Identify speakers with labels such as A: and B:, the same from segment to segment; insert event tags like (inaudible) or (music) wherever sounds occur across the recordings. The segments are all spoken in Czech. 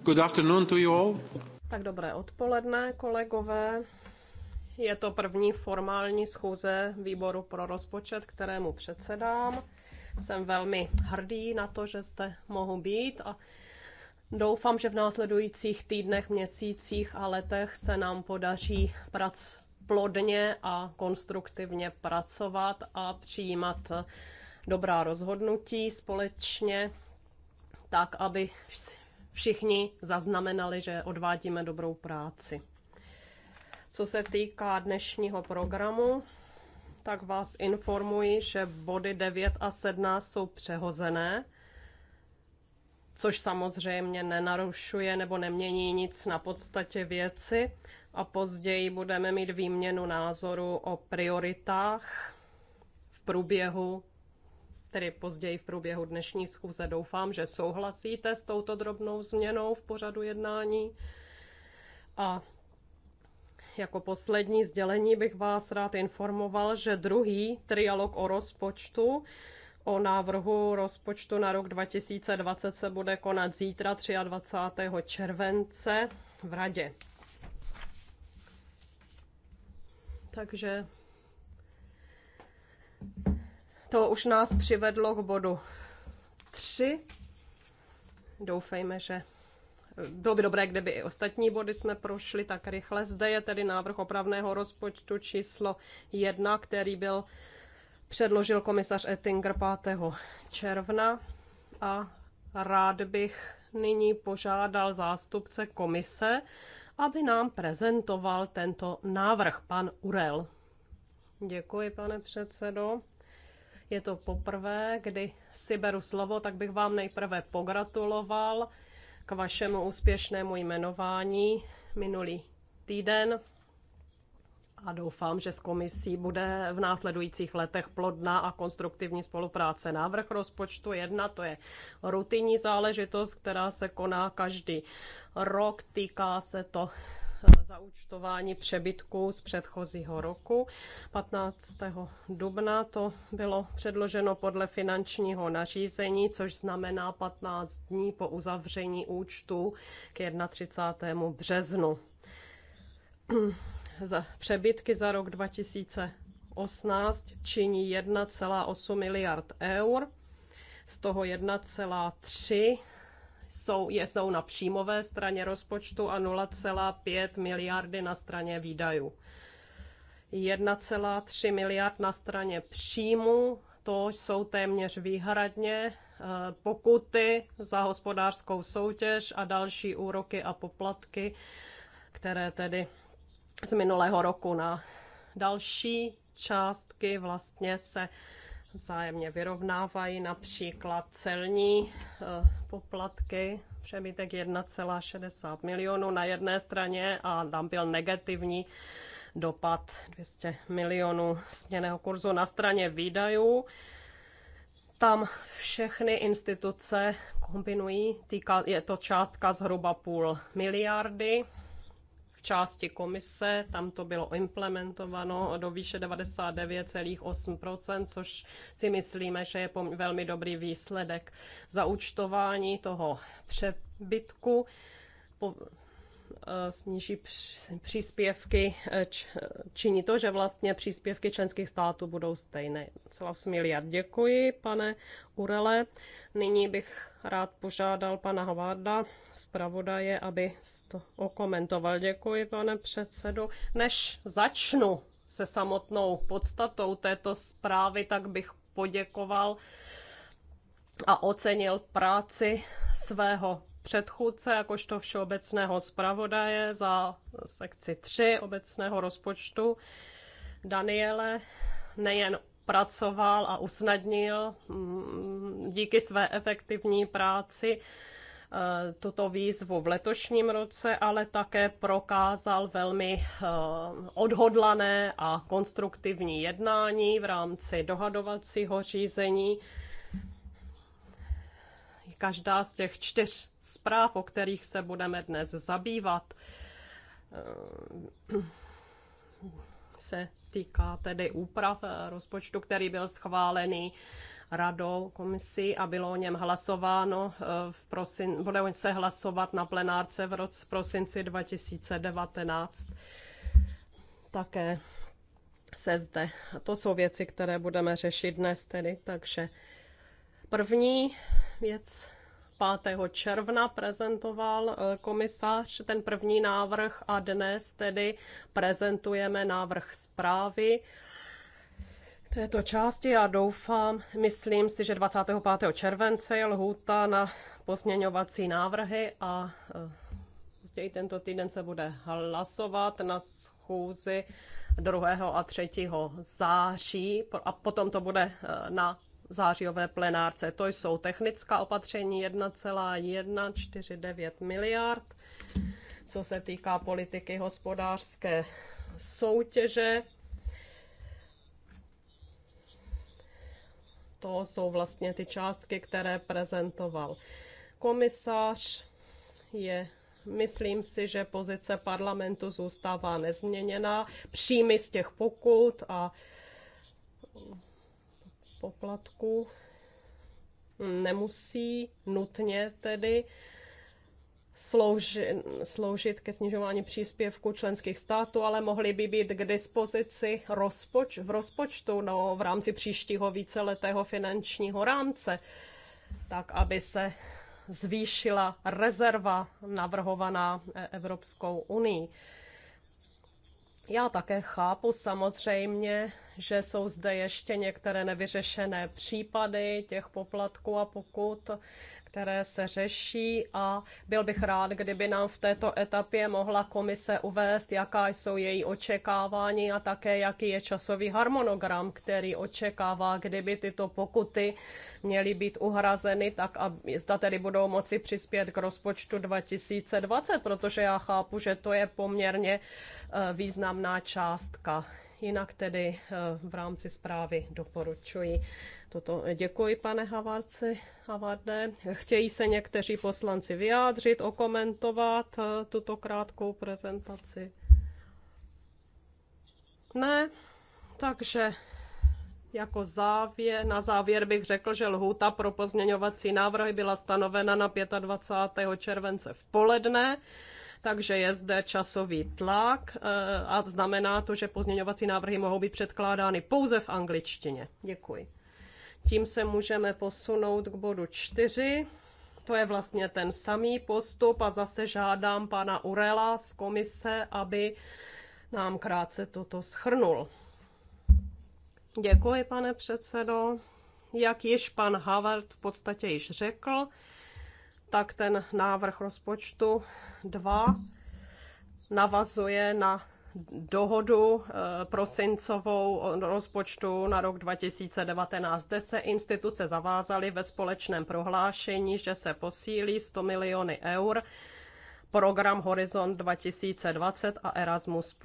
A: Good afternoon to you all.
B: Tak dobré odpoledne, kolegové. Je to první formální schůze výboru pro rozpočet, kterému předsedám. Jsem velmi hrdý na to, že jste mohu být a doufám, že v následujících týdnech, měsících a letech se nám podaří prac plodně a konstruktivně pracovat a přijímat dobrá rozhodnutí společně, tak aby všichni zaznamenali, že odvádíme dobrou práci. Co se týká dnešního programu, tak vás informuji, že body 9 a 17 jsou přehozené, což samozřejmě nenarušuje nebo nemění nic na podstatě věci. A později budeme mít výměnu názoru o prioritách v průběhu tedy později v průběhu dnešní schůze. Doufám, že souhlasíte s touto drobnou změnou v pořadu jednání. A jako poslední sdělení bych vás rád informoval, že druhý trialog o rozpočtu o návrhu rozpočtu na rok 2020 se bude konat zítra 23. července v Radě. Takže to už nás přivedlo k bodu 3. Doufejme, že bylo by dobré, kdyby i ostatní body jsme prošli tak rychle. Zde je tedy návrh opravného rozpočtu číslo 1, který byl předložil komisař Ettinger 5. června a rád bych nyní požádal zástupce komise, aby nám prezentoval tento návrh, pan Urel. Děkuji, pane předsedo. Je to poprvé, kdy si beru slovo, tak bych vám nejprve pogratuloval k vašemu úspěšnému jmenování minulý týden a doufám, že s komisí bude v následujících letech plodná a konstruktivní spolupráce. Návrh rozpočtu 1 to je rutinní záležitost, která se koná každý rok. Týká se to Eh, zaúčtování přebytků z předchozího roku. 15. dubna to bylo předloženo podle finančního nařízení, což znamená 15 dní po uzavření účtu k 31. březnu. (clears throat) za přebytky za rok 2018 činí 1,8 miliard eur, z toho 1,3 jsou, jsou na příjmové straně rozpočtu a 0,5 miliardy na straně výdajů. 1,3 miliard na straně příjmu, to jsou téměř výhradně eh, pokuty za hospodářskou soutěž a další úroky a poplatky, které tedy z minulého roku na další částky vlastně se vzájemně vyrovnávají, například celní eh, poplatky, přebytek 1,60 milionů na jedné straně a tam byl negativní dopad 200 milionů směného kurzu na straně výdajů. Tam všechny instituce kombinují, týka, je to částka zhruba půl miliardy části komise, tam to bylo implementováno do výše 99,8%, což si myslíme, že je velmi dobrý výsledek. účtování toho přebytku sníží příspěvky, e, činí to, že vlastně příspěvky členských států budou stejné. Celá 8 miliard. Děkuji, pane Urele. Nyní bych rád požádal pana Havarda, zpravodaje, aby to okomentoval. Děkuji, pane předsedu. Než začnu se samotnou podstatou této zprávy, tak bych poděkoval a ocenil práci svého předchůdce jakožto všeobecného zpravodaje za sekci 3 obecného rozpočtu Daniele nejen pracoval a usnadnil mm, díky své efektivní práci e, tuto výzvu v letošním roce, ale také prokázal velmi e, odhodlané a konstruktivní jednání v rámci dohadovacího řízení každá z těch čtyř zpráv, o kterých se budeme dnes zabývat, eh, se týká tedy úprav eh, rozpočtu, který byl schválený radou komisí a bylo o něm hlasováno eh, v prosin, bude se hlasovat na plenárce v roce prosinci 2019. Také se zde. A to jsou věci, které budeme řešit dnes tedy, takže První věc 5. června prezentoval eh, komisař ten první návrh a dnes tedy prezentujeme návrh zprávy této části Já doufám, myslím si, že 25. července je lhůta na pozměňovací návrhy a eh, později tento týden se bude hlasovat na schůzi 2. a 3. září a potom to bude eh, na zářijové plenárce. To jsou technická opatření 1,149 miliard, co se týká politiky hospodářské soutěže. To jsou vlastně ty částky, které prezentoval komisař. Je Myslím si, že pozice parlamentu zůstává nezměněná. Příjmy z těch pokut a poplatku nemusí nutně tedy slouži, sloužit ke snižování příspěvku členských států, ale mohly by být k dispozici rozpoč, v rozpočtu no, v rámci příštího víceletého finančního rámce, tak aby se zvýšila rezerva navrhovaná e- Evropskou unii. Já také chápu samozřejmě, že jsou zde ještě některé nevyřešené případy těch poplatků a pokut které se řeší a byl bych rád, kdyby nám v této etapě mohla komise uvést, jaká jsou její očekávání a také jaký je časový harmonogram, který očekává, kdyby tyto pokuty měly být uhrazeny, tak a zda tedy budou moci přispět k rozpočtu 2020, protože já chápu, že to je poměrně eh, významná částka. Jinak tedy eh, v rámci zprávy doporučuji toto. Děkuji, pane Havarci, Havarde. Chtějí se někteří poslanci vyjádřit, okomentovat eh, tuto krátkou prezentaci? Ne, takže jako závěr, na závěr bych řekl, že lhůta pro pozměňovací návrhy byla stanovena na 25. července v poledne takže je zde časový tlak eh, a znamená to, že pozměňovací návrhy mohou být předkládány pouze v angličtině. Děkuji. Tím se můžeme posunout k bodu 4. To je vlastně ten samý postup a zase žádám pana Urela z komise, aby nám krátce toto schrnul. Děkuji, pane předsedo. Jak již pan Havard v podstatě již řekl, tak ten návrh rozpočtu 2 navazuje na dohodu eh, prosincovou rozpočtu na rok 2019. Zde se instituce zavázaly ve společném prohlášení, že se posílí 100 miliony eur program Horizont 2020 a Erasmus+.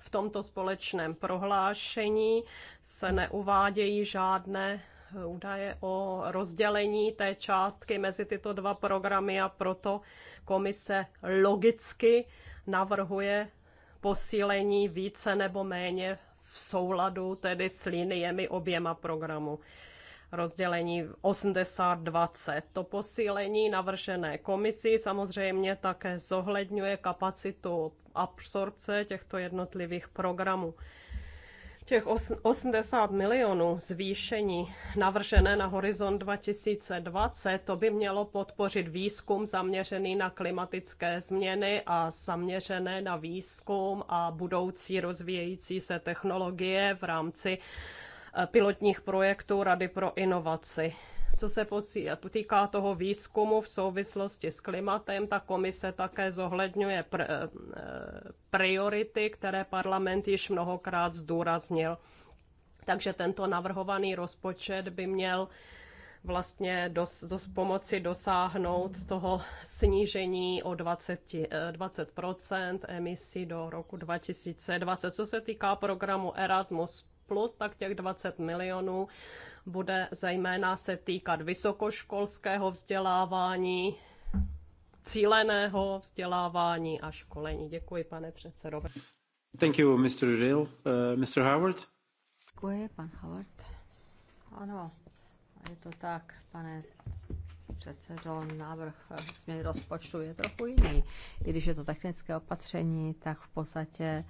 B: V tomto společném prohlášení se neuvádějí žádné údaje o rozdělení té částky mezi tyto dva programy a proto komise logicky navrhuje posílení více nebo méně v souladu tedy s liniemi oběma programu. Rozdělení 80-20. To posílení navržené komisí samozřejmě také zohledňuje kapacitu absorpce těchto jednotlivých programů. Těch 80 milionů zvýšení navržené na horizont 2020, to by mělo podpořit výzkum zaměřený na klimatické změny a zaměřené na výzkum a budoucí rozvíjející se technologie v rámci eh, pilotních projektů Rady pro inovaci. Co se týká toho výzkumu v souvislosti s klimatem, ta komise také zohledňuje pr- eh, priority, které parlament již mnohokrát zdůraznil. Takže tento navrhovaný rozpočet by měl vlastně dos, dos pomoci dosáhnout toho snížení o 20, 20 eh, emisí do roku 2020. Co se týká programu Erasmus+, plus, tak těch 20 milionů bude zejména se týkat vysokoškolského vzdělávání, cíleného vzdělávání a školení. Děkuji, pane předsedo.
A: Thank you, Mr. Rill. Uh, Mr. Howard? Děkuji, pan Howard. Ano, je to tak, pane předsedo, návrh změny rozpočtu je trochu jiný. I když je to technické opatření, tak v podstatě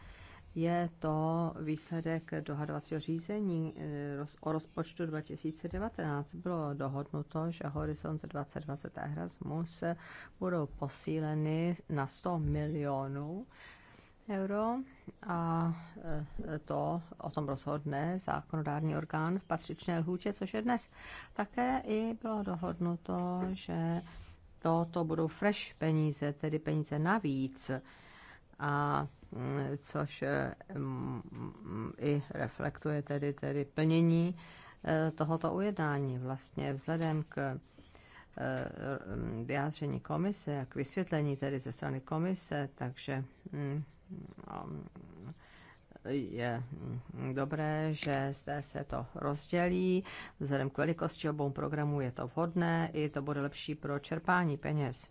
A: je to výsledek dohadovacího řízení eh, o rozpočtu 2019. Bylo dohodnuto, že Horizont 2020 a Erasmus budou posíleny na 100 milionů euro a eh, to o tom rozhodne zákonodárný orgán v patřičné lhůtě, což je dnes. Také i bylo dohodnuto, že toto budou fresh peníze, tedy peníze navíc. A což eh, i reflektuje tedy, tedy plnění eh, tohoto ujednání. Vlastně vzhledem k eh, vyjádření komise, k vysvětlení tedy ze strany komise, takže mm, mm, je mm, dobré, že zde se to rozdělí. Vzhledem k velikosti obou programů je to vhodné, i to bude lepší pro čerpání peněz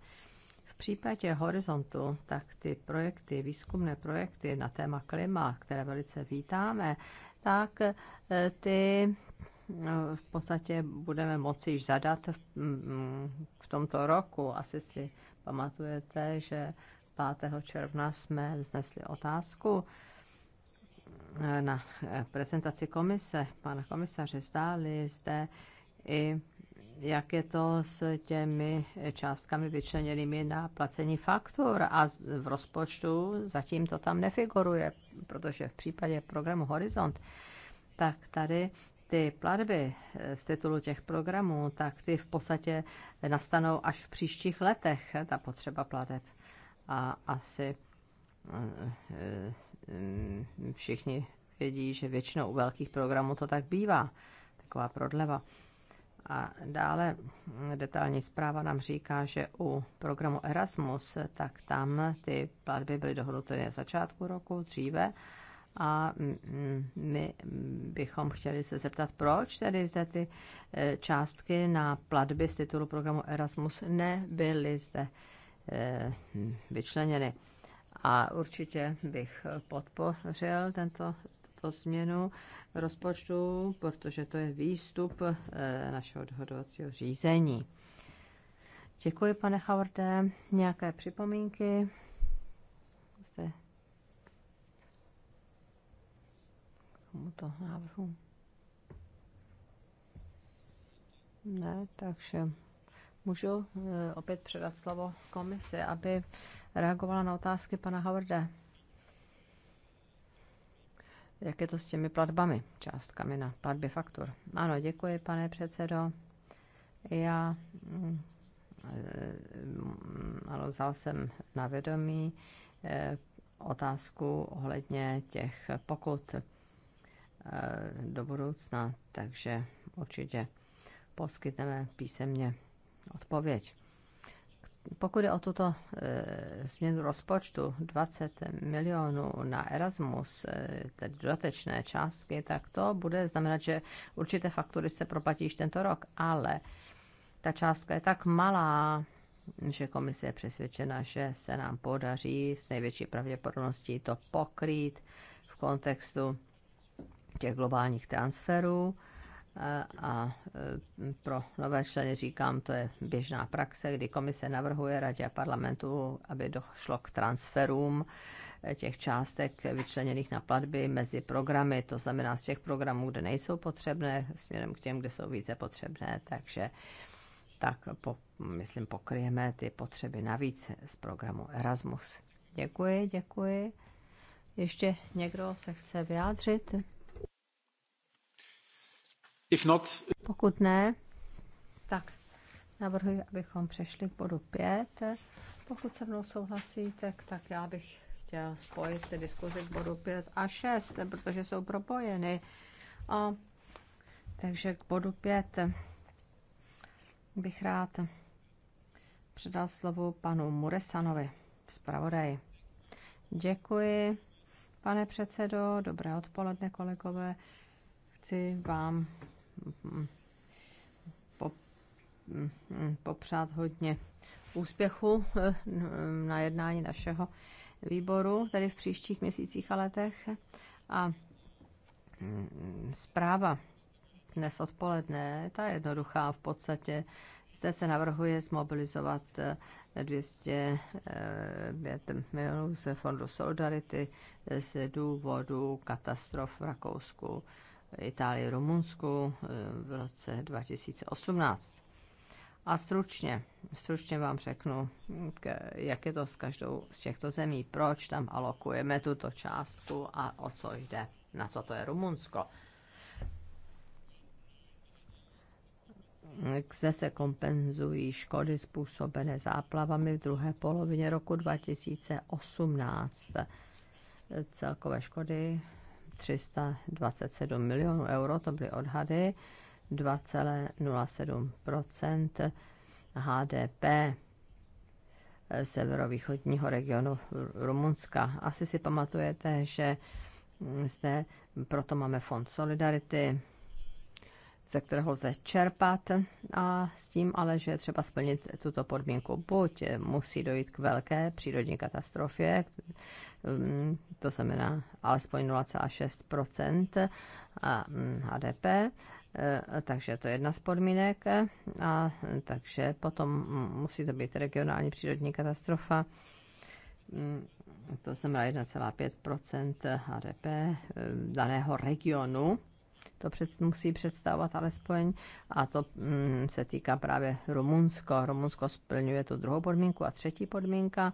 A: případě Horizontu, tak ty projekty, výzkumné projekty na téma klima, které velice vítáme, tak eh, ty eh, v podstatě budeme moci již zadat v mm, tomto roku. Asi si pamatujete, že 5. června jsme vznesli otázku eh, na prezentaci komise, pana komisaře, zdáli zde i jak je to s těmi částkami vyčleněnými na placení faktur a v rozpočtu zatím to tam nefiguruje, protože v případě programu Horizont, tak tady ty platby eh, z titulu těch programů, tak ty v podstatě nastanou až v příštích letech, ta potřeba plateb. A asi eh, eh, všichni vědí, že většinou u velkých programů to tak bývá, taková prodleva. A dále detailní zpráva nám říká, že u programu Erasmus, tak tam ty platby byly dohodnuty na začátku roku, dříve. A my bychom chtěli se zeptat, proč tedy zde ty eh, částky na platby z titulu programu Erasmus nebyly zde eh, vyčleněny. A určitě bych podpořil tento o změnu rozpočtu, protože to je výstup eh, našeho dohodovacího řízení. Děkuji, pane Havarde. Nějaké připomínky? Jste k tomuto návrhu? Ne, takže můžu eh, opět předat slovo komisi, aby reagovala na otázky pana Havarde. Jak je to s těmi platbami, částkami na platby faktur? Ano, děkuji, pane předsedo. Já mm, eh, ano, vzal jsem na vědomí eh, otázku ohledně těch pokut eh, do budoucna, takže určitě poskytneme písemně odpověď pokud je o tuto e, změnu rozpočtu 20 milionů na Erasmus, e, tedy dodatečné částky, tak to bude znamenat, že určité faktury se proplatí již tento rok, ale ta částka je tak malá, že komise je přesvědčena, že se nám podaří s největší pravděpodobností to pokrýt v kontextu těch globálních transferů. E, a e, pro nové členy říkám, to je běžná praxe, kdy komise navrhuje radě a parlamentu, aby došlo k transferům e, těch částek vyčleněných na platby mezi programy, to znamená z těch programů, kde nejsou potřebné, směrem k těm, kde jsou více potřebné, takže tak po, myslím pokryjeme ty potřeby navíc z programu Erasmus. Děkuji, děkuji. Ještě někdo se chce vyjádřit? Pokud ne, tak navrhuji, abychom přešli k bodu 5. Pokud se mnou souhlasíte, tak já bych chtěl spojit ty diskuzi k bodu 5 a 6, protože jsou propojeny. A, takže k bodu 5 bych rád předal slovo panu Muresanovi, zpravodaji. Děkuji, pane předsedo, dobré odpoledne, kolegové. Chci vám popřát hodně úspěchu eh, na jednání našeho výboru, tady v příštích měsících a letech. A mm, zpráva dnes odpoledne, ta je jednoduchá v podstatě. Zde se navrhuje zmobilizovat 205 eh, eh, milionů ze Fondu Solidarity z důvodu katastrof v Rakousku. Itálii, Rumunsku eh, v roce 2018. A stručně, stručně vám řeknu, jak je to s každou z těchto zemí, proč tam alokujeme tuto částku a o co jde, na co to je Rumunsko. Kde se kompenzují škody způsobené záplavami v druhé polovině roku 2018. Celkové škody 327 milionů euro, to byly odhady, 2,07 HDP severovýchodního regionu Rumunska. Asi si pamatujete, že zde proto máme fond Solidarity, ze kterého lze čerpat a s tím ale, že třeba splnit tuto podmínku. Buď musí dojít k velké přírodní katastrofě, mm, to znamená alespoň 0,6 mm, HDP, e, takže to je jedna z podmínek. A takže potom musí to být regionální přírodní katastrofa, mm, to znamená 1,5 HDP e, daného regionu to před, musí představovat alespoň, a to mm, se týká právě Rumunsko. Rumunsko splňuje tu druhou podmínku a třetí podmínka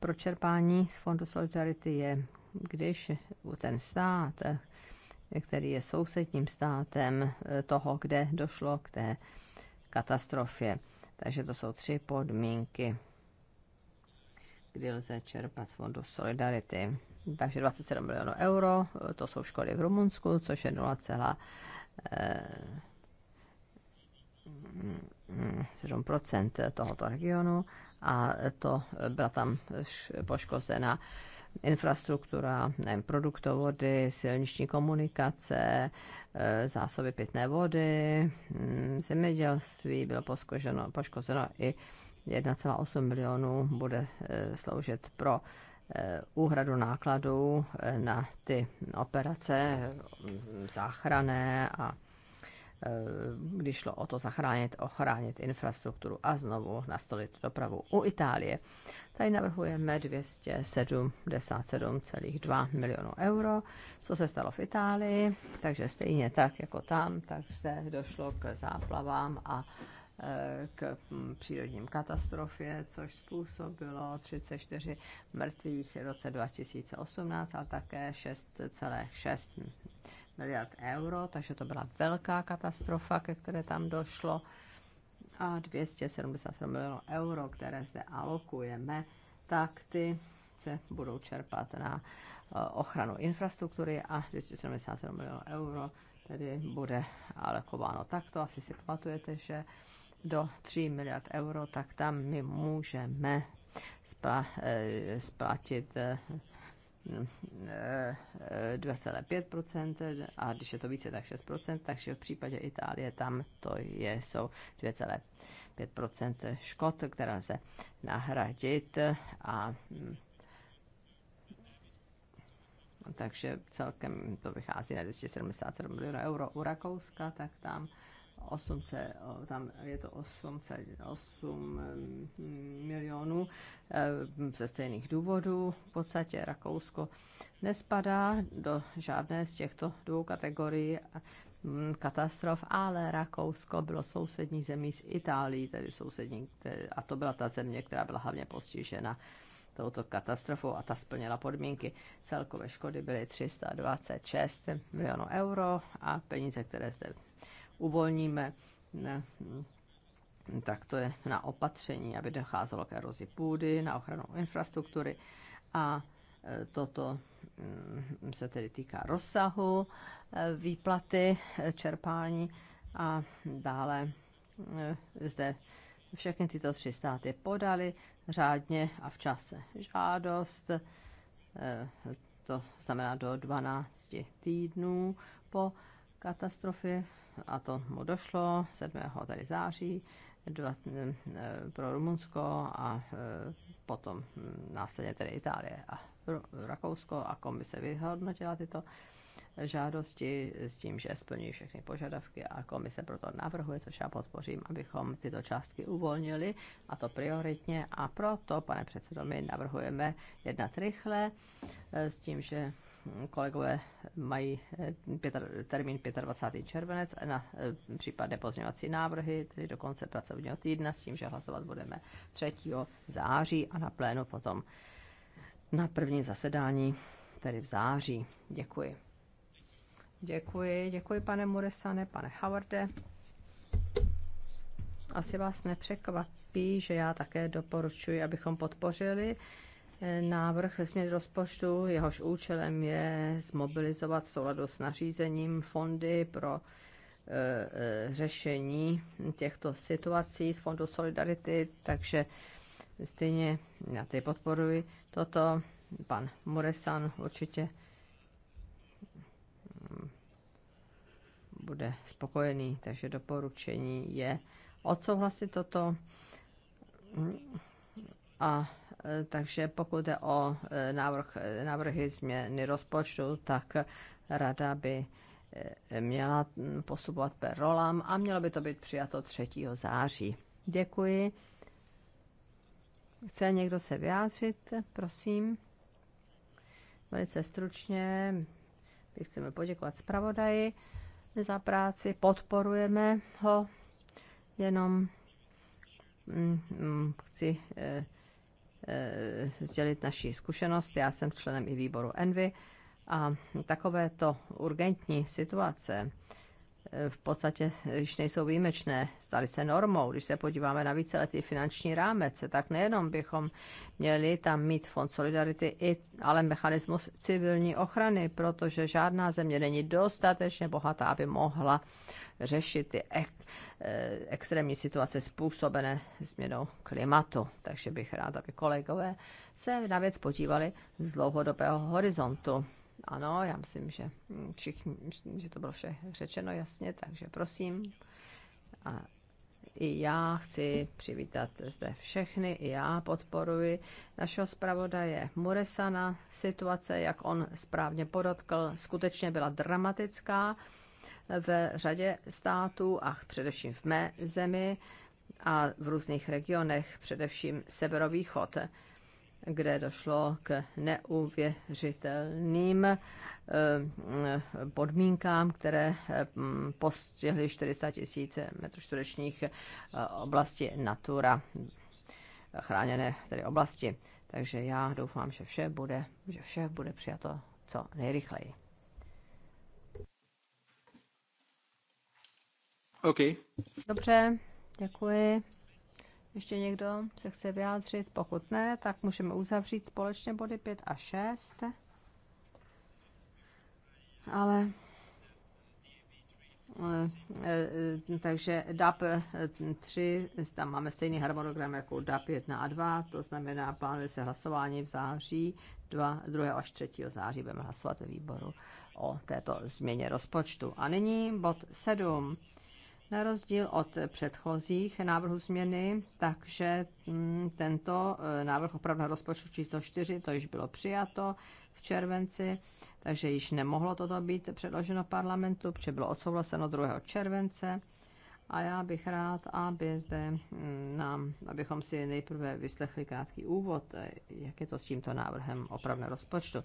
A: pro čerpání z Fondu Solidarity je, když ten stát, který je sousedním státem toho, kde došlo k té katastrofě. Takže to jsou tři podmínky kdy lze čerpat z fondu Solidarity. Takže 27 milionů euro, to jsou školy v Rumunsku, což je 0,7 eh, mm, tohoto regionu a to byla tam poškozena infrastruktura, nevím, produktovody, silniční komunikace, eh, zásoby pitné vody, mm, zemědělství bylo poškozeno, poškozeno i 1,8 milionů bude eh, sloužit pro eh, úhradu nákladů eh, na ty operace záchrané a když šlo o to zachránit, ochránit infrastrukturu a znovu nastolit dopravu u Itálie. Tady navrhujeme 277,2 milionů euro, co se stalo v Itálii, takže stejně tak jako tam, tak se došlo k záplavám a k mm, přírodním katastrofě, což způsobilo 34 mrtvých v roce 2018, a také 6,6 miliard euro, takže to byla velká katastrofa, ke které tam došlo a 277 milionů euro, které zde alokujeme, tak ty se budou čerpat na eh, ochranu infrastruktury a 277 milionů euro tedy bude alokováno takto. Asi si pamatujete, že do 3 miliard euro, tak tam my můžeme eh, splatit 2,5% eh, eh, a když je to více, tak 6%, takže v případě Itálie tam to je, jsou 2,5% škod, která se nahradit a mm, takže celkem to vychází na 277 milionů euro u Rakouska, tak tam 800 tam je to 8,8 mm, milionů e, ze stejných důvodů. V podstatě Rakousko nespadá do žádné z těchto dvou kategorií e, mm, katastrof, ale Rakousko bylo sousední zemí s Itálií, tedy sousední, a to byla ta země, která byla hlavně postižena touto katastrofou a ta splněla podmínky. Celkové škody byly 326 milionů euro a peníze, které zde uvolníme. Ne. Tak to je na opatření, aby docházelo k erozi půdy, na ochranu infrastruktury a e, toto mm, se tedy týká rozsahu e, výplaty, e, čerpání a dále zde všechny tyto tři státy podali řádně a v čase žádost, to znamená do 12 týdnů po katastrofě a to mu došlo 7. tady září dva, eh, pro Rumunsko a eh, potom následně tedy Itálie a Rakousko a komise vyhodnotila tyto žádosti s tím, že splní všechny požadavky a komise proto navrhuje, což já podpořím, abychom tyto částky uvolnili a to prioritně a proto, pane předsedo, my navrhujeme jednat rychle eh, s tím, že kolegové mají eh, pětr, termín 25. červenec na eh, případné pozměňovací návrhy, tedy do konce pracovního týdne, s tím, že hlasovat budeme 3. září a na plénu potom na první zasedání, tedy v září. Děkuji. Děkuji, děkuji pane Muresane, pane Howarde. Asi vás nepřekvapí, že já také doporučuji, abychom podpořili návrh ve směru rozpočtu, jehož účelem je zmobilizovat v souladu s nařízením fondy pro e, e, řešení těchto situací z Fondu Solidarity, takže stejně já ty podporuji toto. Pan Muresan určitě mm, bude spokojený, takže doporučení je odsouhlasit toto mm, a Eh, takže pokud jde o eh, návrh, eh, návrhy změny rozpočtu, tak rada by měla hm, posubovat per rolam a mělo by to být přijato 3. září. Děkuji. Chce někdo se vyjádřit? Prosím. Velice stručně. My chceme poděkovat zpravodaji za práci, podporujeme ho, jenom hm, hm, chci Eh, sdělit naši zkušenost. Já jsem členem i výboru Envy a takovéto urgentní situace, v podstatě již nejsou výjimečné, staly se normou. Když se podíváme na víceletý finanční rámec, tak nejenom bychom měli tam mít fond solidarity, ale mechanismus civilní ochrany, protože žádná země není dostatečně bohatá, aby mohla řešit ty ek, eh, extrémní situace způsobené změnou klimatu. Takže bych rád, aby kolegové se na věc podívali z dlouhodobého horizontu. Ano, já myslím, že, mm, všichni, že to bylo vše řečeno jasně, takže prosím. A i já chci přivítat zde všechny, i já podporuji našeho zpravodaje Muresana. Situace, jak on správně podotkl, skutečně byla dramatická v řadě států a především v mé zemi a v různých regionech, především severovýchod kde došlo k neuvěřitelným eh, eh, podmínkám, které eh, postihly 400 tisíc metrů čtverečních oblasti Natura, chráněné tedy oblasti. Takže já doufám, že vše bude, že vše bude přijato co nejrychleji. OK. Dobře, děkuji. Ještě někdo se chce vyjádřit? Pokud ne, tak můžeme uzavřít společně body 5 a 6. Ale eh, eh, takže DAP 3, tam máme stejný harmonogram jako DAP 1 a 2, to znamená, plánuje se hlasování v září, 2, 2. až 3. září budeme hlasovat ve výboru o této změně rozpočtu. A nyní bod 7 na rozdíl od předchozích návrhů změny, takže mm, tento e, návrh opravdu rozpočtu číslo 4, to již bylo přijato v červenci, takže již nemohlo toto být předloženo parlamentu, protože bylo odsouhlaseno 2. července. A já bych rád, aby zde mm, nám, abychom si nejprve vyslechli krátký úvod, e, jak je to s tímto návrhem opravné rozpočtu.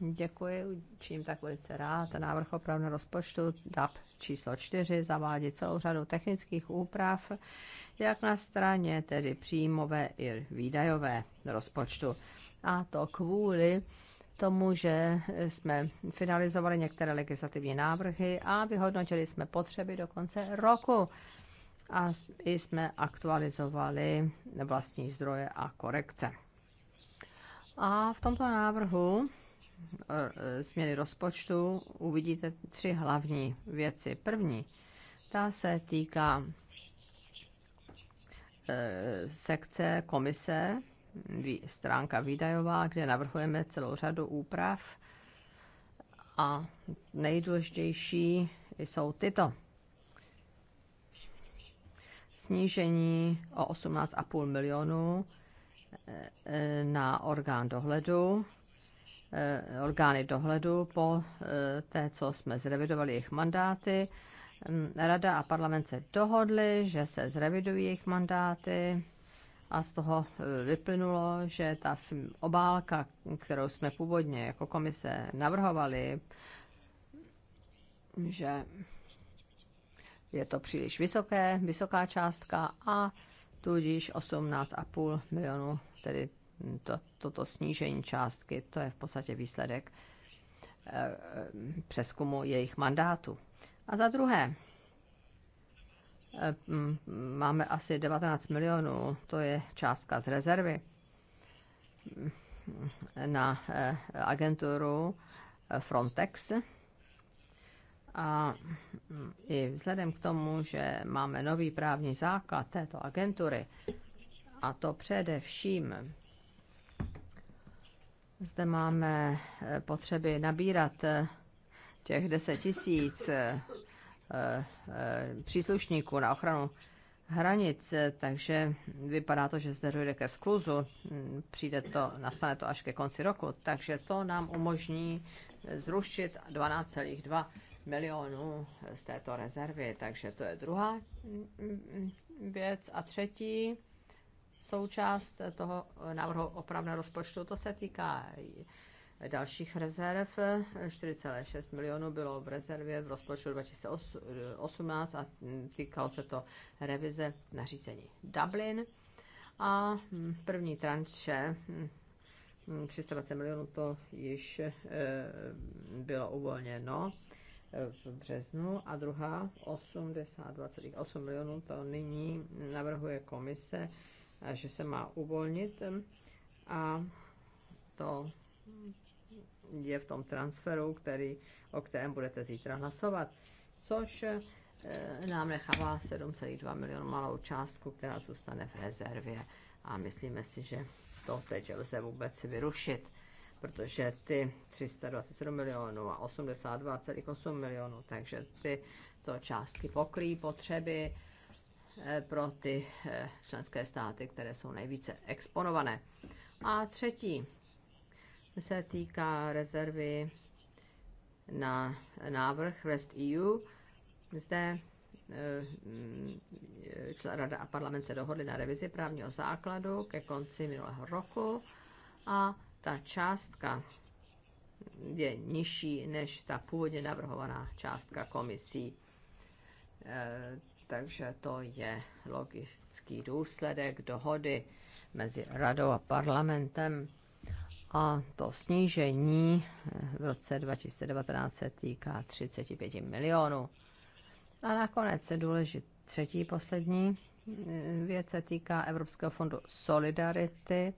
A: Děkuji, čím tak velice rád. Návrh opravdu rozpočtu DAP číslo 4 zavádí celou řadu technických úprav, jak na straně tedy příjmové i výdajové rozpočtu. A to kvůli tomu, že jsme finalizovali některé legislativní návrhy a vyhodnotili jsme potřeby do konce roku. A i jsme aktualizovali vlastní zdroje a korekce. A v tomto návrhu Eh, změny rozpočtu uvidíte tři hlavní věci. První, ta se týká eh, sekce komise, stránka výdajová, kde navrhujeme celou řadu úprav a nejdůležitější jsou tyto. Snížení o 18,5 milionů eh, na orgán dohledu, Eh, orgány dohledu po eh, té, co jsme zrevidovali jejich mandáty. Mm, Rada a parlament se dohodli, že se zrevidují jejich mandáty a z toho eh, vyplynulo, že ta obálka, kterou jsme původně jako komise navrhovali, že je to příliš vysoké, vysoká částka a tudíž 18,5 milionů, tedy to, toto snížení částky, to je v podstatě výsledek eh, eh, přeskumu jejich mandátu. A za druhé, eh, máme asi 19 milionů, to je částka z rezervy mm, na agenturu Frontex. A mm, i vzhledem k tomu, že máme nový právní základ této agentury, a to především zde máme eh, potřeby nabírat eh, těch 10 tisíc eh, příslušníků na ochranu hranic, takže vypadá to, že zde dojde ke skluzu, hmm, přijde to, nastane to až ke konci roku, takže to nám umožní zrušit 12,2 milionů z této rezervy, takže to je druhá mm, mm, mm, věc. A třetí, součást toho návrhu opravného rozpočtu. To se týká dalších rezerv. 4,6 milionů bylo v rezervě v rozpočtu 2018 a týkalo se to revize nařízení Dublin. A první tranše 320 milionů to již eh, bylo uvolněno eh, v březnu a druhá 82,8 milionů to nyní navrhuje komise že se má uvolnit a to je v tom transferu, který, o kterém budete zítra hlasovat, což eh, nám nechává 7,2 milionů malou částku, která zůstane v rezervě a myslíme si, že to teď lze vůbec vyrušit, protože ty 327 milionů a 82,8 milionů, takže ty to částky pokryjí potřeby Eh, pro ty eh, členské státy, které jsou nejvíce exponované. A třetí se týká rezervy na návrh REST EU. Zde eh, mm, Rada a parlament se dohodli na revizi právního základu ke konci minulého roku a ta částka je nižší než ta původně navrhovaná částka komisí takže to je logický důsledek dohody mezi radou a parlamentem. A to snížení v roce 2019 se týká 35 milionů. A nakonec důležitý třetí poslední mm, věc se týká Evropského fondu Solidarity,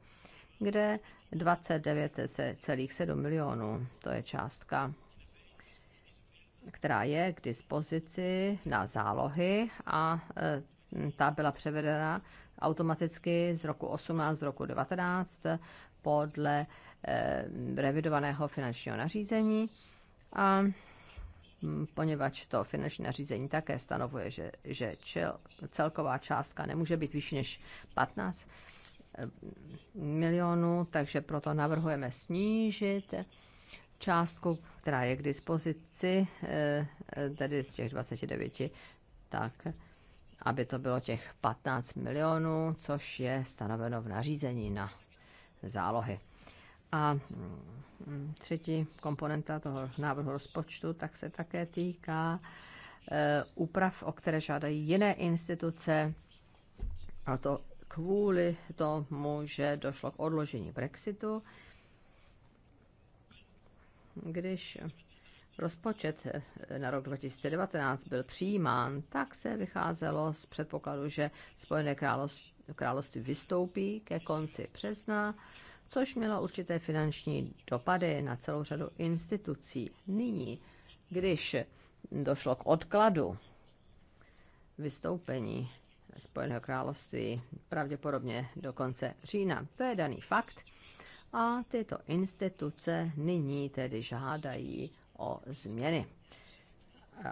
A: kde 29,7 milionů, to je částka která je k dispozici na zálohy a e, ta byla převedena automaticky z roku 18, do roku 19 podle e, revidovaného finančního nařízení. A poněvadž to finanční nařízení také stanovuje, že, že čel, celková částka nemůže být vyšší než 15 e, milionů, takže proto navrhujeme snížit částku, která je k dispozici, eh, tedy z těch 29, tak aby to bylo těch 15 milionů, což je stanoveno v nařízení na zálohy. A mm, třetí komponenta toho návrhu rozpočtu tak se také týká eh, úprav, o které žádají jiné instituce, a to kvůli tomu, že došlo k odložení Brexitu když rozpočet eh, na rok 2019 byl přijímán, tak se vycházelo z předpokladu, že Spojené království, království vystoupí ke konci března, což mělo určité finanční dopady na celou řadu institucí. Nyní, když došlo k odkladu vystoupení Spojeného království pravděpodobně do konce října. To je daný fakt a tyto instituce nyní tedy žádají o změny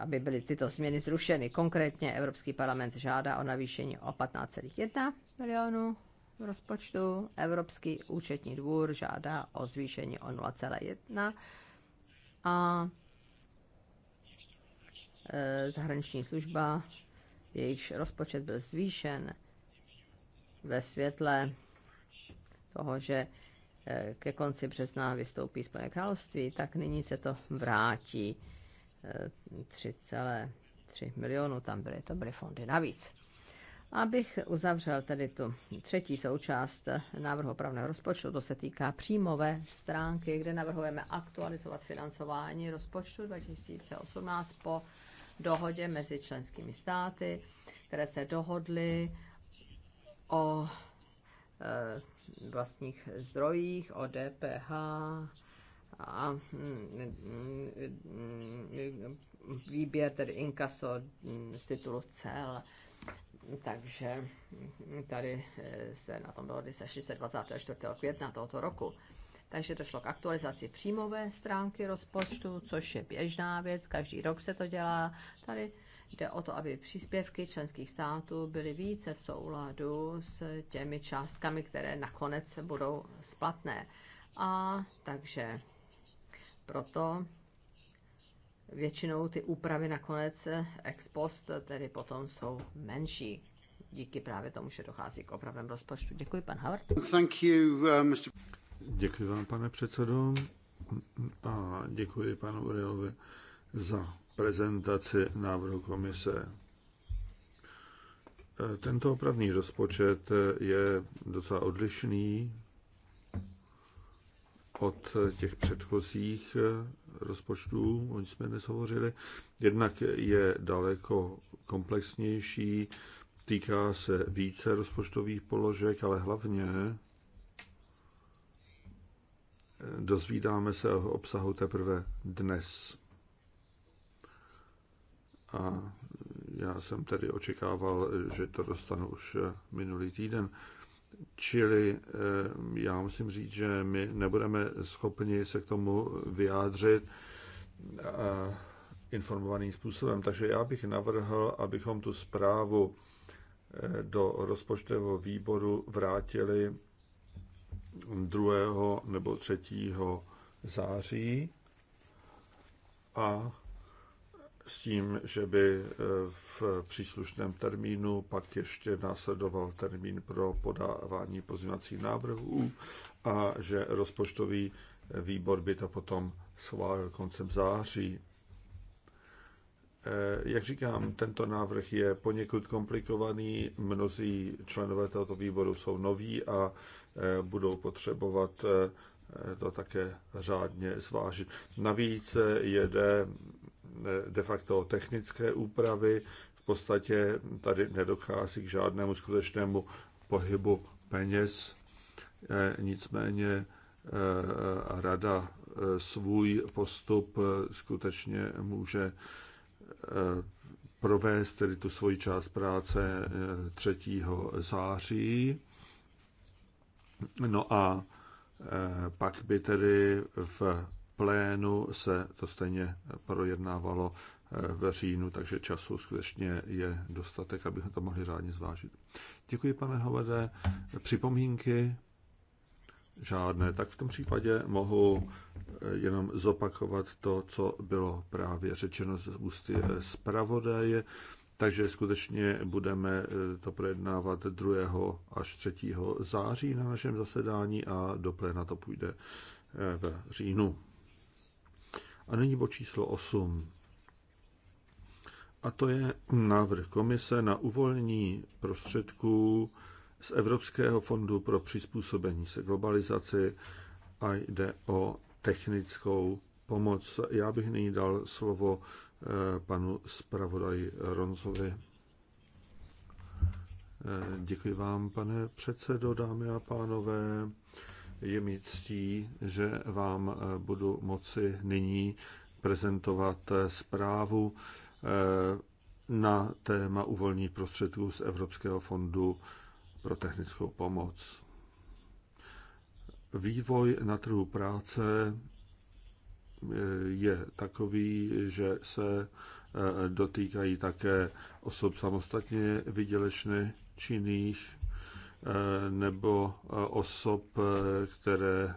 A: aby byly tyto změny zrušeny. Konkrétně Evropský parlament žádá o navýšení o 15,1 milionů rozpočtu, Evropský účetní dvůr žádá o zvýšení o 0,1 a e, zahraniční služba, jejichž rozpočet byl zvýšen ve světle toho, že Eh, ke konci března vystoupí z království, tak nyní se to vrátí 3,3 eh, milionů, tam byly, to byly fondy navíc. Abych uzavřel tedy tu třetí součást eh, návrhu opravného rozpočtu, to se týká příjmové stránky, kde navrhujeme aktualizovat financování rozpočtu 2018 po dohodě mezi členskými státy, které se dohodly o e, vlastních zdrojích, o DPH a mm, mm, výběr, tedy inkaso mm, z titulu cel. Takže tady eh, se na tom dohodli se 24. května tohoto roku. Takže došlo k aktualizaci příjmové stránky rozpočtu, což je běžná věc, každý rok se to dělá. Tady Jde o to, aby příspěvky členských států byly více v souladu s těmi částkami, které nakonec budou splatné. A takže proto většinou ty úpravy nakonec ex post tedy potom jsou menší. Díky právě tomu, že dochází k opravem rozpočtu. Děkuji, pan Howard.
C: Thank you, uh, Mr. Děkuji vám, pane předsedo, a děkuji panu Uriovi za prezentaci návrhu komise. Tento opravný rozpočet je docela odlišný od těch předchozích rozpočtů, o nich jsme dnes hovořili. Jednak je daleko komplexnější, týká se více rozpočtových položek, ale hlavně dozvídáme se o obsahu teprve dnes a já jsem tedy očekával, že to dostanu už eh, minulý týden. Čili eh, já musím říct, že my nebudeme schopni se k tomu vyjádřit eh, informovaným způsobem. Takže já bych navrhl, abychom tu zprávu do rozpočtového výboru vrátili 2. nebo 3. září a s tím, že by eh, v příslušném termínu pak ještě následoval termín pro podávání pozměňovacích návrhů a že rozpočtový eh, výbor by to potom schválil koncem září. Eh, jak říkám, tento návrh je poněkud komplikovaný. Mnozí členové tohoto výboru jsou noví a budou potřebovat to také řádně zvážit. Navíc jede de facto technické úpravy. V podstatě tady nedochází k žádnému skutečnému pohybu peněz. E, nicméně e, rada e, svůj postup skutečně může provést tedy tu svoji část práce 3. září. No a pak by tedy v plénu se to stejně projednávalo eh, v říjnu, takže času skutečně je dostatek, abychom to mohli řádně zvážit. Děkuji, pane Havede. Připomínky? Žádné. Tak v tom případě mohu eh, jenom zopakovat to, co bylo právě řečeno z ústy eh, zpravodaje. Takže skutečně budeme to projednávat 2. až 3. září na našem zasedání a do pléna to půjde v říjnu. A nyní bod číslo 8. A to je návrh komise na uvolnění prostředků z Evropského fondu pro přizpůsobení se globalizaci a jde o technickou pomoc. Já bych nyní dal slovo eh, panu zpravodaji Ronzovi. Eh, děkuji vám, pane předsedo, dámy a pánové. Je mi ctí, že vám eh, budu moci nyní prezentovat eh, zprávu eh, na téma uvolnění prostředků z Evropského fondu pro technickou pomoc. Vývoj na trhu práce je takový, že se dotýkají také osob samostatně vydělečně činných nebo eh, osob, eh, které, eh,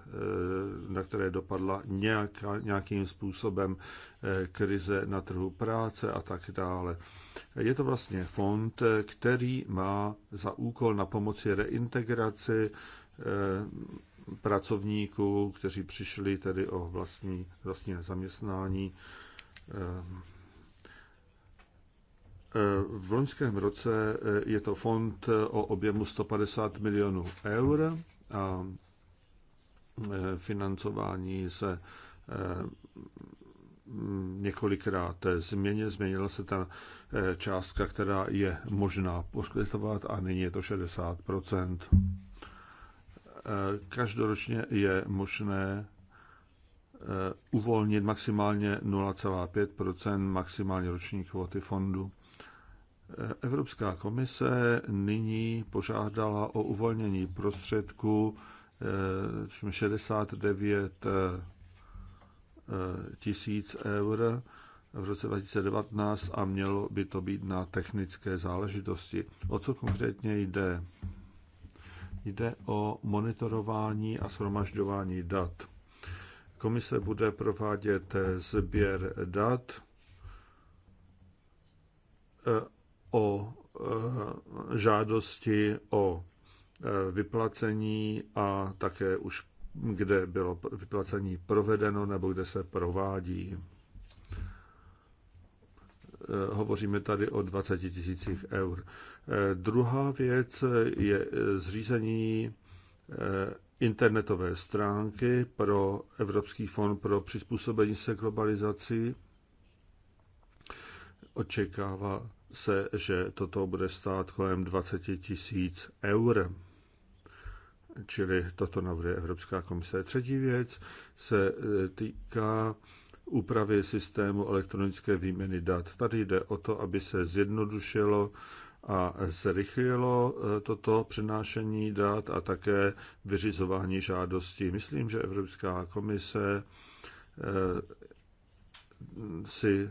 C: na které dopadla nějaká, nějakým způsobem krize na trhu práce a tak dále. Je to vlastně fond, který má za úkol na pomoci reintegraci pracovníků, kteří přišli tedy o vlastní, vlastní zaměstnání v loňském roce eh, je to fond eh, o objemu 150 milionů eur a eh, financování se několikrát změně. Změnila se ta částka, která je možná poskytovat a nyní je to 60 Každoročně je možné uvolnit maximálně 0,5 maximální roční kvóty fondu. Evropská komise nyní požádala o uvolnění prostředků 69 eh, eh, tisíc eur v roce 2019 a mělo by to být na technické záležitosti. O co konkrétně jde? Jde o monitorování a shromažďování dat. Komise bude provádět sběr dat eh, o eh, žádosti o eh, vyplacení a také už kde bylo vyplacení provedeno nebo kde se provádí. Eh, hovoříme tady o 20 tisících eur. Druhá věc je zřízení internetové stránky pro Evropský fond pro přizpůsobení se globalizaci. Očekává se, že toto bude stát kolem 20 tisíc eur. Čili toto navrhuje Evropská komise. Třetí věc se e, týká úpravy systému elektronické výměny dat. Tady jde o to, aby se zjednodušilo a zrychlilo e, toto přenášení dat a také vyřizování žádostí. Myslím, že Evropská komise e, si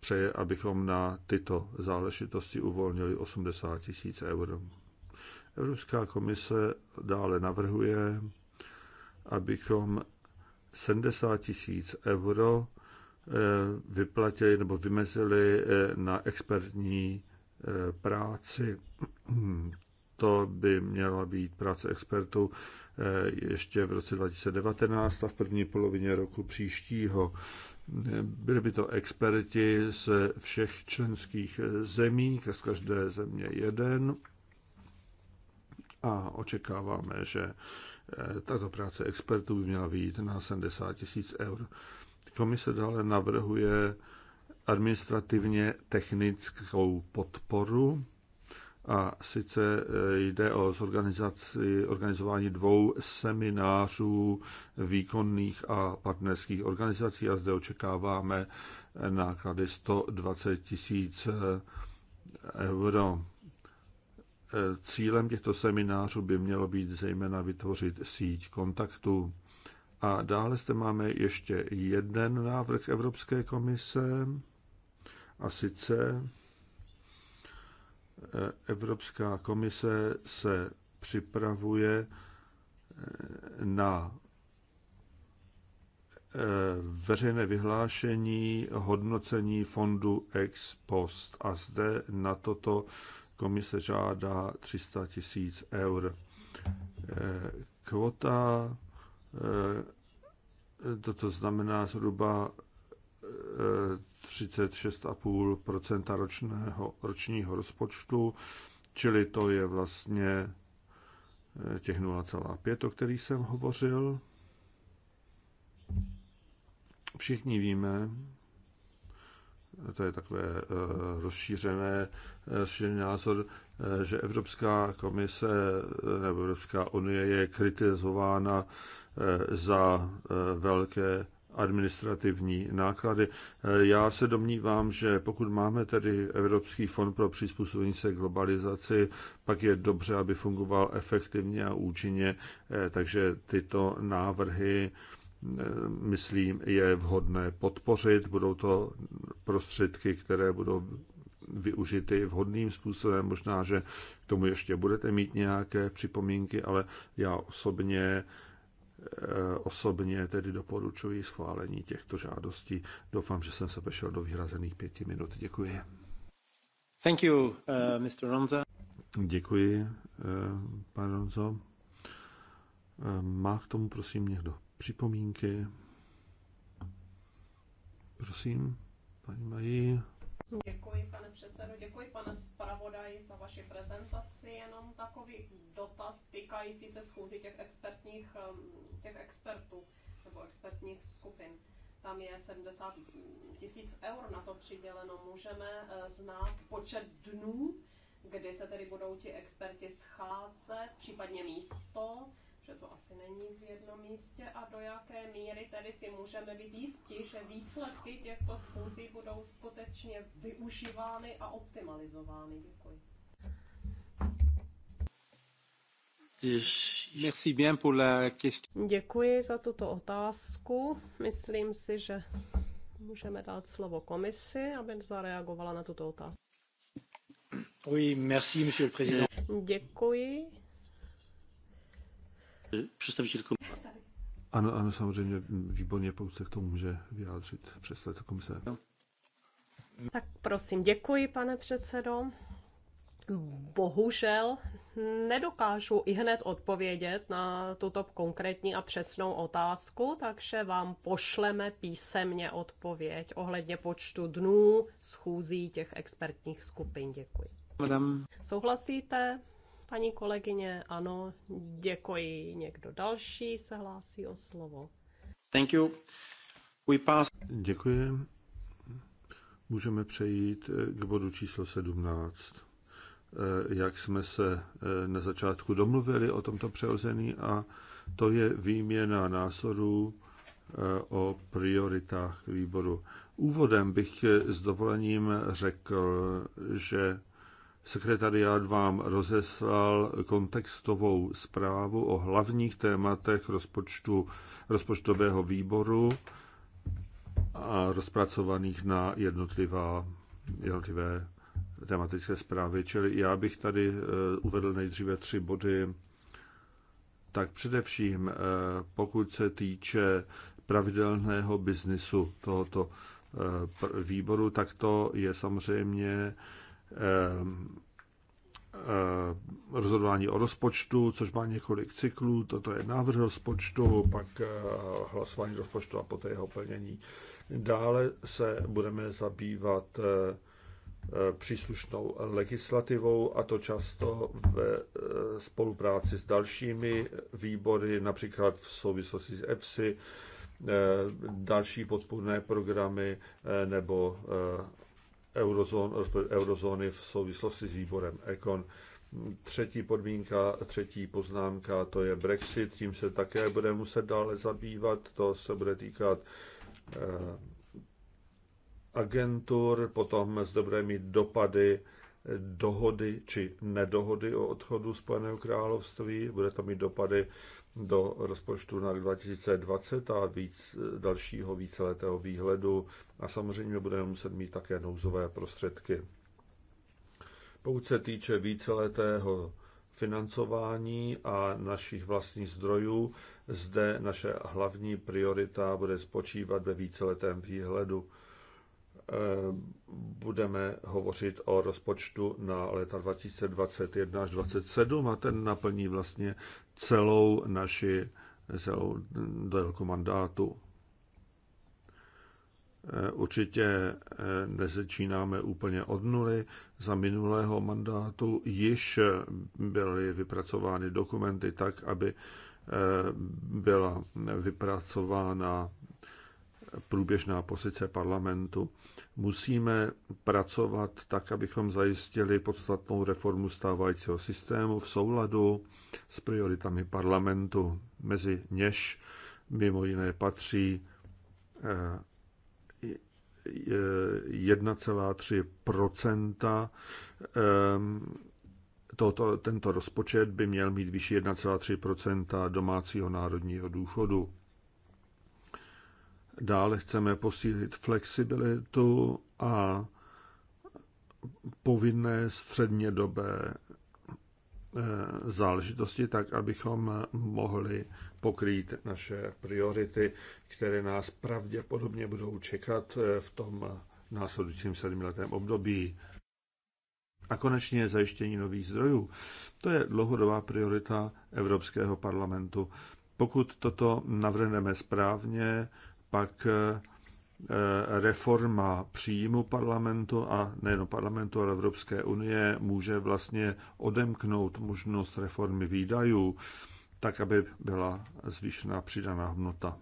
C: přeje, abychom na tyto záležitosti uvolnili 80 tisíc eur. Evropská komise dále navrhuje, abychom 70 tisíc euro eh, vyplatili nebo vymezili eh, na expertní eh, práci. To by měla být práce expertů ještě v roce 2019 a v první polovině roku příštího. Byli by to experti z všech členských zemí, z každé země jeden. A očekáváme, že eh, tato práce expertů by měla výjít na 70 tisíc eur. Komise dále navrhuje administrativně technickou podporu a sice eh, jde o zorganizaci, organizování dvou seminářů výkonných a partnerských organizací a zde očekáváme eh, náklady 120 tisíc eh, euro. Cílem těchto seminářů by mělo být zejména vytvořit síť kontaktů. A dále zde máme ještě jeden návrh Evropské komise, a sice Evropská komise se připravuje eh, na eh, veřejné vyhlášení hodnocení fondu ex post a zde na toto komise žádá 300 tisíc eur. Eh, kvota, toto znamená zhruba 36,5 ročného, ročního rozpočtu, čili to je vlastně eh, těch 0,5, o kterých jsem hovořil. Všichni víme, to je takové eh, rozšířené, rozšířený eh, názor, že Evropská komise nebo Evropská unie je kritizována za velké administrativní náklady. Já se domnívám, že pokud máme tedy Evropský fond pro přizpůsobení se globalizaci, pak je dobře, aby fungoval efektivně a účinně, eh, takže tyto návrhy eh, myslím, je vhodné podpořit. Budou to prostředky, které budou využity vhodným způsobem. Možná, že k tomu ještě budete mít nějaké připomínky, ale já osobně Eh, osobně tedy doporučuji schválení těchto žádostí. Doufám, že jsem se vešel do vyhrazených pěti minut. Děkuji. Thank
A: you, uh, Mr. Ronza.
C: Děkuji, uh, pane Ronzo. Uh, má k tomu, prosím, někdo připomínky? Prosím, paní Mají.
B: Děkuji, pane předsedo, děkuji, pane zpravodaji, za vaši prezentaci. Jenom takový dotaz týkající se schůzí těch expertních, um, těch expertů nebo expertních skupin. Tam je 70 tisíc eur na to přiděleno. Můžeme eh, znát počet dnů, kdy se tedy budou ti experti scházet, případně místo, že to asi není v jednom místě a do jaké míry tedy si můžeme být jistí, že výsledky těchto schůzí budou skutečně využívány a optimalizovány. Děkuji. Děkuji za tuto otázku. Myslím si, že můžeme dát slovo komisi, aby zareagovala na tuto otázku.
C: Oui, merci, monsieur le président.
B: Děkuji
C: představitel Ano, ano, samozřejmě, výborně, pokud se k tomu může vyjádřit představitel komise.
B: Tak prosím, děkuji, pane předsedo. Bohužel nedokážu i hned odpovědět na tuto konkrétní a přesnou otázku, takže vám pošleme písemně odpověď ohledně počtu dnů schůzí těch expertních skupin. Děkuji. Madame. Souhlasíte? Paní kolegyně, ano, děkuji. Někdo další se hlásí o slovo.
C: Thank you. We pass. Děkuji. Můžeme přejít eh, k bodu číslo 17. Eh, jak jsme se eh, na začátku domluvili o tomto přehození a to je výměna názorů o prioritách výboru. Úvodem bych s dovolením řekl, že Sekretariát vám rozeslal kontextovou zprávu o hlavních tématech rozpočtu, rozpočtového výboru a rozpracovaných na jednotlivá, jednotlivé tematické zprávy. Čili já bych tady eh, uvedl nejdříve tři body. Tak především, eh, pokud se týče pravidelného biznisu tohoto eh, výboru, tak to je samozřejmě Eh, eh, rozhodování o rozpočtu, což má několik cyklů. Toto je návrh rozpočtu, pak eh, hlasování rozpočtu a poté jeho plnění. Dále se budeme zabývat příslušnou legislativou a to často ve spolupráci s dalšími výbory, například v souvislosti s EFSI, další podpůrné programy nebo eurozón, eurozóny v souvislosti s výborem Econ. Třetí podmínka, třetí poznámka, to je Brexit, tím se také bude muset dále zabývat, to se bude týkat eh, agentur, potom zde bude mít dopady dohody či nedohody o odchodu Spojeného království, bude to mít dopady do rozpočtu na 2020 a víc, dalšího víceletého výhledu a samozřejmě budeme muset mít také nouzové prostředky. Pokud se týče víceletého financování a našich vlastních zdrojů, zde naše hlavní priorita bude spočívat ve víceletém výhledu. Eh, budeme hovořit o rozpočtu na léta 2021 až 2027 a ten naplní vlastně celou naši celou délku mandátu. Eh, určitě eh, nezačínáme úplně od nuly. Za minulého mandátu již byly vypracovány dokumenty tak, aby byla vypracována průběžná pozice parlamentu musíme pracovat tak, abychom zajistili podstatnou reformu stávajícího systému v souladu s prioritami parlamentu. Mezi něž mimo jiné patří 1,3 eh, eh, toto, tento rozpočet by měl mít vyšší 1,3 domácího národního důchodu. Dále chceme posílit flexibilitu a povinné střednědobé eh, záležitosti, tak abychom mohli pokrýt naše priority, které nás pravděpodobně budou čekat eh, v tom následujícím sedmiletém období. A konečně zajištění nových zdrojů. To je dlouhodobá priorita Evropského parlamentu. Pokud toto navrhneme správně, pak eh, eh, reforma příjmu parlamentu a nejen parlamentu, ale Evropské unie může vlastně odemknout možnost reformy výdajů, tak aby byla zvýšená přidaná hodnota.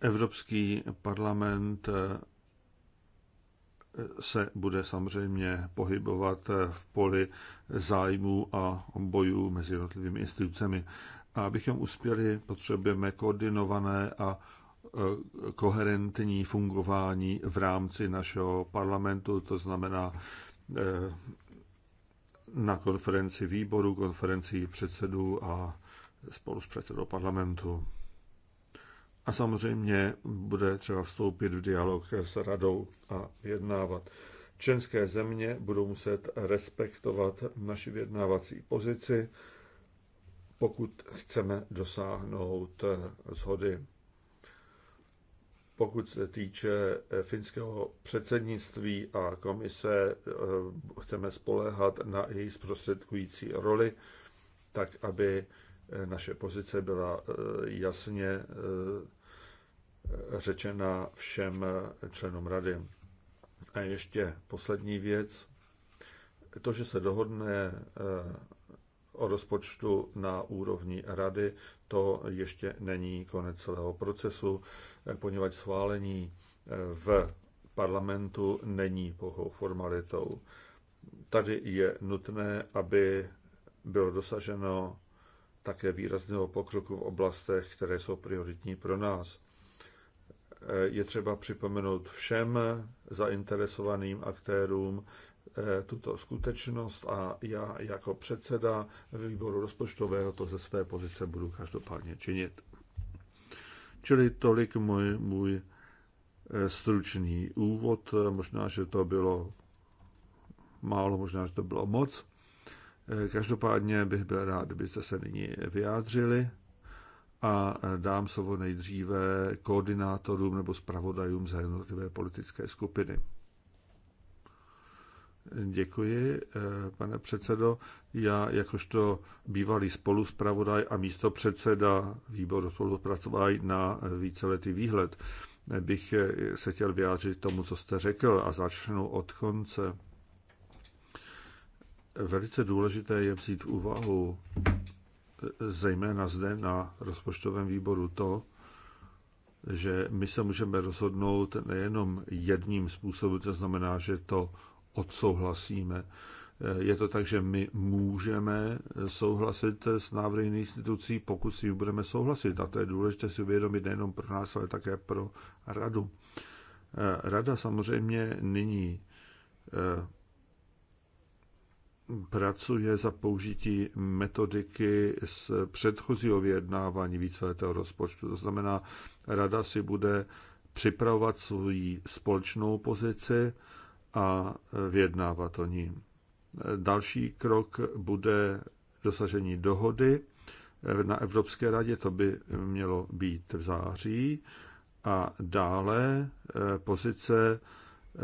C: Evropský parlament eh, se bude samozřejmě pohybovat v poli zájmu a bojů mezi jednotlivými institucemi. A abychom uspěli, potřebujeme koordinované a e, koherentní fungování v rámci našeho parlamentu, to znamená e, na konferenci výboru, konferenci předsedů a spolu s předsedou parlamentu. A samozřejmě bude třeba vstoupit v dialog s radou a vyjednávat. Členské země budou muset respektovat naši vyjednávací pozici pokud chceme dosáhnout zhody, eh, Pokud se týče eh, finského předsednictví a komise, eh, chceme spoléhat na její zprostředkující roli, tak aby naše pozice byla jasně řečena všem členům rady. A ještě poslední věc. To, že se dohodne o rozpočtu na úrovni rady. To ještě není konec celého procesu, poněvadž schválení eh, v parlamentu není pouhou formalitou. Tady je nutné, aby bylo dosaženo také výrazného pokroku v oblastech, které jsou prioritní pro nás. Eh, je třeba připomenout všem zainteresovaným aktérům, Eh, tuto skutečnost a já jako předseda výboru rozpočtového to ze své pozice budu každopádně činit. Čili tolik můj, můj eh, stručný úvod. Možná, že to bylo málo, možná, že to bylo moc. Eh, každopádně bych byl rád, kdybyste se nyní vyjádřili a dám slovo nejdříve koordinátorům nebo zpravodajům za jednotlivé politické skupiny. Děkuji, eh, pane předsedo. Já jakožto bývalý spoluspravodaj a místo předseda výboru spolupracování na víceletý výhled bych eh, se chtěl vyjádřit tomu, co jste řekl a začnu od konce. Velice důležité je vzít v úvahu, eh, zejména zde na rozpočtovém výboru, to, že my se můžeme rozhodnout nejenom jedním způsobem, to znamená, že to odsouhlasíme. Eh, je to tak, že my můžeme souhlasit s návrhy institucí, pokud si budeme souhlasit. A to je důležité si uvědomit nejenom pro nás, ale také pro radu. Eh, rada samozřejmě nyní eh, pracuje za použití metodiky z předchozího vyjednávání víceletého rozpočtu. To znamená, rada si bude připravovat svoji společnou pozici, a vyjednávat o ní. Další krok bude dosažení dohody na Evropské radě, to by mělo být v září, a dále eh, pozice eh,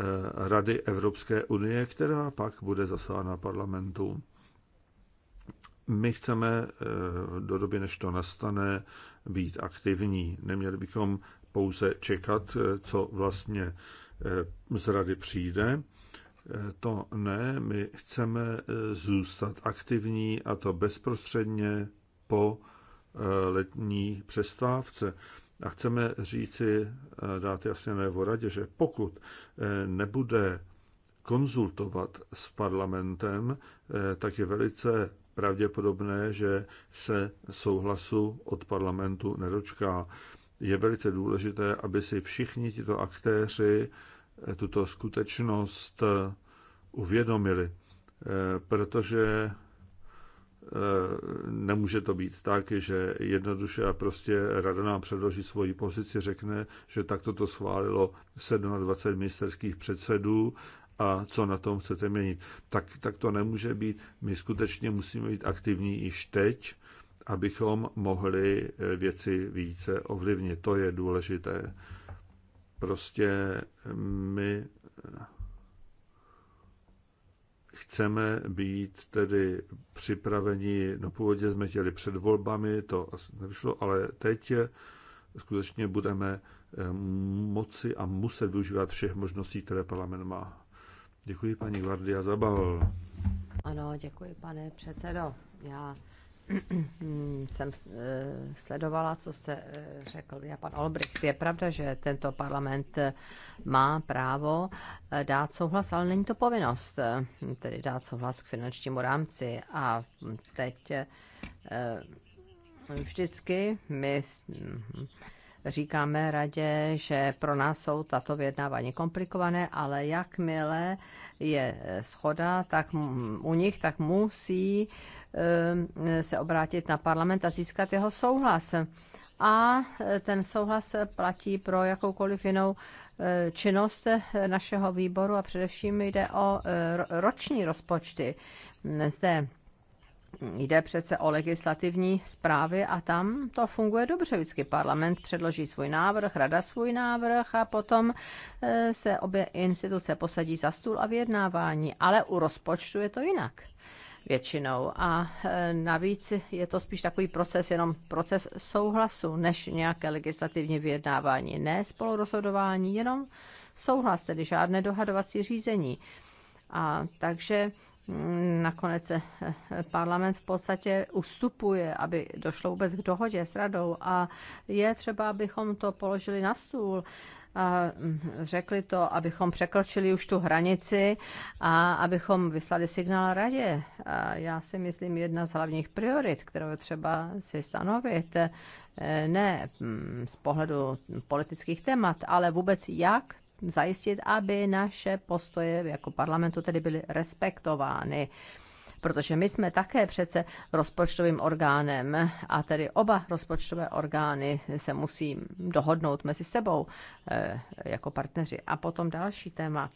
C: Rady Evropské unie, která pak bude zaslána parlamentu. My chceme eh, do doby, než to nastane, být aktivní. Neměli bychom pouze čekat, co vlastně z rady přijde. To ne, my chceme zůstat aktivní a to bezprostředně po eh, letní přestávce. A chceme říci, eh, dát jasně najevo radě, že pokud eh, nebude konzultovat s parlamentem, tak je velice pravděpodobné, že se souhlasu od parlamentu nedočká je velice důležité, aby si všichni tito aktéři eh, tuto skutečnost eh, uvědomili, eh, protože nemůže to být tak, že jednoduše a prostě rada nám předloží svoji pozici, řekne, že takto to schválilo 27 ministerských předsedů a co na tom chcete měnit. Tak, tak to nemůže být. My skutečně musíme být aktivní již teď abychom mohli eh, věci více ovlivnit. To je důležité. Prostě eh, my eh, chceme být tedy připraveni, no původně jsme chtěli před volbami, to asi nevyšlo, ale teď skutečně budeme moci a muset využívat všech možností, které parlament má. Děkuji paní Guardia Zabal.
A: Ano, děkuji pane předsedo. Já (clears throat) jsem eh, sledovala, co jste eh, řekl já, pan Olbricht. Je pravda, že tento parlament eh, má právo dát souhlas, ale není to povinnost, tedy dát souhlas k finančnímu rámci. A teď vždycky my hm, říkáme radě, že pro nás jsou tato vyjednávání komplikované, ale jakmile je schoda tak u nich, tak musí Eh, se obrátit na parlament a získat jeho souhlas. A eh, ten souhlas platí pro jakoukoliv jinou eh, činnost našeho výboru a především jde o roční rozpočty. Zde Jde přece o legislativní zprávy a tam to funguje dobře. Vždycky parlament předloží svůj návrh, rada svůj návrh a potom se obě instituce posadí za stůl a vyjednávání. Ale u rozpočtu je to jinak většinou. A e, navíc je to spíš takový proces, jenom proces souhlasu, než nějaké legislativní vyjednávání. Ne spolurozhodování, jenom souhlas, tedy žádné dohadovací řízení. A takže mm, nakonec se e, parlament v podstatě ustupuje, aby došlo vůbec k dohodě s radou a je třeba, abychom to položili na stůl a mm, řekli to, abychom překročili už tu hranici a abychom vyslali signál radě. A já si myslím, jedna z hlavních priorit, kterou je třeba si stanovit, eh, ne mm, z pohledu politických témat, ale vůbec jak zajistit, aby naše postoje jako parlamentu tedy byly respektovány protože my jsme také přece rozpočtovým orgánem a tedy oba rozpočtové orgány se musí dohodnout mezi sebou eh, jako partneři. A potom další téma,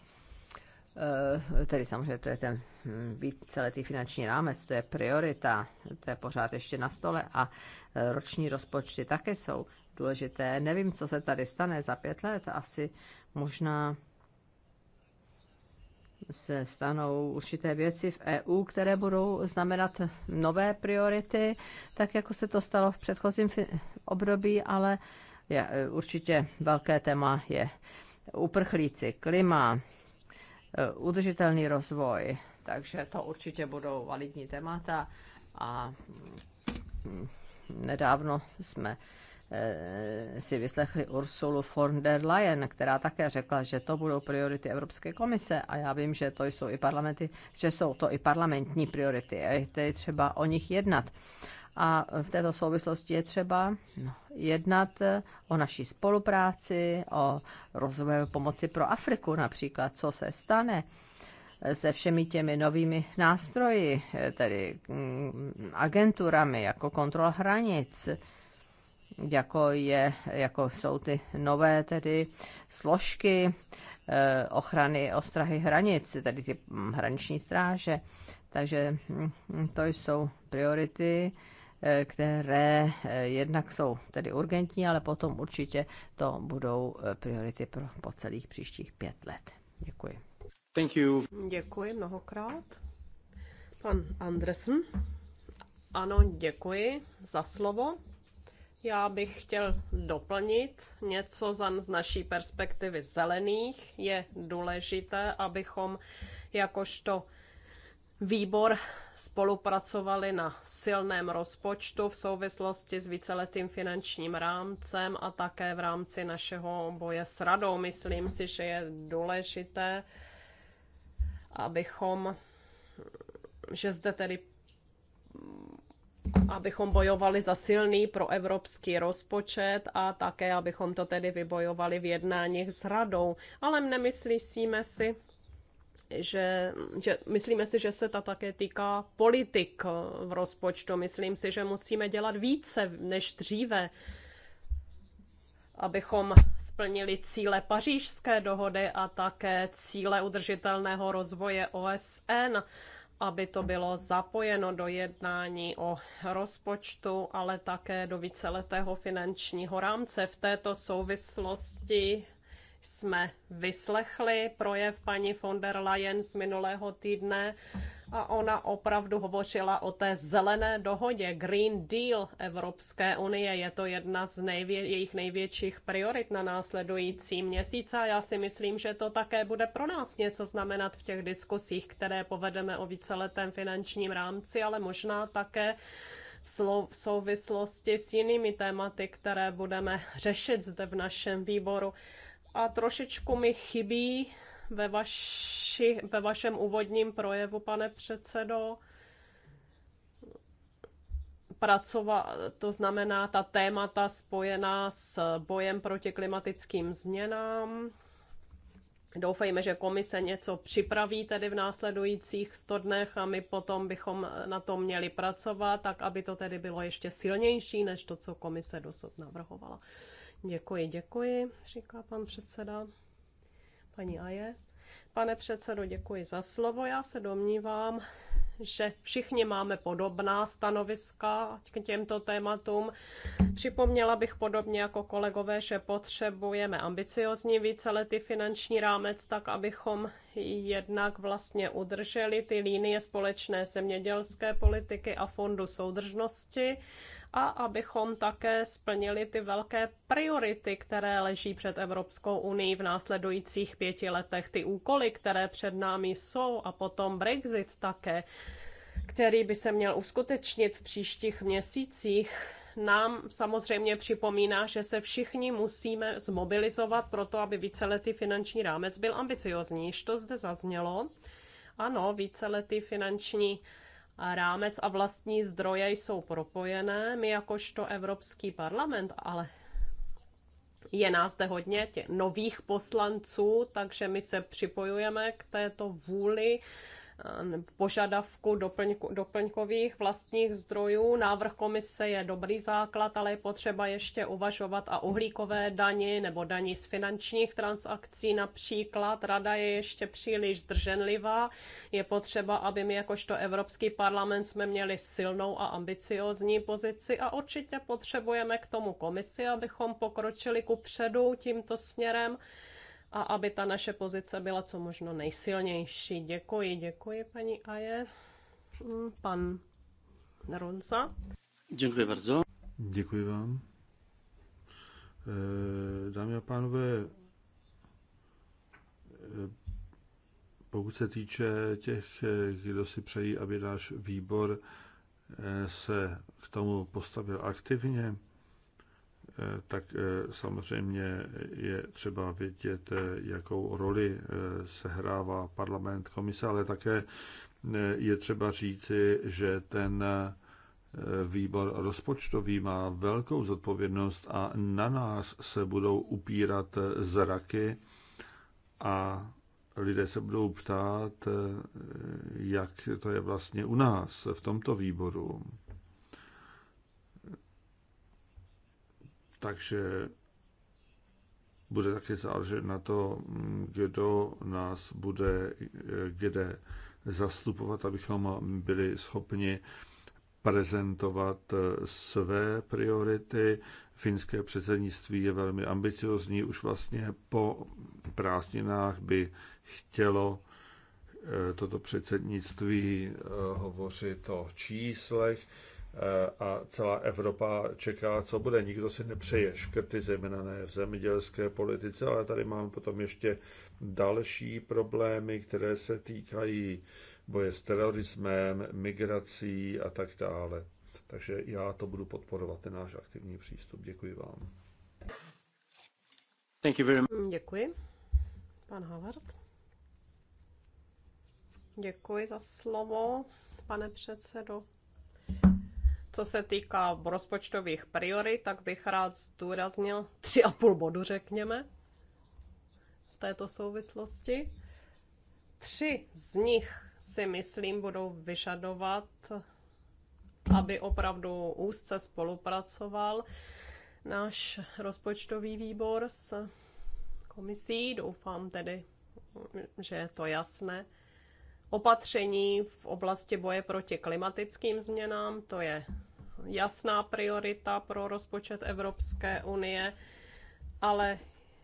A: eh, tedy samozřejmě to je ten hm, víceletý finanční rámec, to je priorita, to je pořád ještě na stole a eh, roční rozpočty také jsou důležité. Nevím, co se tady stane za pět let, asi možná se stanou určité věci v EU, které budou znamenat nové priority, tak jako se to stalo v předchozím období, ale je, e, určitě velké téma je uprchlíci, klima, e, udržitelný rozvoj, takže to určitě budou validní témata a mm, nedávno jsme Eh, si vyslechli Ursulu von der Leyen, která také řekla, že to budou priority Evropské komise a já vím, že to jsou i parlamenty, že jsou to i parlamentní priority a je třeba o nich jednat. A v této souvislosti je třeba no, jednat eh, o naší spolupráci, o rozvoji pomoci pro Afriku například, co se stane eh, se všemi těmi novými nástroji, tedy mm, agenturami jako kontrola hranic, jako, je, jako jsou ty nové tedy složky eh, ochrany, ostrahy hranic, tedy ty mm, hraniční stráže. Takže mm, to jsou priority, eh, které eh, jednak jsou tedy urgentní, ale potom určitě to budou priority pro, po celých příštích pět let. Děkuji.
B: Thank you. Děkuji mnohokrát. Pan Andresen. Ano, děkuji za slovo. Já bych chtěl doplnit něco z naší perspektivy zelených. Je důležité, abychom jakožto výbor spolupracovali na silném rozpočtu v souvislosti s víceletým finančním rámcem a také v rámci našeho boje s radou. Myslím si, že je důležité, abychom, že zde tedy abychom bojovali za silný proevropský rozpočet a také, abychom to tedy vybojovali v jednáních s radou. Ale nemyslíme si, že, že myslíme si, že se to také týká politik eh, v rozpočtu. Myslím si, že musíme dělat více než dříve, abychom splnili cíle pařížské dohody a také cíle udržitelného rozvoje OSN aby to bylo zapojeno do jednání o rozpočtu, ale také do víceletého finančního rámce. V této souvislosti jsme vyslechli projev paní von der Leyen z minulého týdne a ona opravdu hovořila o té zelené dohodě, Green Deal Evropské unie. Je to jedna z nejvě- jejich největších priorit na následující měsíce a já si myslím, že to také bude pro nás něco znamenat v těch diskusích, které povedeme o víceletém finančním rámci, ale možná také v souvislosti s jinými tématy, které budeme řešit zde v našem výboru. A trošičku mi chybí ve, vaši, ve vašem úvodním projevu, pane předsedo, pracova to znamená ta témata spojená s bojem proti klimatickým změnám. Doufejme, že komise něco připraví tedy v následujících 100 dnech a my potom bychom na tom měli pracovat, tak aby to tedy bylo ještě silnější než to, co komise dosud navrhovala. Děkuji, děkuji, říká pan předseda. Paní Aje. Pane předsedo, děkuji za slovo. Já se domnívám, že všichni máme podobná stanoviska k těmto tématům. Připomněla bych podobně jako kolegové, že potřebujeme ambiciozní víceletý finanční rámec, tak abychom jednak vlastně udrželi ty linie společné zemědělské politiky a fondu soudržnosti a abychom také splnili ty velké priority, které leží před Evropskou unii v následujících pěti letech, ty úkoly, které před námi jsou a potom Brexit také, který by se měl uskutečnit v příštích měsících nám samozřejmě připomíná, že se všichni musíme zmobilizovat pro to, aby víceletý finanční rámec byl ambiciozní. Již to zde zaznělo. Ano, víceletý finanční rámec a vlastní zdroje jsou propojené. My jakožto Evropský parlament, ale je nás zde hodně těch nových poslanců, takže my se připojujeme k této vůli Eh, požadavku doplňko, doplňkových vlastních zdrojů. Návrh komise je dobrý základ, ale je potřeba ještě uvažovat a uhlíkové dani nebo daní z finančních transakcí například. Rada je ještě příliš zdrženlivá. Je potřeba, aby my jakožto Evropský parlament jsme měli silnou a ambiciozní pozici a určitě potřebujeme k tomu komisi, abychom pokročili ku předu tímto směrem a aby ta naše pozice byla co možno nejsilnější. Děkuji, děkuji paní Aje. Mm, pan Ronza.
C: Děkuji bardzo. Děkuji vám. Eh, dámy a pánové, eh, pokud se týče těch, eh, kdo si přejí, aby náš výbor se k tomu postavil aktivně, Eh, tak eh, samozřejmě je třeba vědět, eh, jakou roli sehrává parlament, komise, ale také je třeba říci, že ten výbor rozpočtový má velkou zodpovědnost a na nás se budou upírat zraky a lidé se budou ptát, jak to je vlastně u nás v tomto výboru. Takže bude také záležet na to, kdo nás bude kde zastupovat, abychom byli schopni prezentovat své priority. Finské předsednictví je velmi ambiciozní, už vlastně po prázdninách by chtělo eh, toto předsednictví eh, hovořit o číslech, Eh, a celá Evropa čeká, co bude. Nikdo si nepřeje škrty, zejména ne v zemědělské politice, ale tady máme potom ještě další problémy, které se týkají boje s terorismem, migrací a tak dále. Takže já to budu podporovat, ten náš aktivní přístup. Děkuji vám.
D: Thank you very
B: much. Děkuji. Pan Havard. Děkuji za slovo, pane předsedo. Co se týká rozpočtových priorit, tak bych rád zdůraznil tři a půl bodu, řekněme, v této souvislosti. Tři z nich si myslím budou vyžadovat, aby opravdu úzce spolupracoval náš rozpočtový výbor s komisí. Doufám tedy, že je to jasné opatření v oblasti boje proti klimatickým změnám, to je jasná priorita pro rozpočet Evropské unie, ale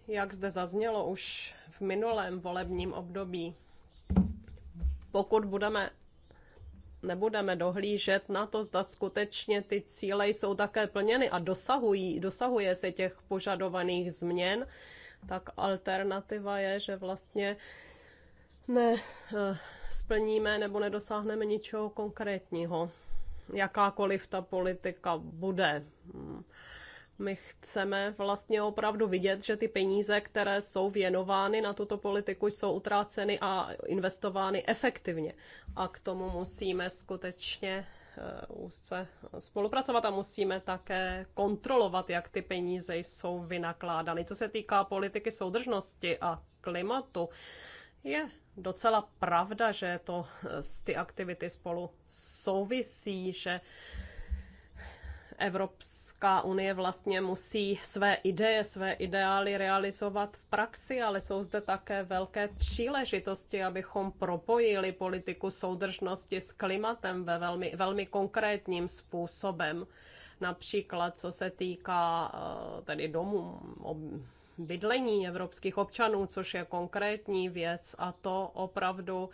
B: jak zde zaznělo už v minulém volebním období, pokud budeme nebudeme dohlížet na to, zda skutečně ty cíle jsou také plněny a dosahují, dosahuje se těch požadovaných změn, tak alternativa je, že vlastně nesplníme eh, nebo nedosáhneme ničeho konkrétního, jakákoliv ta politika bude. My chceme vlastně opravdu vidět, že ty peníze, které jsou věnovány na tuto politiku, jsou utráceny a investovány efektivně. A k tomu musíme skutečně eh, úzce spolupracovat a musíme také kontrolovat, jak ty peníze jsou vynakládány. Co se týká politiky soudržnosti a klimatu, je docela pravda, že to s ty aktivity spolu souvisí, že Evropská unie vlastně musí své ideje, své ideály realizovat v praxi, ale jsou zde také velké příležitosti, abychom propojili politiku soudržnosti s klimatem ve velmi, velmi konkrétním způsobem. Například co se týká eh, tedy domů, bydlení evropských občanů, což je konkrétní věc a to opravdu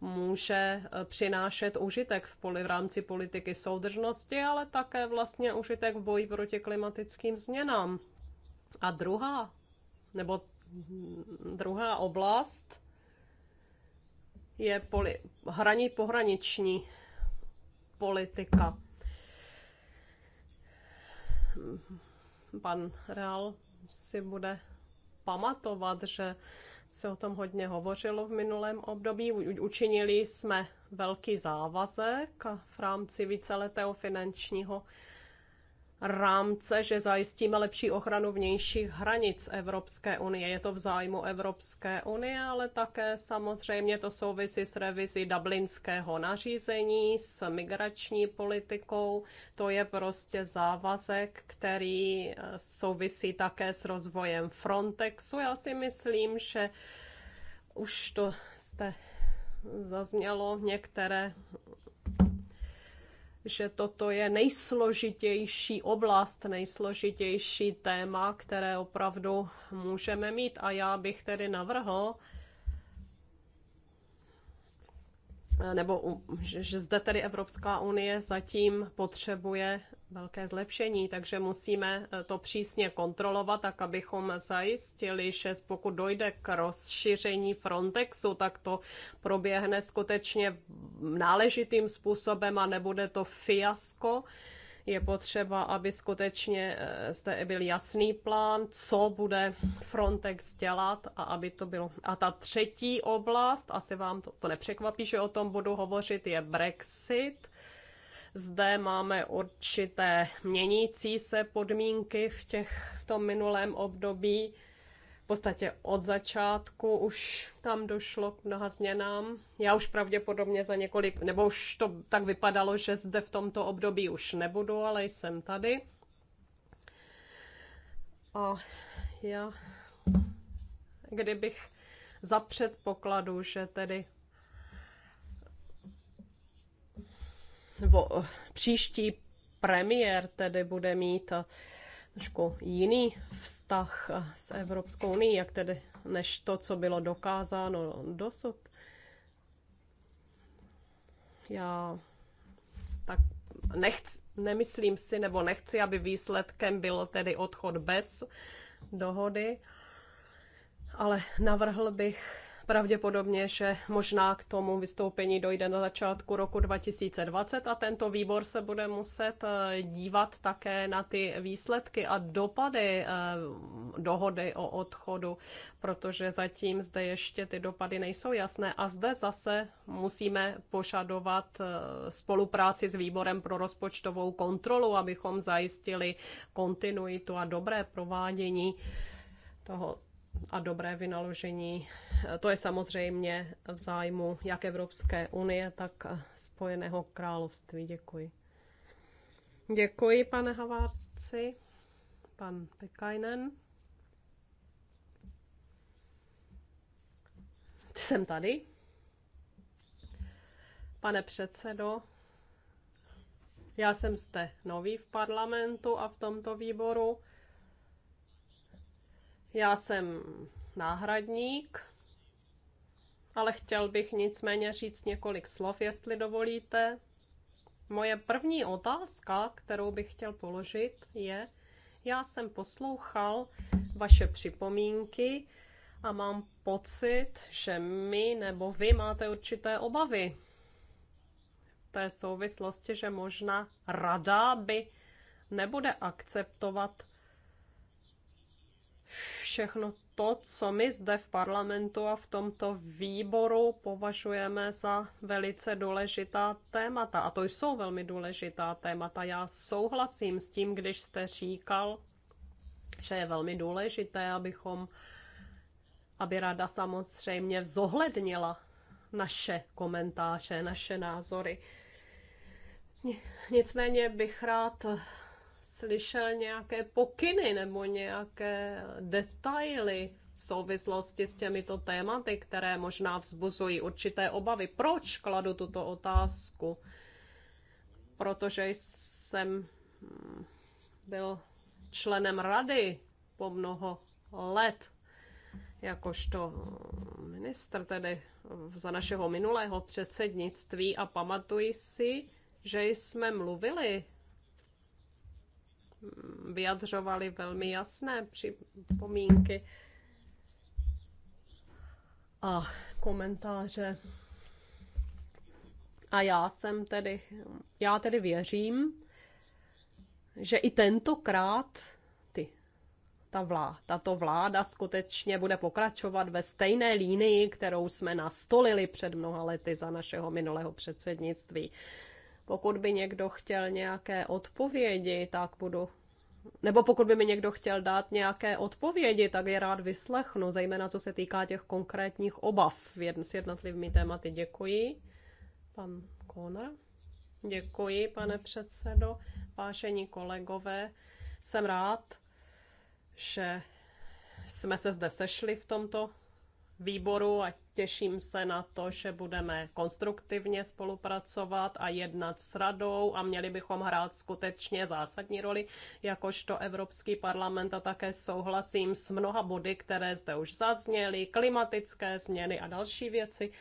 B: může eh, přinášet užitek v, poli, v rámci politiky soudržnosti, ale také vlastně užitek v boji proti klimatickým změnám. A druhá, nebo hm, druhá oblast je poli, hraní pohraniční politika. Pan Real si bude pamatovat, že se o tom hodně hovořilo v minulém období. Učinili jsme velký závazek v rámci víceletého finančního rámce, že zajistíme lepší ochranu vnějších hranic Evropské unie. Je to v zájmu Evropské unie, ale také samozřejmě to souvisí s revizí dublinského nařízení, s migrační politikou. To je prostě závazek, který eh, souvisí také s rozvojem Frontexu. Já si myslím, že už to jste zaznělo některé že toto je nejsložitější oblast, nejsložitější téma, které opravdu můžeme mít. A já bych tedy navrhl, Eh, nebo že zde tedy Evropská unie zatím potřebuje velké zlepšení, takže musíme eh, to přísně kontrolovat, tak abychom zajistili, že pokud dojde k rozšíření Frontexu, tak to proběhne skutečně náležitým způsobem a nebude to fiasko, je potřeba, aby skutečně jste eh, byl jasný plán, co bude Frontex dělat a aby to bylo. A ta třetí oblast, asi vám to, co nepřekvapí, že o tom budu hovořit, je Brexit. Zde máme určité měnící se podmínky v, těch, v tom minulém období podstatě od začátku už tam došlo k mnoha změnám. Já už pravděpodobně za několik, nebo už to tak vypadalo, že zde v tomto období už nebudu, ale jsem tady. A já, kdybych za předpokladu, že tedy nebo příští premiér tedy bude mít trošku jiný vztah s Evropskou unii, jak tedy, než to, co bylo dokázáno dosud. Já tak nechci, nemyslím si, nebo nechci, aby výsledkem byl tedy odchod bez dohody, ale navrhl bych pravděpodobně, že možná k tomu vystoupení dojde na začátku roku 2020 a tento výbor se bude muset eh, dívat také na ty výsledky a dopady eh, dohody o odchodu, protože zatím zde ještě ty dopady nejsou jasné a zde zase musíme požadovat eh, spolupráci s výborem pro rozpočtovou kontrolu, abychom zajistili kontinuitu a dobré provádění toho a dobré vynaložení. To je samozřejmě v zájmu jak Evropské unie, tak Spojeného království. Děkuji. Děkuji, pane Havárci, pan Pekajnen. Jsem tady. Pane předsedo, já jsem zde nový v parlamentu a v tomto výboru já jsem náhradník, ale chtěl bych nicméně říct několik slov, jestli dovolíte. Moje první otázka, kterou bych chtěl položit, je, já jsem poslouchal vaše připomínky a mám pocit, že my nebo vy máte určité obavy v té souvislosti, že možná rada by nebude akceptovat všechno to, co my zde v parlamentu a v tomto výboru považujeme za velice důležitá témata. A to jsou velmi důležitá témata. Já souhlasím s tím, když jste říkal, že je velmi důležité, abychom, aby rada samozřejmě zohlednila naše komentáře, naše názory. Nicméně bych rád slyšel nějaké pokyny nebo nějaké detaily v souvislosti s těmito tématy, které možná vzbuzují určité obavy. Proč kladu tuto otázku? Protože jsem hm, byl členem rady po mnoho let, jakožto ministr tedy za našeho minulého předsednictví a pamatuji si, že jsme mluvili vyjadřovali velmi jasné připomínky a komentáře. A já jsem tedy, já tedy věřím, že i tentokrát ty, ta vlá, tato vláda skutečně bude pokračovat ve stejné línii, kterou jsme nastolili před mnoha lety za našeho minulého předsednictví. Pokud by někdo chtěl nějaké odpovědi, tak budu nebo pokud by mi někdo chtěl dát nějaké odpovědi, tak je rád vyslechnu, zejména co se týká těch konkrétních obav s jednotlivými tématy. Děkuji. Pan Kona. Děkuji, pane předsedo. Vážení kolegové, jsem rád, že jsme se zde sešli v tomto výboru a těším se na to, že budeme konstruktivně spolupracovat a jednat s radou a měli bychom hrát skutečně zásadní roli, jakožto Evropský parlament a také souhlasím s mnoha body, které zde už zazněly, klimatické změny a další věci.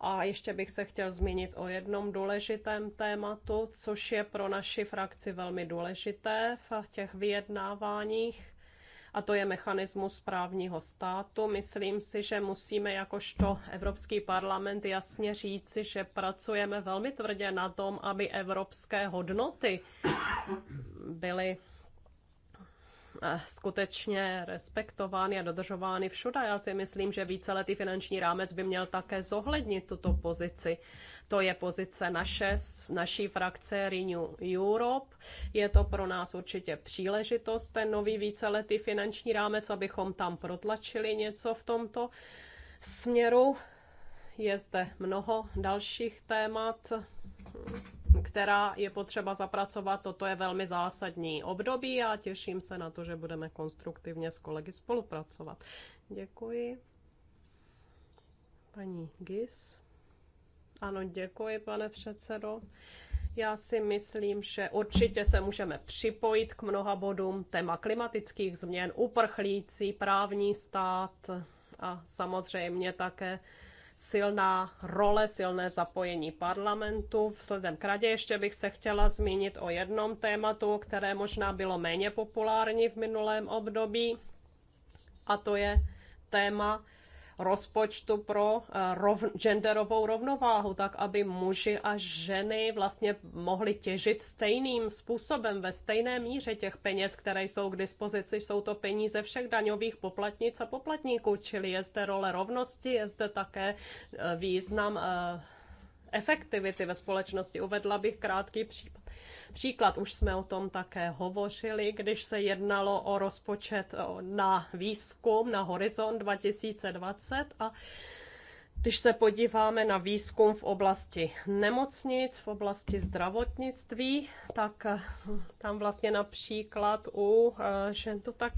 B: A ještě bych se chtěl zmínit o jednom důležitém tématu, což je pro naši frakci velmi důležité v těch vyjednáváních a to je mechanismus právního státu. Myslím si, že musíme jakožto Evropský parlament jasně říci, že pracujeme velmi tvrdě na tom, aby evropské hodnoty byly Eh, skutečně respektovány a dodržovány všude. Já si myslím, že víceletý finanční rámec by měl také zohlednit tuto pozici. To je pozice naše, naší frakce Renew Europe. Je to pro nás určitě příležitost, ten nový víceletý finanční rámec, abychom tam protlačili něco v tomto směru. Je zde mnoho dalších témat která je potřeba zapracovat. Toto je velmi zásadní období a těším se na to, že budeme konstruktivně s kolegy spolupracovat. Děkuji. Paní Gis. Ano, děkuji, pane předsedo. Já si myslím, že určitě se můžeme připojit k mnoha bodům téma klimatických změn, uprchlící, právní stát a samozřejmě také silná role, silné zapojení parlamentu. Vzhledem k radě ještě bych se chtěla zmínit o jednom tématu, které možná bylo méně populární v minulém období, a to je téma rozpočtu pro eh, rov, genderovou rovnováhu, tak aby muži a ženy vlastně mohli těžit stejným způsobem, ve stejné míře těch peněz, které jsou k dispozici. Jsou to peníze všech daňových poplatnic a poplatníků, čili je zde role rovnosti, je zde také eh, význam eh, efektivity ve společnosti. Uvedla bych krátký případ. Příklad, už jsme o tom také hovořili, když se jednalo o rozpočet na výzkum na Horizon 2020 a když se podíváme na výzkum v oblasti nemocnic, v oblasti zdravotnictví, tak eh, tam vlastně například u eh, žen to tak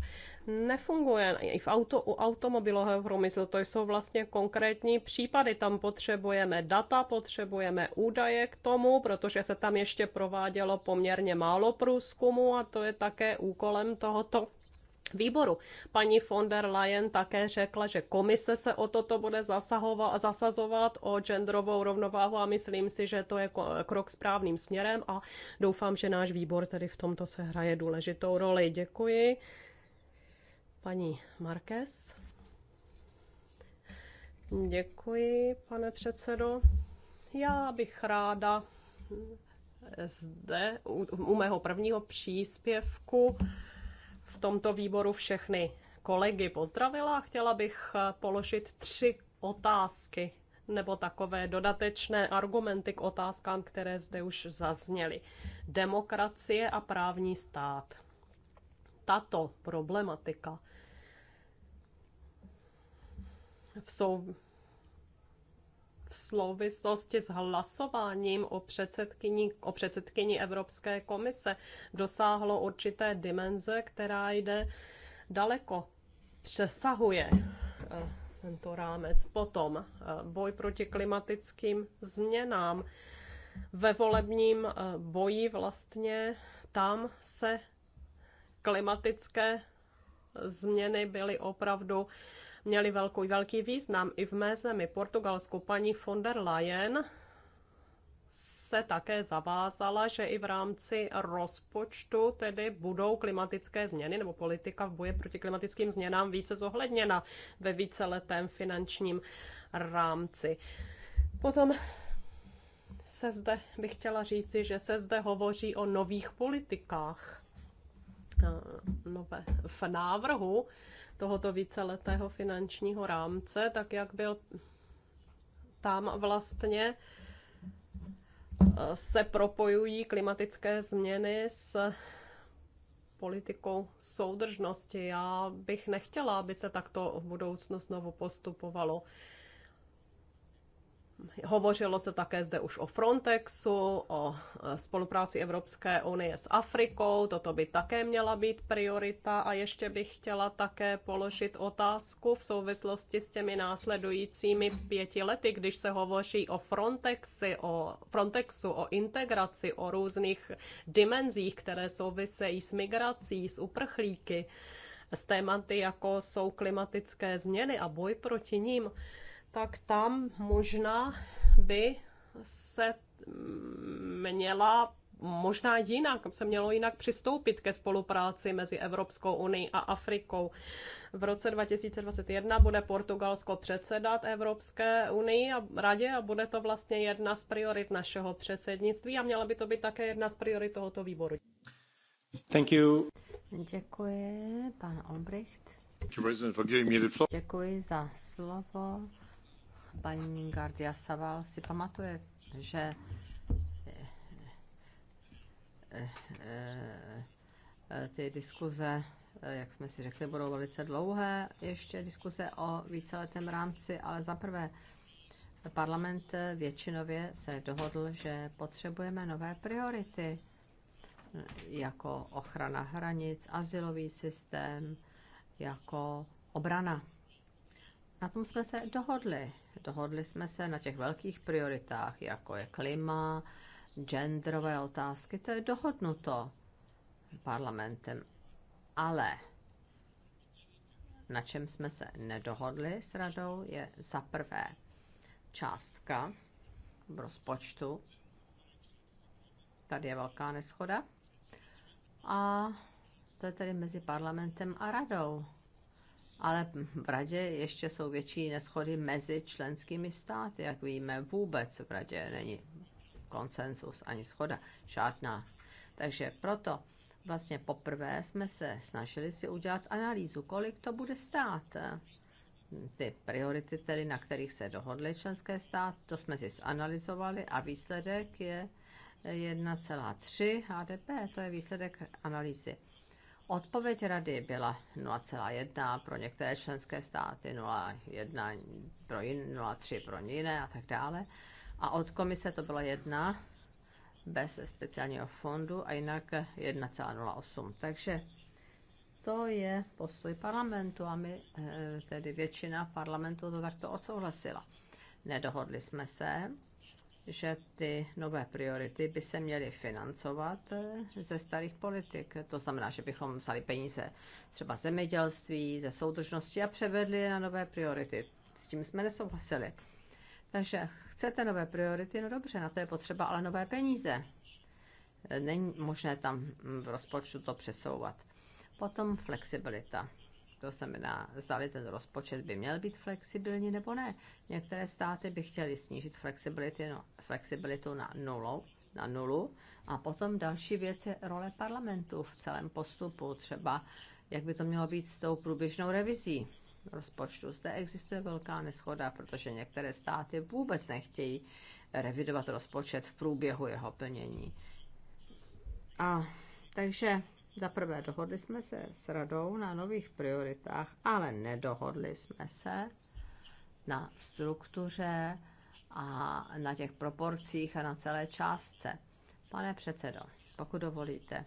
B: nefunguje. I v auto, u automobilového průmyslu to jsou vlastně konkrétní případy. Tam potřebujeme data, potřebujeme údaje k tomu, protože se tam ještě provádělo poměrně málo průzkumu a to je také úkolem tohoto výboru. Paní von der Leyen také řekla, že komise se o toto bude zasahovat, zasazovat o genderovou rovnováhu a myslím si, že to je krok správným směrem a doufám, že náš výbor tedy v tomto se hraje důležitou roli. Děkuji. Paní Marques. Děkuji, pane předsedo. Já bych ráda zde u, u mého prvního příspěvku tomto výboru všechny kolegy pozdravila a chtěla bych eh, položit tři otázky nebo takové dodatečné argumenty k otázkám, které zde už zazněly. Demokracie a právní stát. Tato problematika v sou, v souvislosti s hlasováním o předsedkyni, o předsedkyni Evropské komise dosáhlo určité dimenze, která jde daleko, přesahuje eh, tento rámec. Potom eh, boj proti klimatickým změnám. Ve volebním eh, boji vlastně tam se klimatické změny byly opravdu měly velký velký význam. I v mé zemi Portugalsku paní von der Leyen se také zavázala, že i v rámci rozpočtu tedy budou klimatické změny nebo politika v boji proti klimatickým změnám více zohledněna ve víceletém finančním rámci. Potom se zde, bych chtěla říci, že se zde hovoří o nových politikách. Nové. V návrhu tohoto víceletého finančního rámce, tak jak byl tam vlastně eh, se propojují klimatické změny s politikou soudržnosti. Já bych nechtěla, aby se takto v budoucnu znovu postupovalo. Hovořilo se také zde už o Frontexu, o e, spolupráci Evropské unie s Afrikou, toto by také měla být priorita a ještě bych chtěla také položit otázku v souvislosti s těmi následujícími pěti lety, když se hovoří o Frontexu, o Frontexu, o integraci, o různých dimenzích, které souvisejí s migrací, s uprchlíky, s tématy, jako jsou klimatické změny a boj proti ním tak tam možná by se měla možná jinak, se mělo jinak přistoupit ke spolupráci mezi Evropskou unii a Afrikou. V roce 2021 bude Portugalsko předsedat Evropské unii a radě a bude to vlastně jedna z priorit našeho předsednictví a měla by to být také jedna z priorit tohoto výboru.
A: Thank you. Děkuji, pan Olbricht. Děkuji za slovo paní Gardia Saval si pamatuje, že eh, eh, eh, ty diskuze, jak jsme si řekli, budou velice dlouhé, ještě diskuze o víceletém rámci, ale za prvé parlament většinově se dohodl, že potřebujeme nové priority, jako ochrana hranic, asilový systém, jako obrana. Na tom jsme se dohodli dohodli jsme se na těch velkých prioritách, jako je klima, genderové otázky, to je dohodnuto parlamentem. Ale na čem jsme se nedohodli s radou, je za prvé částka v rozpočtu. Tady je velká neschoda. A to je tedy mezi parlamentem a radou ale v radě ještě jsou větší neschody mezi členskými státy, jak víme, vůbec v radě není konsensus ani schoda, žádná. Takže proto vlastně poprvé jsme se snažili si udělat analýzu, kolik to bude stát. Ty priority, tedy, na kterých se dohodly členské státy, to jsme si zanalizovali a výsledek je 1,3 HDP, to je výsledek analýzy. Odpověď rady byla 0,1 pro některé členské státy, 0,1 pro jiné, 0,3 pro jiné a tak dále. A od komise to bylo 1 bez speciálního fondu a jinak 1,08. Takže to je postoj parlamentu a my, eh, tedy většina parlamentu to takto odsouhlasila. Nedohodli jsme se že ty nové priority by se měly financovat eh, ze starých politik. To znamená, že bychom vzali peníze třeba zemědělství, ze soudržnosti a převedli je na nové priority. S tím jsme nesouhlasili. Takže chcete nové priority, no dobře, na to je potřeba ale nové peníze. Eh, není možné tam v rozpočtu to přesouvat. Potom flexibilita. To znamená, zdali ten rozpočet by měl být flexibilní nebo ne. Některé státy by chtěly snížit flexibilitu, no, flexibilitu na nulu, na nulu. A potom další věc je role parlamentu v celém postupu, třeba jak by to mělo být s tou průběžnou revizí rozpočtu. Zde existuje velká neschoda, protože některé státy vůbec nechtějí revidovat rozpočet v průběhu jeho plnění. A takže za prvé, dohodli jsme se s radou na nových prioritách, ale nedohodli jsme se na struktuře a na těch proporcích a na celé částce. Pane předsedo, pokud dovolíte,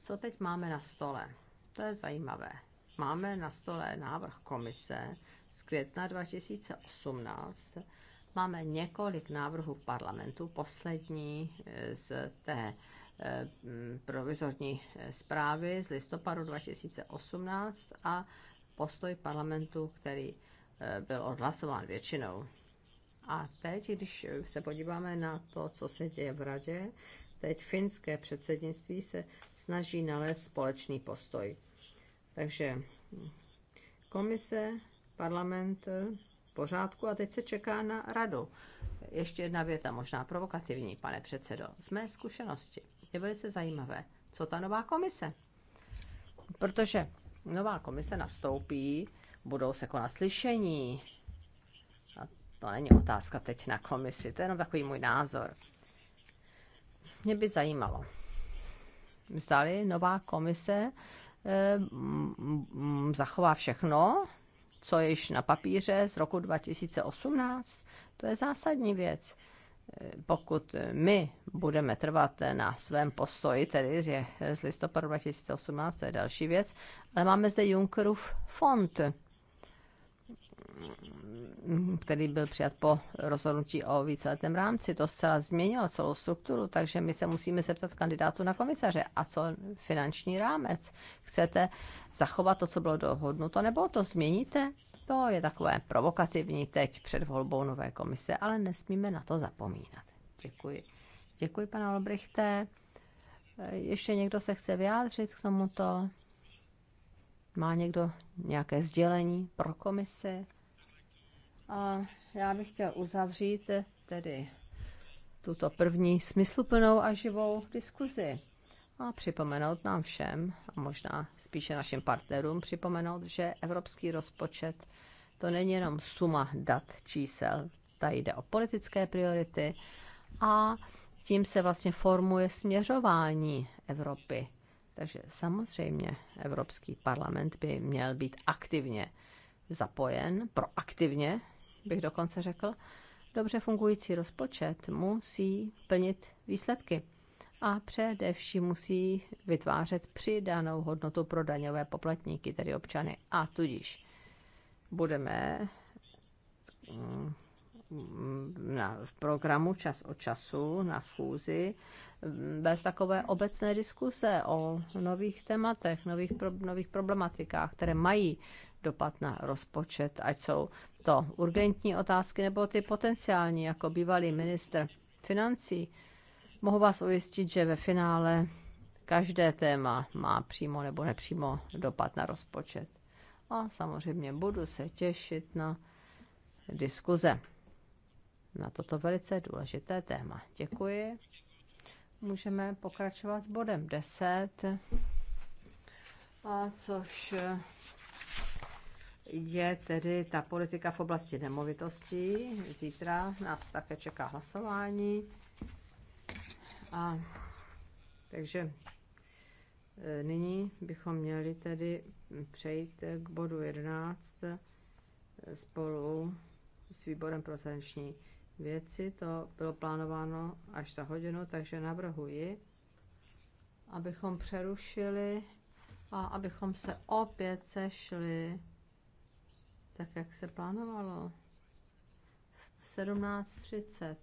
A: co teď máme na stole? To je zajímavé. Máme na stole návrh komise z května 2018. Máme několik návrhů parlamentu, poslední eh, z té Eh, provizorní zprávy z listopadu 2018 a postoj parlamentu, který eh, byl odhlasován většinou. A teď, když se podíváme na to, co se děje v radě, teď finské předsednictví se snaží nalézt společný postoj. Takže komise, parlament, pořádku a teď se čeká na radu. Ještě jedna věta, možná provokativní, pane předsedo. Z mé zkušenosti je velice zajímavé. Co ta nová komise? Protože nová komise nastoupí, budou se konat slyšení. A to není otázka teď na komisi, to je jenom takový můj názor. Mě by zajímalo, zdali nová komise eh, zachová všechno, co je již na papíře z roku 2018. To je zásadní věc pokud my budeme trvat na svém postoji, tedy je z listopadu 2018, to je další věc, ale máme zde Junckerův fond, který byl přijat po rozhodnutí o víceletém rámci. To zcela změnilo celou strukturu, takže my se musíme zeptat kandidátu na komisaře, a co finanční rámec? Chcete zachovat to, co bylo dohodnuto, nebo to změníte? To je takové provokativní teď před volbou nové komise, ale nesmíme na to zapomínat. Děkuji. Děkuji, pane Olbrichte. Ještě někdo se chce vyjádřit k tomuto? Má někdo nějaké sdělení pro komisi? A já bych chtěl uzavřít tedy tuto první smysluplnou a živou diskuzi a připomenout nám všem, a možná spíše našim partnerům připomenout, že evropský rozpočet to není jenom suma dat, čísel, ta jde o politické priority a tím se vlastně formuje směřování Evropy. Takže samozřejmě Evropský parlament by měl být aktivně zapojen, proaktivně bych dokonce řekl, dobře fungující rozpočet musí plnit výsledky a především musí vytvářet přidanou hodnotu pro daňové poplatníky, tedy občany. A tudíž budeme mm, na, v programu čas od času na schůzi mm, bez takové obecné diskuse o nových tématech, nových, pro, nových problematikách, které mají dopad na rozpočet, ať jsou to urgentní otázky nebo ty potenciální, jako bývalý minister financí. Mohu vás ujistit, že ve finále každé téma má přímo nebo nepřímo dopad na rozpočet. A samozřejmě budu se těšit na diskuze na toto velice důležité téma. Děkuji. Můžeme pokračovat s bodem 10, a což je tedy ta politika v oblasti nemovitostí. Zítra nás také čeká hlasování. A takže e, nyní bychom měli tedy přejít k bodu 11 e, spolu s výborem pro zahraniční věci. To bylo plánováno až za hodinu, takže navrhuji, abychom přerušili a abychom se opět sešli tak jak se plánovalo. 17.30.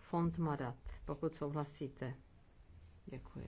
A: Fond Madat, pokud souhlasíte.
D: Děkuji.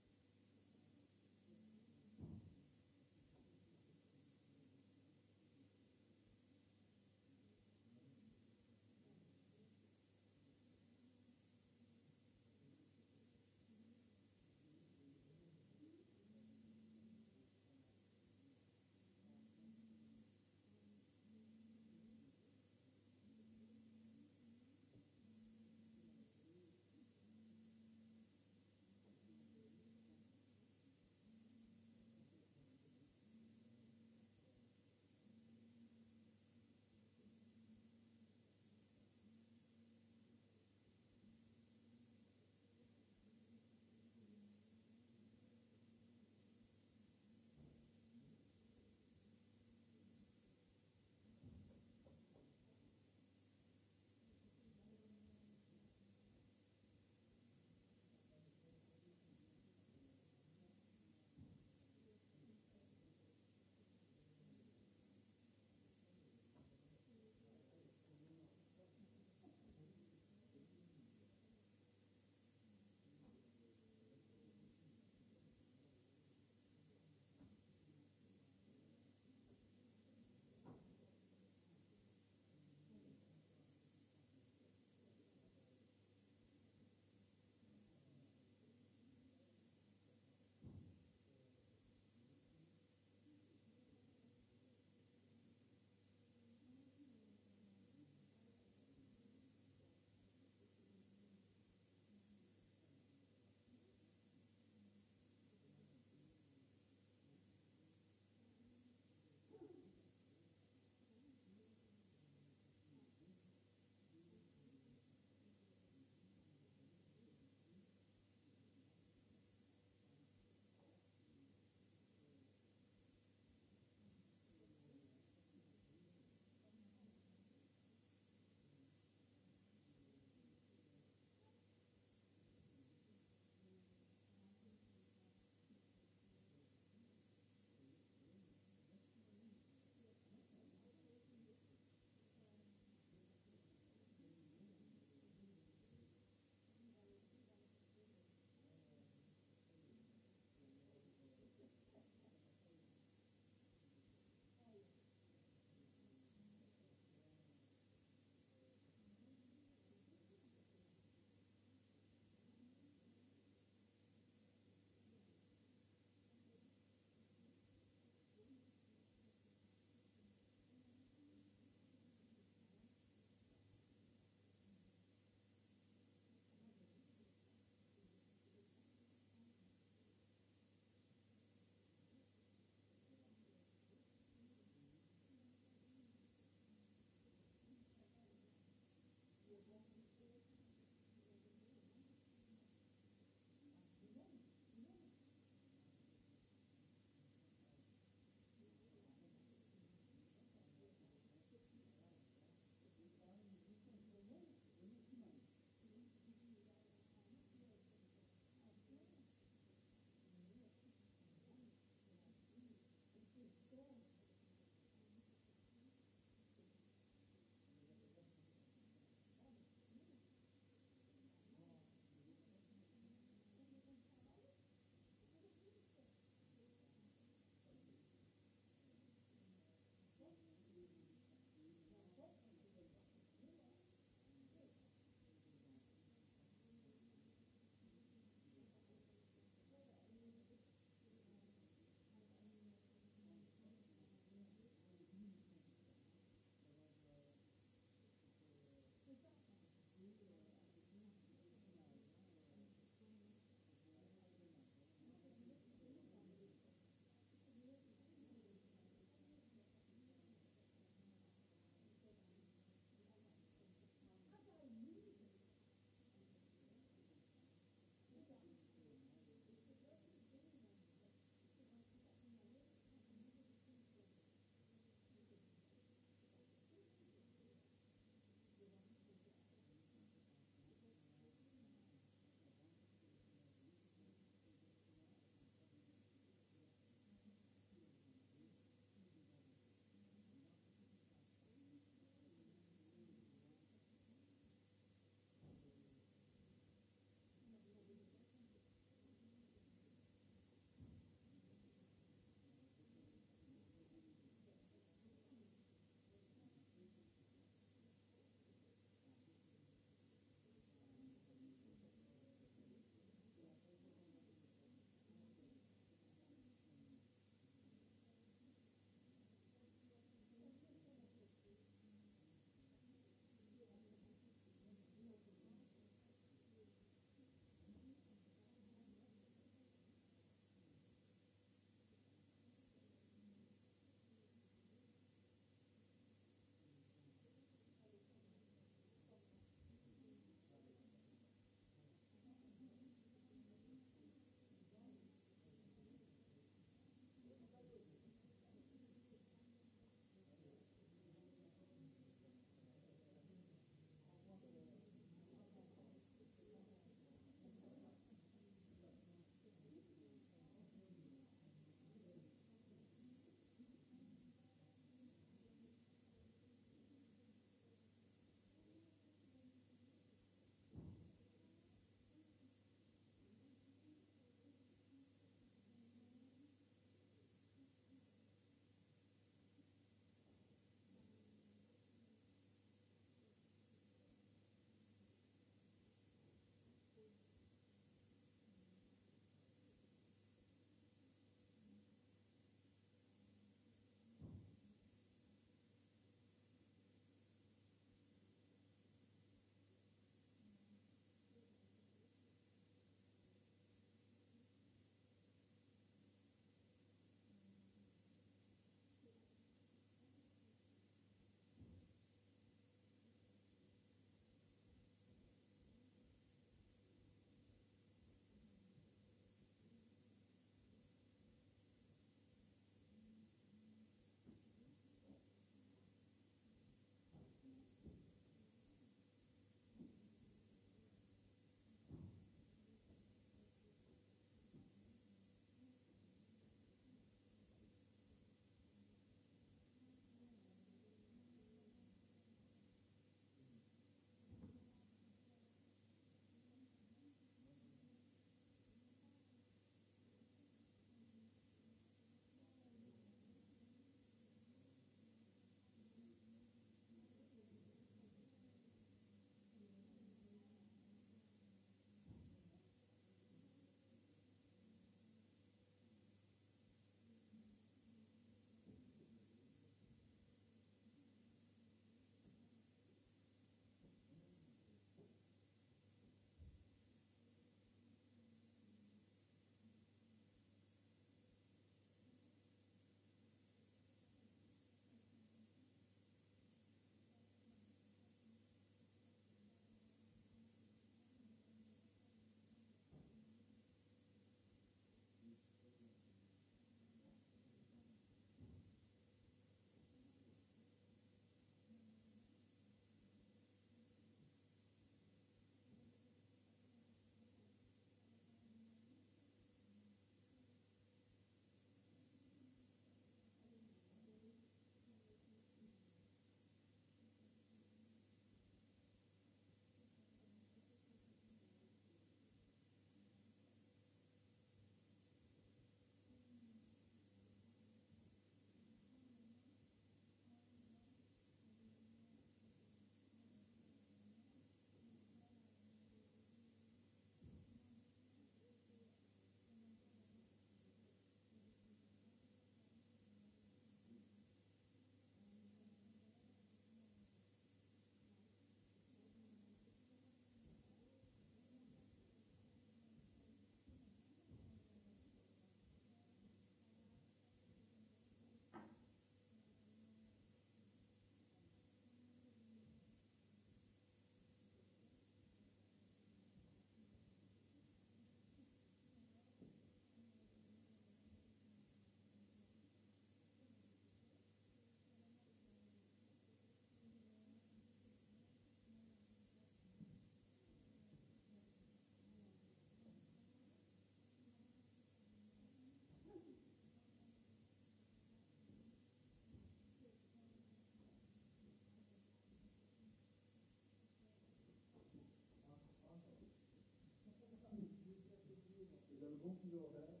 D: dílové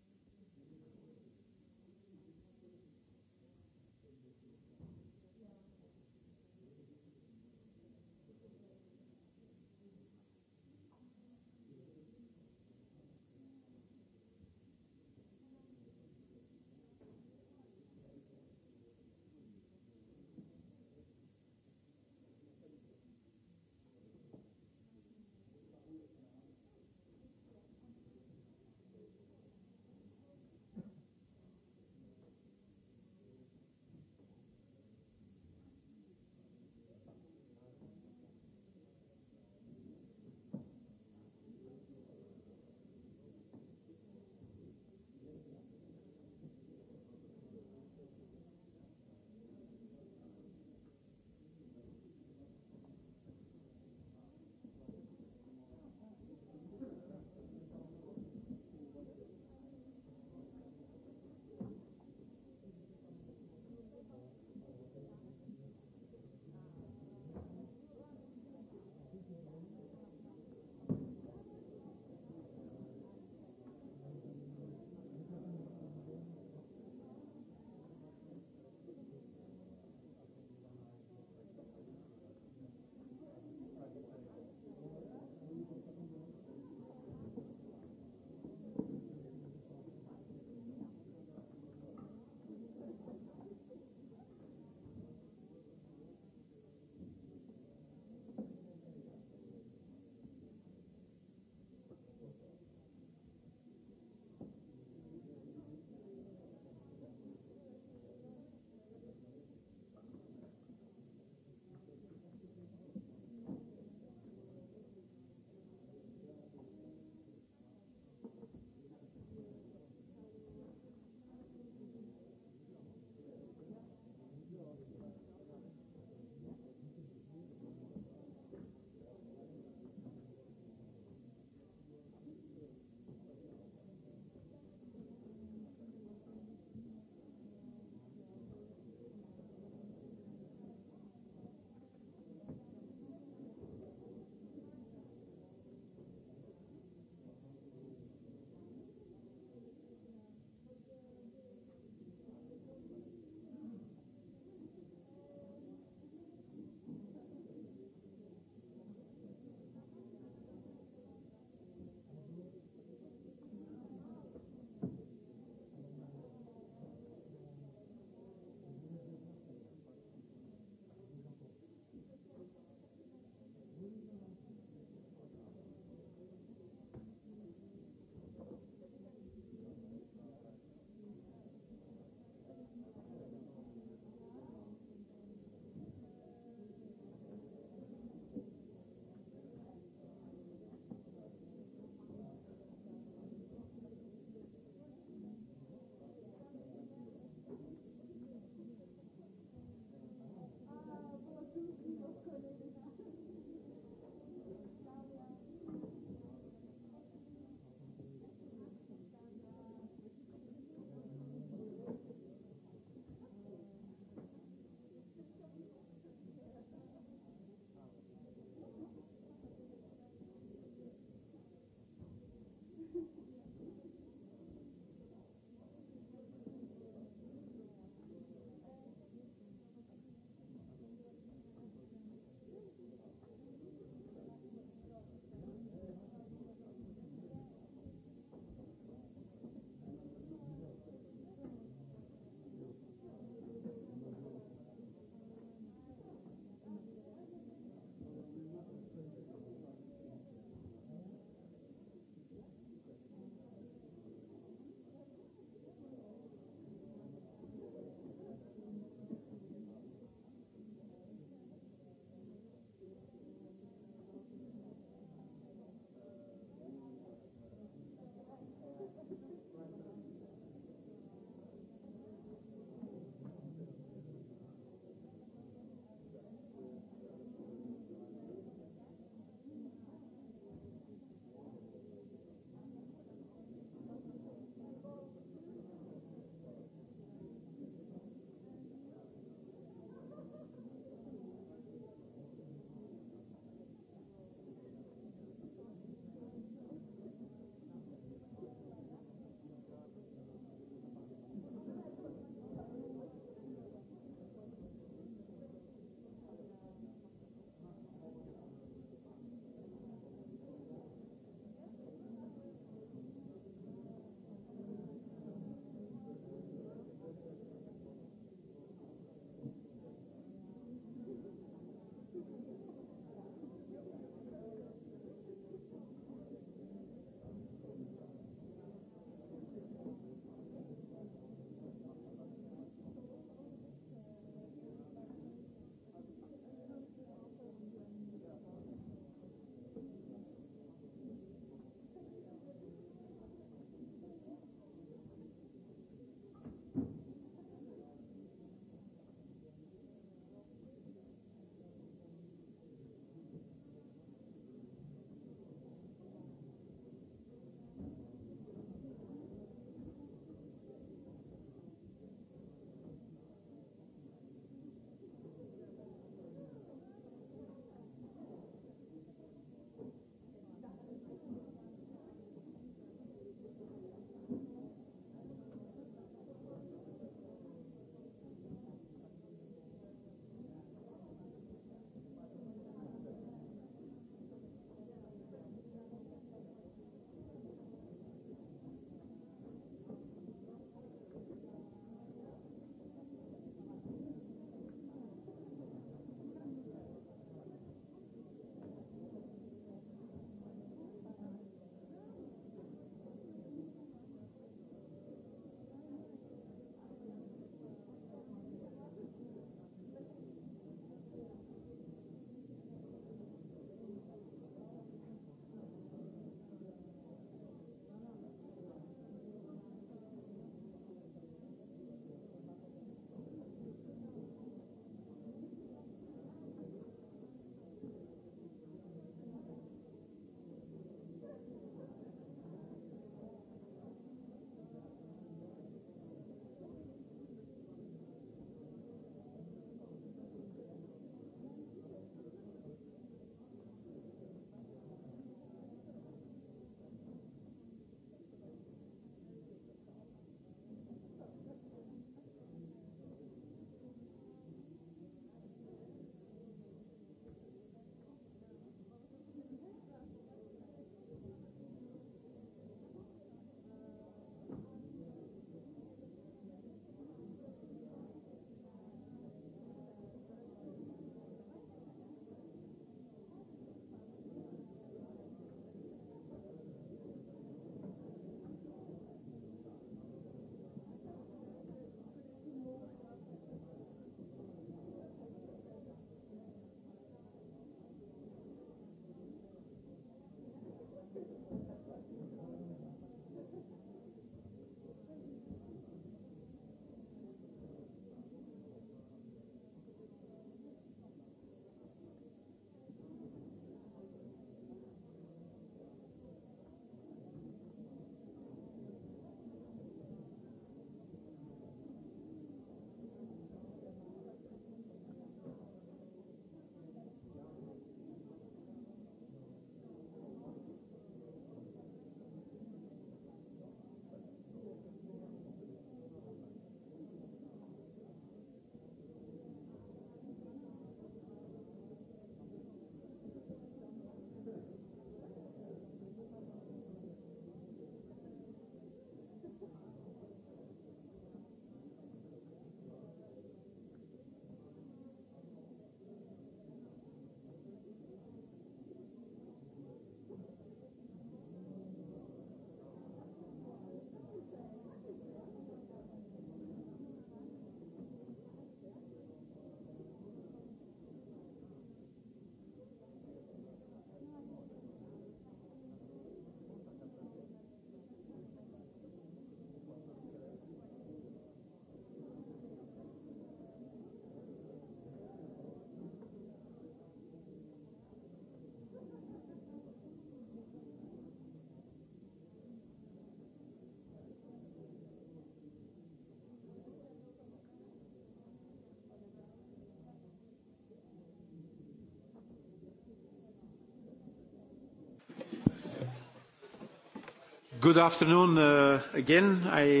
C: Good afternoon uh, again. I...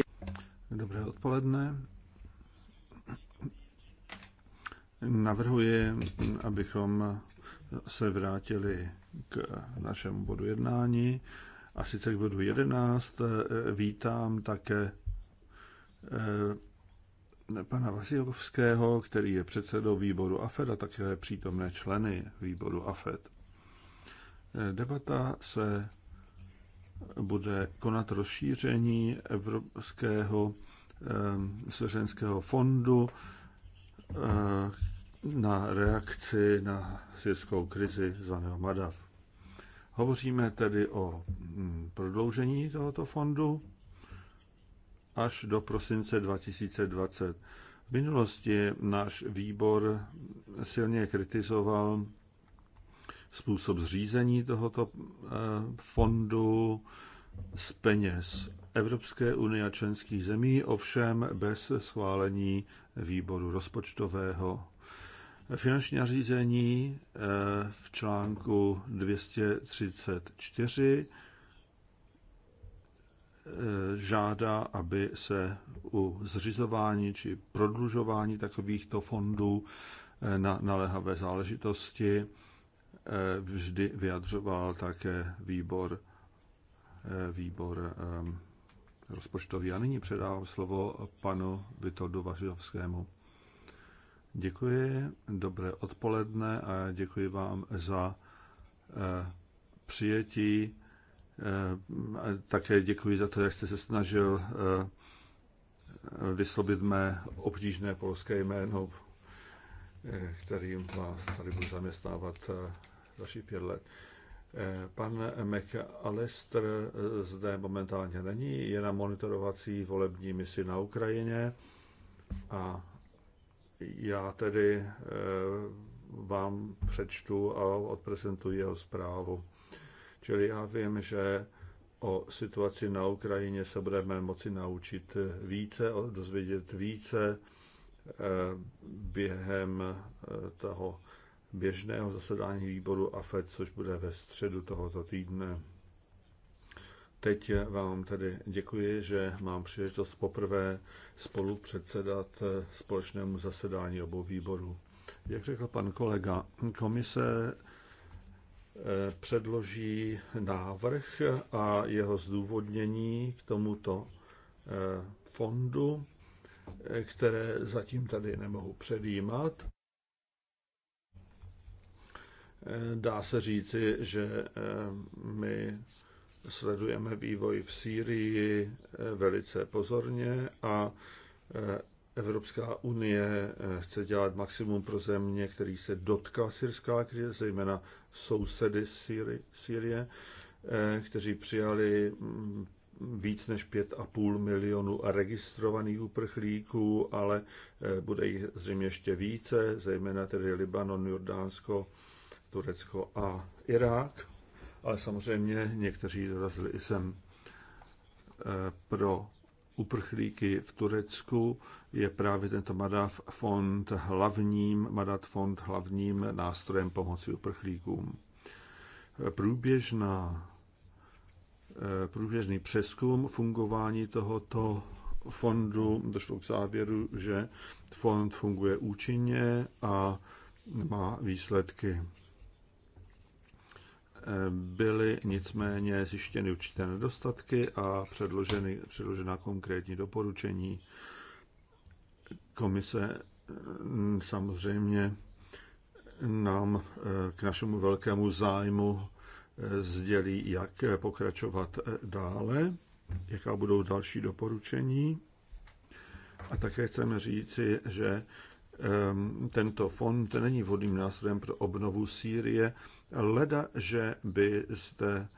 C: Dobré odpoledne. Navrhuji, abychom se vrátili k našemu bodu jednání. A sice k bodu 11 eh, vítám také eh, pana Vasilovského, který je předsedou výboru AFED a také přítomné členy výboru AFED. Eh, debata se bude konat rozšíření Evropského svěřenského fondu na reakci na světskou krizi zvaného MADAV. Hovoříme tedy o mm, prodloužení tohoto fondu až do prosince 2020. V minulosti náš výbor silně kritizoval způsob zřízení tohoto fondu, z peněz Evropské unie a členských zemí, ovšem bez schválení výboru rozpočtového. Finanční řízení eh, v článku 234 eh, žádá, aby se u zřizování či prodlužování takovýchto fondů eh, na naléhavé záležitosti vždy vyjadřoval také výbor Eh, výbor eh, rozpočtový. A nyní předávám slovo panu Vitoldu Važovskému. Děkuji, dobré odpoledne a děkuji vám za eh, přijetí. Také děkuji za to, jak jste se snažil vyslovit mé obtížné polské jméno, kterým vás tady budu zaměstnávat další pět let. Pan McAllister zde momentálně není, je na monitorovací volební misi na Ukrajině a já tedy eh, vám přečtu a odprezentuji jeho zprávu. Čili já vím, že o situaci na Ukrajině se budeme moci naučit více, dozvědět více eh, během eh, toho běžného zasedání výboru AFED, což bude ve středu tohoto týdne. Teď vám tedy děkuji, že mám příležitost poprvé spolu předsedat společnému zasedání obou výborů. Jak řekl pan kolega, komise eh, předloží návrh a jeho zdůvodnění k tomuto eh, fondu, eh, které zatím tady nemohu předjímat. Eh, dá se říci, že eh, my sledujeme vývoj v Sýrii eh, velice pozorně a Evropská unie chce dělat maximum pro země, který se dotkla syrská krize, zejména sousedy Sýrie, kteří přijali mm, víc než 5,5 milionu registrovaných uprchlíků, ale bude jich zřejmě ještě více, zejména tedy Libanon, Jordánsko, Turecko a Irák, ale samozřejmě někteří dorazili i sem eh, pro uprchlíky v Turecku je právě tento Madaf fond hlavním, Madat fond hlavním nástrojem pomoci uprchlíkům. Eh, průběžná, eh, průběžný přeskum fungování tohoto fondu došlo k závěru, že fond funguje účinně a má výsledky byly nicméně zjištěny určité nedostatky a předloženy, předložena konkrétní doporučení. Komise mm, samozřejmě nám eh, k našemu velkému zájmu eh, sdělí, jak pokračovat eh, dále, jaká budou další doporučení. A také chceme říci, že ehm, tento fond není vhodným nástrojem pro obnovu Sýrie, Leda, že byste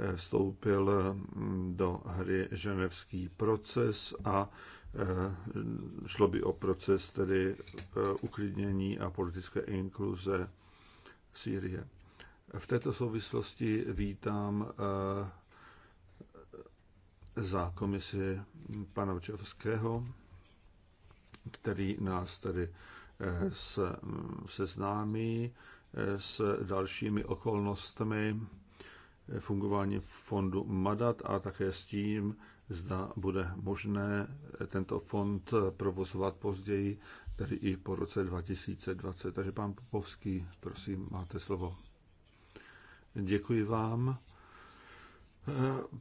C: eh, vstoupil mm, do hry ženevský proces a eh, šlo by o proces tedy eh, uklidnění a politické inkluze Sýrie. V této souvislosti vítám za komisi pana Včevského, který nás tedy mm, seznámí s dalšími okolnostmi fungování fondu Madat a také s tím, zda bude možné tento fond provozovat později, tedy i po roce 2020. Takže pán Popovský, prosím, máte slovo. Děkuji vám.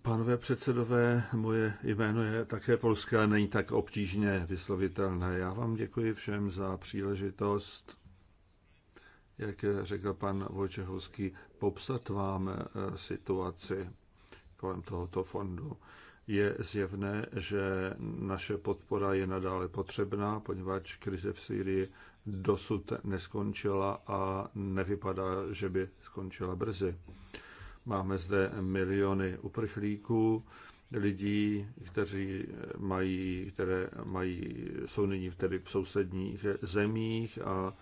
C: Pánové předsedové, moje jméno je také polské, ale není tak obtížně vyslovitelné. Já vám děkuji všem za příležitost jak řekl pan Vojčehovský, popsat vám eh, situaci kolem tohoto fondu. Je zjevné, že naše podpora je nadále potřebná, poněvadž krize v Sýrii dosud neskončila a nevypadá, že by skončila brzy. Máme zde miliony uprchlíků, lidí, kteří mají, které mají, jsou nyní tedy v sousedních zemích a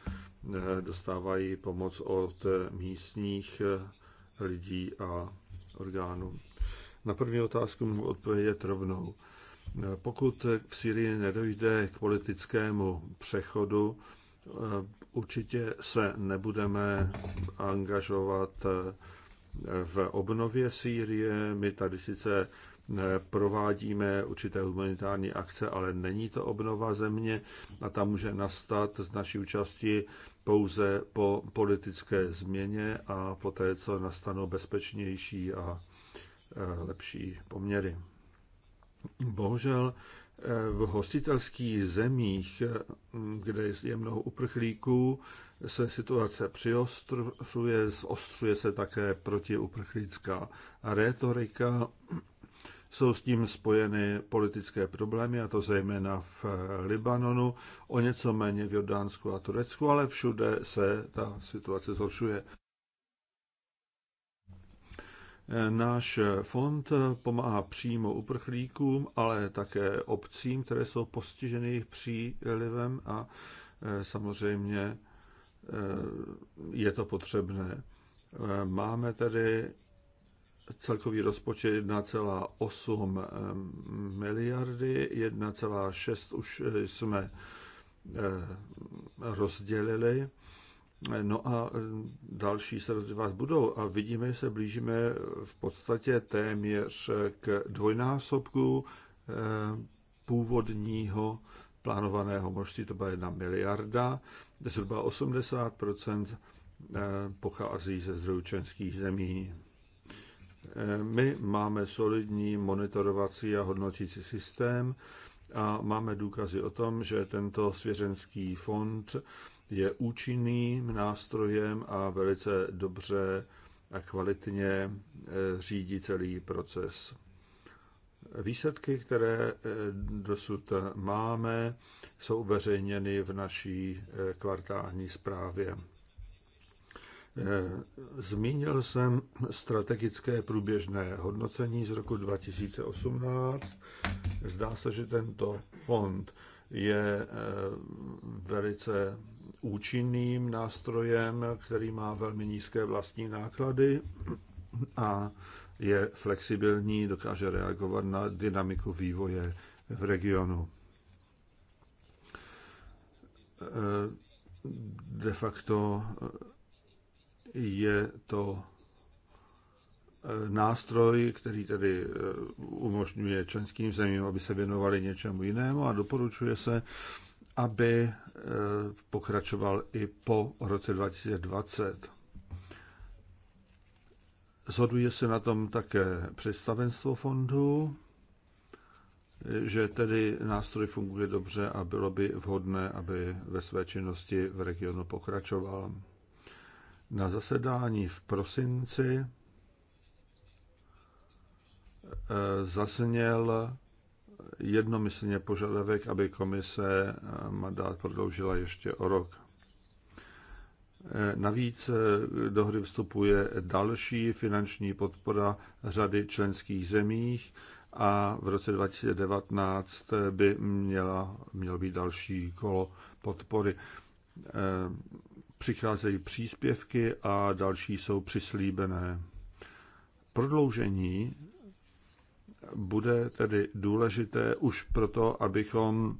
C: Eh, dostávají pomoc od místních eh, lidí a orgánů. Na první otázku mohu odpovědět rovnou. Eh, pokud v Syrii nedojde k politickému přechodu, určitě se nebudeme angažovat v obnově Sýrie. My tady sice provádíme určité humanitární akce, ale není to obnova země a tam může nastat z naší účasti pouze po politické změně a po té, co nastanou bezpečnější a e, lepší poměry. Bohužel e, v hostitelských zemích, e, kde je mnoho uprchlíků, se situace přiostruje, zostřuje se také protiuprchlícká retorika jsou s tím spojeny politické problémy, a to zejména v Libanonu, o něco méně v Jordánsku a Turecku, ale všude se ta situace zhoršuje. Náš fond pomáhá přímo uprchlíkům, ale také obcím, které jsou postiženy jejich přílivem a e, samozřejmě e, je to potřebné. E, máme tedy celkový rozpočet 1,8 miliardy, 1,6 už eh, jsme eh, rozdělili. No a eh, další se rozdělovat budou a vidíme, že se blížíme v podstatě téměř k dvojnásobku původního plánovaného množství, to byla jedna miliarda, zhruba 80 pochází ze zdrojů členských zemí. My máme solidní monitorovací a hodnotící systém a máme důkazy o tom, že tento svěřenský fond je účinným nástrojem a velice dobře a kvalitně eh, řídí celý proces. Výsledky, které eh, dosud máme, jsou uveřejněny v naší eh, kvartální zprávě. Eh, zmínil jsem strategické průběžné hodnocení z roku 2018. Zdá se, že tento fond je eh, velice účinným nástrojem, který má velmi nízké vlastní náklady a je flexibilní, dokáže reagovat na dynamiku vývoje v regionu. Eh, de facto je to e, nástroj, který tedy e, umožňuje členským zemím, aby se věnovali něčemu jinému a doporučuje se, aby e, pokračoval i po roce 2020. Zhoduje se na tom také představenstvo fondu, že tedy nástroj funguje dobře a bylo by vhodné, aby ve své činnosti v regionu pokračoval na zasedání v prosinci eh, zazněl jednomyslně požadavek, aby komise eh, mandát prodloužila ještě o rok. Eh, navíc do hry vstupuje další finanční podpora řady členských zemích a v roce 2019 by měla, měl být další kolo podpory přicházejí příspěvky a další jsou přislíbené. Prodloužení bude tedy důležité už proto, abychom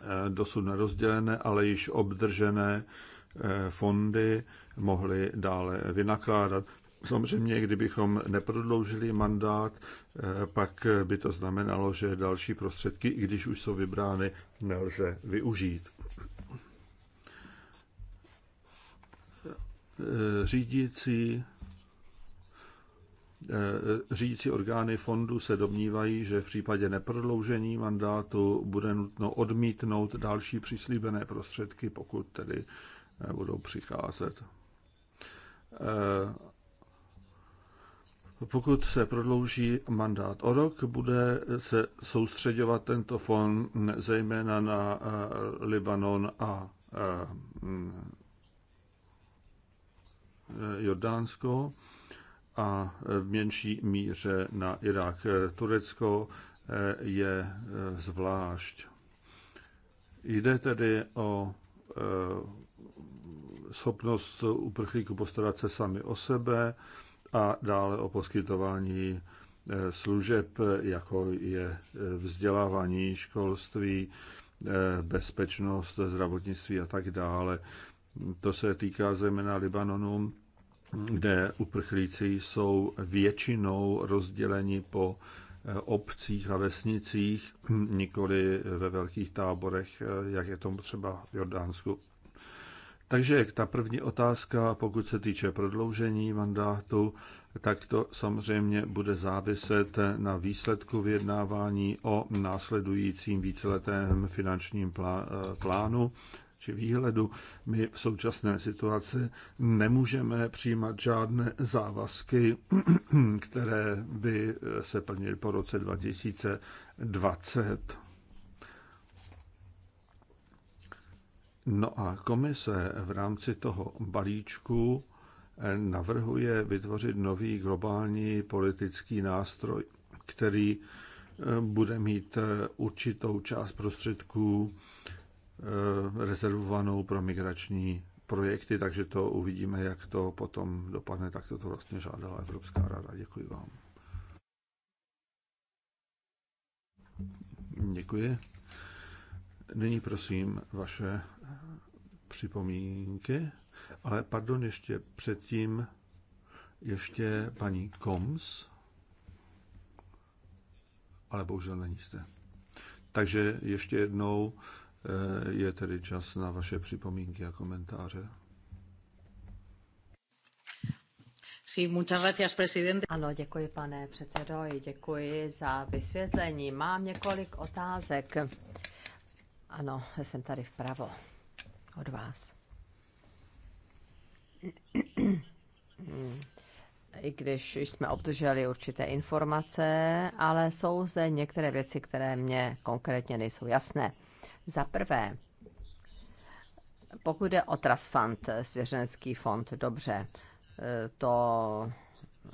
C: eh, dosud nerozdělené, ale již obdržené eh, fondy mohli dále vynakládat. Samozřejmě, kdybychom neprodloužili mandát, eh, pak by to znamenalo, že další prostředky, i když už jsou vybrány, nelze využít. Eh, řídící eh, řídící orgány fondu se domnívají, že v případě neprodloužení mandátu bude nutno odmítnout další přislíbené prostředky, pokud tedy eh, budou přicházet. Pokud se prodlouží mandát o rok, bude se soustředovat tento fond zejména na Libanon a Jordánsko a v menší míře na Irák. Turecko eh, je eh, zvlášť. Jde tedy o eh, schopnost uprchlíků postarat se sami o sebe a dále o poskytování služeb, jako je vzdělávání, školství, bezpečnost, zdravotnictví a tak dále. To se týká zejména Libanonu, kde uprchlíci jsou většinou rozděleni po eh, obcích a vesnicích, nikoli ve velkých táborech, eh, jak je tomu třeba v Jordánsku. Takže ta první otázka, pokud se týče prodloužení mandátu, tak to samozřejmě bude záviset na výsledku vyjednávání o následujícím víceletém finančním eh, plánu či výhledu. My v současné situaci nemůžeme přijímat žádné závazky, (clears throat) které by se plnily po roce 2020. No a komise v rámci toho balíčku navrhuje vytvořit nový globální politický nástroj, který eh, bude mít eh, určitou část prostředků Eh, rezervovanou pro migrační projekty, takže to uvidíme, jak to potom dopadne. Tak to, to vlastně žádala Evropská rada. Děkuji vám. Děkuji. Nyní prosím vaše připomínky, ale pardon, ještě předtím ještě paní Koms, ale bohužel není jste. Takže ještě jednou Eh, je tedy čas na vaše připomínky a komentáře.
A: Sí, muchas gracias, presidente. Ano, děkuji, pane předsedo, děkuji za vysvětlení. Mám několik otázek. Ano, jsem tady vpravo od vás. I když jsme obdrželi určité informace, ale jsou zde některé věci, které mě konkrétně nejsou jasné. Za prvé, pokud je o Trust Fund, svěřenecký fond, dobře, e, to e,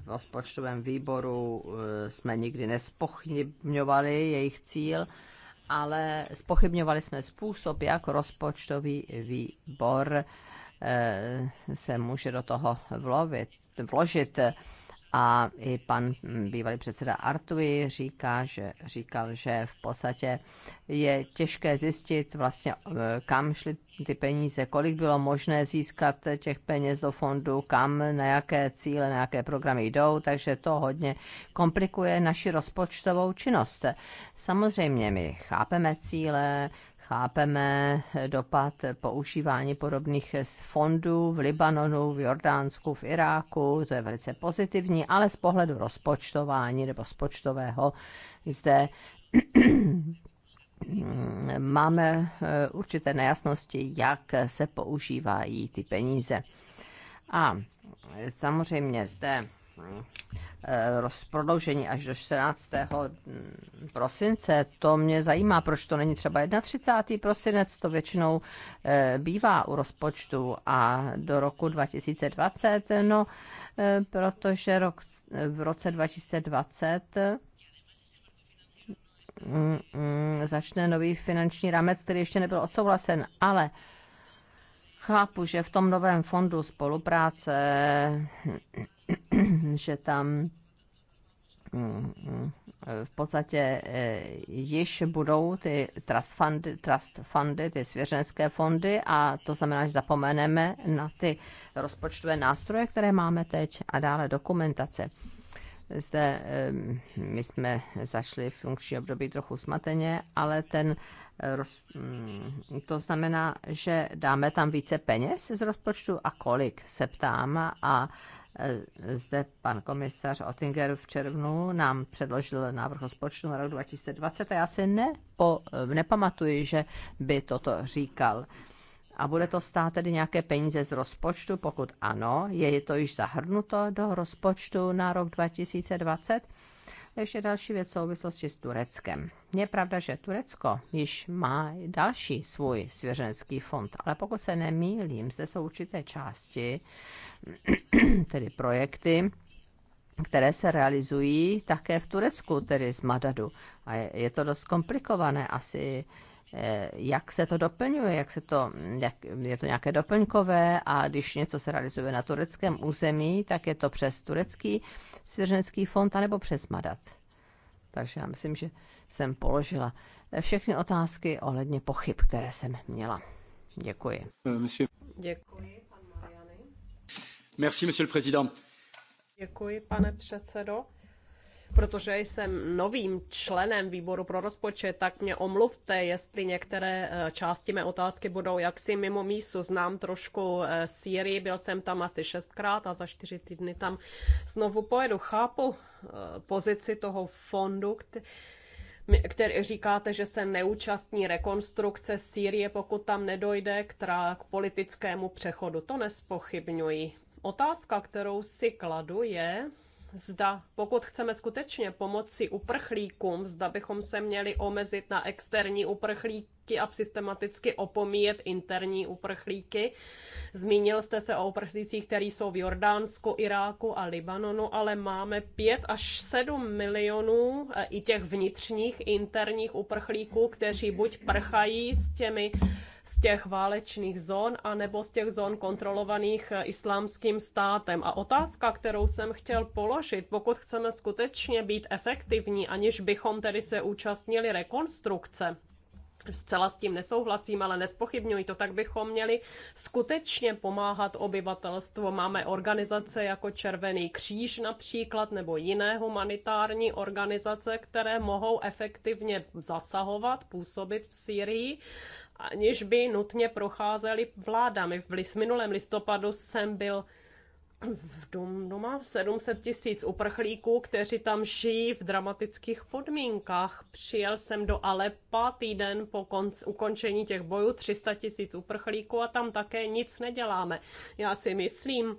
A: v rozpočtovém výboru e, jsme nikdy nespochybňovali jejich cíl, ale spochybňovali jsme způsob, jak rozpočtový výbor se může do toho vlovit, vložit a i pan mm, bývalý předseda Artui říká, že, říkal, že v podstatě je těžké zjistit vlastně, e, kam šly ty peníze, kolik bylo možné získat těch peněz do fondu, kam, na jaké cíle, na jaké programy jdou, takže to hodně komplikuje naši rozpočtovou činnost. Samozřejmě my chápeme cíle, chápeme eh, dopad používání podobných eh, fondů v Libanonu, v Jordánsku, v Iráku, to je velice pozitivní, ale z pohledu rozpočtování nebo spočtového zde (clears throat) máme eh, určité nejasnosti, jak se používají ty peníze. A samozřejmě zde Eh, prodloužení až do 14. prosince. To mě zajímá, proč to není třeba 31. prosinec, to většinou eh, bývá u rozpočtu a do roku 2020, no, eh, protože rok, v roce 2020 mm, mm, začne nový finanční rámec, který ještě nebyl odsouhlasen, ale chápu, že v tom novém fondu spolupráce že tam mm, mm, v podstatě eh, již budou ty trust fundy, trust fundy, ty svěřenské fondy a to znamená, že zapomeneme na ty rozpočtové nástroje, které máme teď a dále dokumentace. Zde eh, my jsme začali funkční období trochu smateně, ale ten eh, roz, mm, to znamená, že dáme tam více peněz z rozpočtu a kolik se ptám a Eh, zde pan komisař Ottinger v červnu nám předložil návrh rozpočtu na rok 2020 a já si nepo, eh, nepamatuji, že by toto říkal. A bude to stát tedy nějaké peníze z rozpočtu? Pokud ano, je to již zahrnuto do rozpočtu na rok 2020? Ještě další věc v souvislosti s Tureckem. Je pravda, že Turecko již má další svůj svěřenský fond, ale pokud se nemýlím, zde jsou určité části, (clears throat) tedy projekty, které se realizují také v Turecku, tedy z Madadu. A je to dost komplikované. Asi Eh, jak se to doplňuje, jak se to, jak, je to nějaké doplňkové a když něco se realizuje na tureckém území, tak je to přes turecký svěřenský fond anebo přes Madat. Takže já myslím, že jsem položila všechny otázky ohledně pochyb, které jsem měla. Děkuji. Eh, monsieur.
B: Děkuji, pan Mariany.
D: Merci, monsieur le président.
B: Děkuji, pane předsedo protože jsem novým členem výboru pro rozpočet, tak mě omluvte, jestli některé eh, části mé otázky budou jaksi mimo mísu. Znám trošku eh, Sýrii, byl jsem tam asi šestkrát a za čtyři týdny tam znovu pojedu. Chápu eh, pozici toho fondu, který říkáte, že se neúčastní rekonstrukce Sýrie, pokud tam nedojde k, tra- k politickému přechodu. To nespochybňuji. Otázka, kterou si kladu, je, zda pokud chceme skutečně pomoci uprchlíkům, zda bychom se měli omezit na externí uprchlíky a systematicky opomíjet interní uprchlíky. Zmínil jste se o uprchlících, kteří jsou v Jordánsku, Iráku a Libanonu, ale máme 5 až 7 milionů e, i těch vnitřních interních uprchlíků, kteří buď prchají s těmi z těch válečných zón a nebo z těch zón kontrolovaných eh, islámským státem. A otázka, kterou jsem chtěl položit, pokud chceme skutečně být efektivní, aniž bychom tedy se účastnili rekonstrukce, Zcela s tím nesouhlasím, ale nespochybňuji to, tak bychom měli skutečně pomáhat obyvatelstvu. Máme organizace jako Červený kříž například nebo jiné humanitární organizace, které mohou efektivně zasahovat, působit v Syrii aniž by nutně procházeli vládami. V minulém listopadu jsem byl v domu doma 700 tisíc uprchlíků, kteří tam žijí v dramatických podmínkách. Přijel jsem do Alepa týden po konc, ukončení těch bojů, 300 tisíc uprchlíků a tam také nic neděláme. Já si myslím,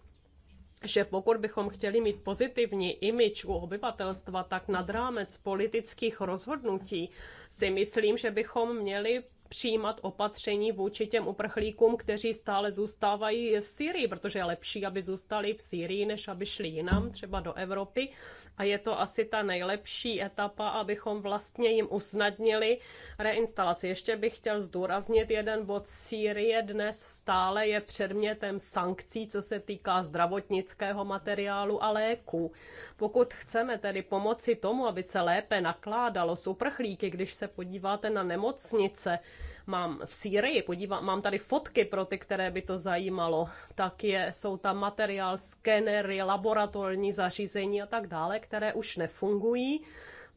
B: že pokud bychom chtěli mít pozitivní imič u obyvatelstva, tak nad rámec politických rozhodnutí si myslím, že bychom měli přijímat opatření vůči těm uprchlíkům, kteří stále zůstávají v Syrii, protože je lepší, aby zůstali v Syrii, než aby šli jinam, třeba do Evropy. A je to asi ta nejlepší etapa, abychom vlastně jim usnadnili reinstalaci. Ještě bych chtěl zdůraznit jeden bod. Sýrie dnes stále je předmětem sankcí, co se týká zdravotnického materiálu a léků. Pokud chceme tedy pomoci tomu, aby se lépe nakládalo s uprchlíky, když se podíváte na nemocnice, mám v Sýrii, podívám, mám tady fotky pro ty, které by to zajímalo, tak je, jsou tam materiál, skenery, laboratorní zařízení a tak dále, které už nefungují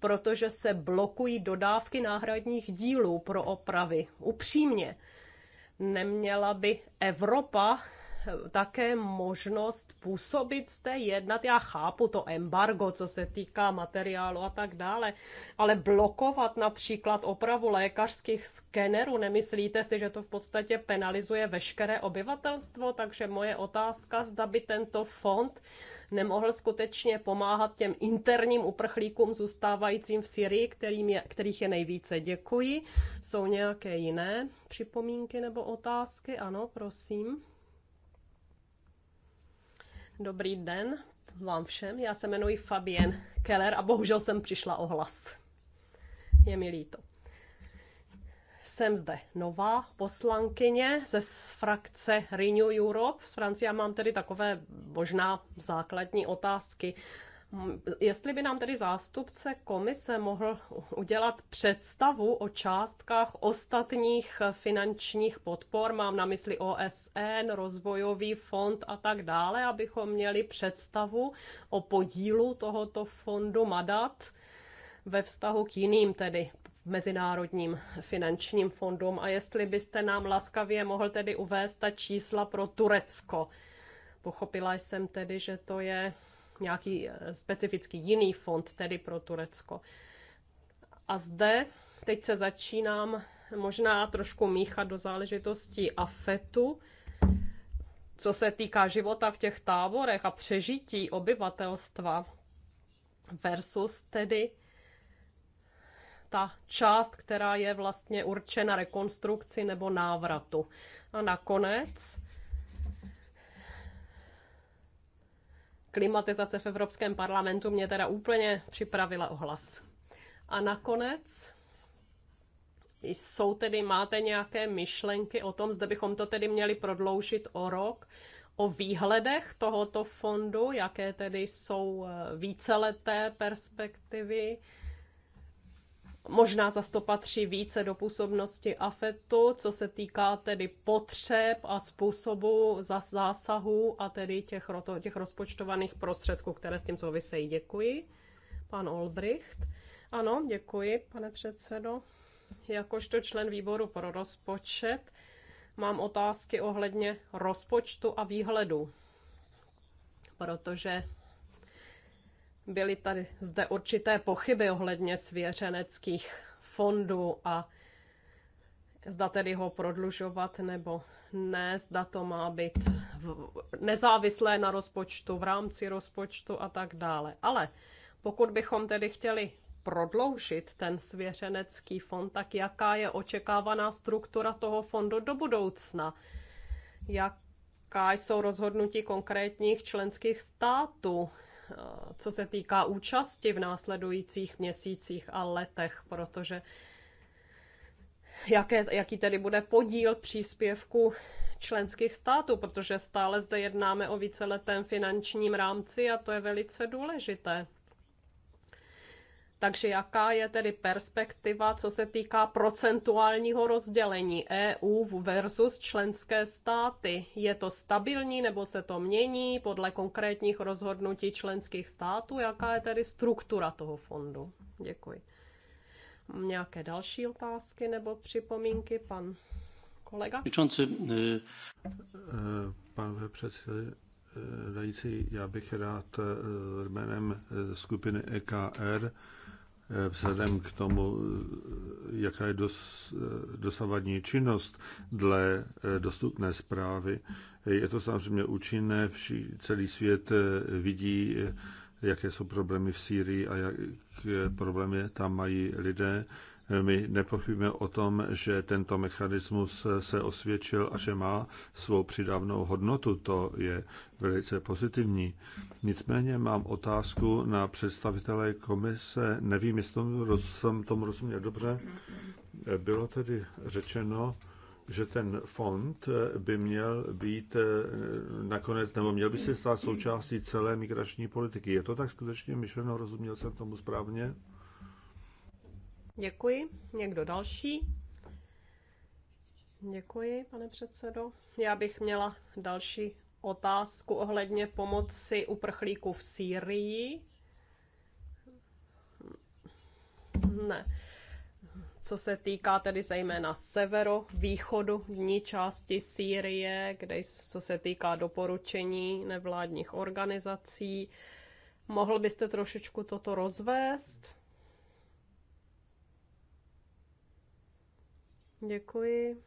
B: protože se blokují dodávky náhradních dílů pro opravy. Upřímně, neměla by Evropa také možnost působit zde, jednat. Já chápu to embargo, co se týká materiálu a tak dále, ale blokovat například opravu lékařských skenerů, nemyslíte si, že to v podstatě penalizuje veškeré obyvatelstvo? Takže moje otázka, zda by tento fond nemohl skutečně pomáhat těm interním uprchlíkům zůstávajícím v Syrii, kterým je, kterých je nejvíce. Děkuji. Jsou nějaké jiné připomínky nebo otázky? Ano, prosím. Dobrý den vám všem. Já se jmenuji Fabien Keller a bohužel jsem přišla o hlas. Je mi líto. Jsem zde nová poslankyně ze frakce Renew Europe z Francie mám tedy takové možná základní otázky. Jestli by nám tedy zástupce komise mohl udělat představu o částkách ostatních finančních podpor, mám na mysli OSN, rozvojový fond a tak dále, abychom měli představu o podílu tohoto fondu Madat ve vztahu k jiným tedy mezinárodním finančním fondům a jestli byste nám laskavě mohl tedy uvést ta čísla pro Turecko. Pochopila jsem tedy, že to je nějaký eh, specifický jiný fond, tedy pro Turecko. A zde teď se začínám možná trošku míchat do záležitosti AFETu, co se týká života v těch táborech a přežití obyvatelstva versus tedy ta část, která je vlastně určena rekonstrukci nebo návratu. A nakonec klimatizace v Evropském parlamentu mě teda úplně připravila o hlas. A nakonec jsou tedy, máte nějaké myšlenky o tom, zda bychom to tedy měli prodloužit o rok, o výhledech tohoto fondu, jaké tedy jsou eh, víceleté perspektivy, Možná zase to patří více do působnosti AFETu, co se týká tedy potřeb a způsobu zásahu a tedy těch, těch rozpočtovaných prostředků, které s tím souvisejí. Děkuji. Pan Olbricht. Ano, děkuji, pane předsedo. Jakožto člen výboru pro rozpočet mám otázky ohledně rozpočtu a výhledu, protože Byly tady zde určité pochyby ohledně svěřeneckých fondů a zda tedy ho prodlužovat nebo ne, zda to má být nezávislé na rozpočtu, v rámci rozpočtu a tak dále. Ale pokud bychom tedy chtěli prodloužit ten svěřenecký fond, tak jaká je očekávaná struktura toho fondu do budoucna? Jaká jsou rozhodnutí konkrétních členských států? Eh, co se týká účasti v následujících měsících a letech, protože jaké, jaký tedy bude podíl příspěvku členských států, protože stále zde jednáme o víceletém finančním rámci a to je velice důležité. Takže jaká je tedy perspektiva, co se týká procentuálního rozdělení EU versus členské státy? Je to stabilní nebo se to mění podle konkrétních rozhodnutí členských států? Jaká je tedy struktura toho fondu? Děkuji. Nějaké další otázky nebo připomínky, pan kolega?
C: Pane eh, předsedající, dající, já bych rád eh, jménem eh, skupiny EKR vzhledem k tomu, jaká je dos, dosavadní činnost dle eh, dostupné zprávy. Je to samozřejmě účinné, vši, celý svět eh, vidí, eh, jaké jsou problémy v Sýrii a jaké problémy tam mají lidé. My nepochybujeme o tom, že tento mechanismus se osvědčil a že má svou přidavnou hodnotu. To je velice pozitivní. Nicméně mám otázku na představitelé komise. Nevím, jestli jsem tomu rozuměl dobře. Bylo tedy řečeno, že ten fond by měl být eh, nakonec, nebo měl by se stát součástí celé migrační politiky. Je to tak skutečně myšleno? Rozuměl jsem tomu správně?
B: Děkuji. Někdo další? Děkuji, pane předsedo. Já bych měla další otázku ohledně pomoci uprchlíků v Sýrii. Ne. Co se týká tedy zejména severovýchodu, dní části Sýrie, kde co se týká doporučení nevládních organizací, mohl byste trošičku toto rozvést? Děkuji.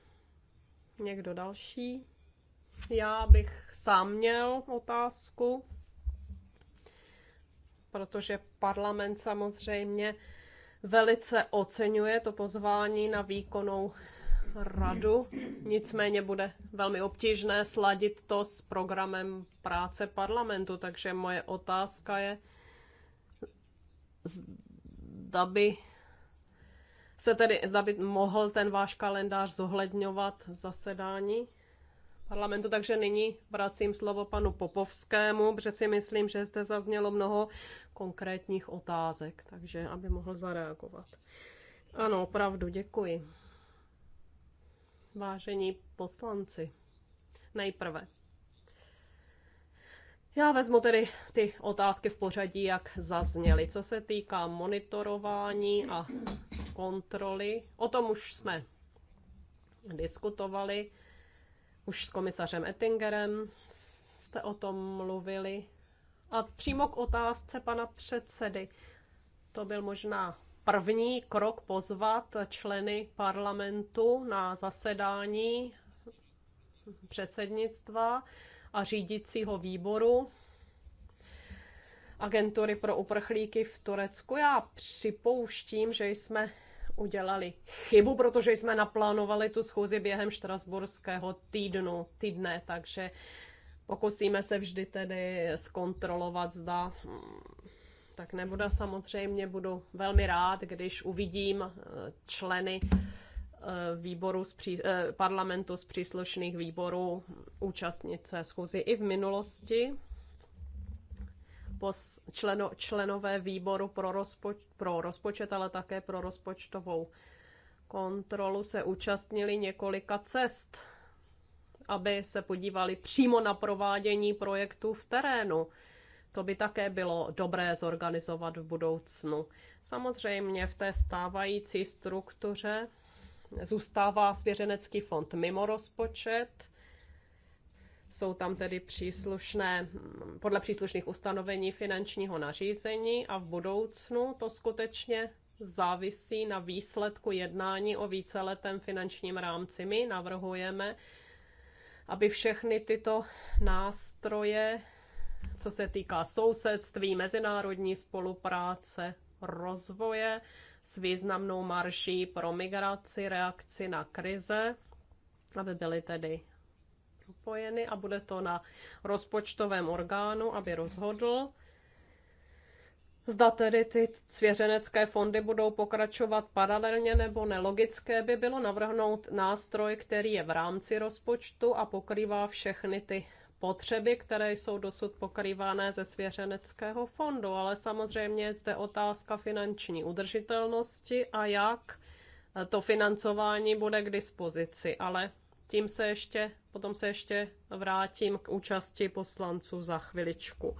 B: Někdo další? Já bych sám měl otázku, protože parlament samozřejmě velice oceňuje to pozvání na výkonnou radu, nicméně bude velmi obtížné sladit to s programem práce parlamentu, takže moje otázka je, zda by se tedy, zda by mohl ten váš kalendář zohledňovat zasedání parlamentu, takže nyní vracím slovo panu Popovskému, protože si myslím, že zde zaznělo mnoho konkrétních otázek, takže aby mohl zareagovat. Ano, opravdu, děkuji. Vážení poslanci, nejprve. Já vezmu tedy ty otázky v pořadí, jak zazněly. Co se týká monitorování a kontroly. O tom už jsme diskutovali, už s komisařem Ettingerem jste o tom mluvili. A přímo k otázce pana předsedy. To byl možná první krok pozvat členy parlamentu na zasedání předsednictva a řídícího výboru agentury pro uprchlíky v Turecku. Já připouštím, že jsme udělali chybu, protože jsme naplánovali tu schůzi během štrasburského týdnu, týdne, takže pokusíme se vždy tedy zkontrolovat, zda hm, tak nebude samozřejmě, budu velmi rád, když uvidím eh, členy eh, výboru z pří, eh, parlamentu z příslušných výborů účastnit se schůzi i v minulosti pos, členo, členové výboru pro, rozpoč, pro rozpočet, ale také pro rozpočtovou kontrolu se účastnili několika cest, aby se podívali přímo na provádění projektů v terénu. To by také bylo dobré zorganizovat v budoucnu. Samozřejmě v té stávající struktuře zůstává svěřenecký fond mimo rozpočet, jsou tam tedy příslušné, hm, podle příslušných ustanovení finančního nařízení a v budoucnu to skutečně závisí na výsledku jednání o víceletém finančním rámci. My navrhujeme, aby všechny tyto nástroje, co se týká sousedství, mezinárodní spolupráce, rozvoje s významnou marží pro migraci, reakci na krize, aby byly tedy propojeny a bude to na rozpočtovém orgánu, aby rozhodl, Zda tedy ty svěřenecké fondy budou pokračovat paralelně nebo nelogické by bylo navrhnout nástroj, který je v rámci rozpočtu a pokrývá všechny ty potřeby, které jsou dosud pokrývané ze svěřeneckého fondu. Ale samozřejmě je zde otázka finanční udržitelnosti a jak to financování bude k dispozici. Ale tím se ještě, potom se ještě vrátím k účasti poslanců za chviličku.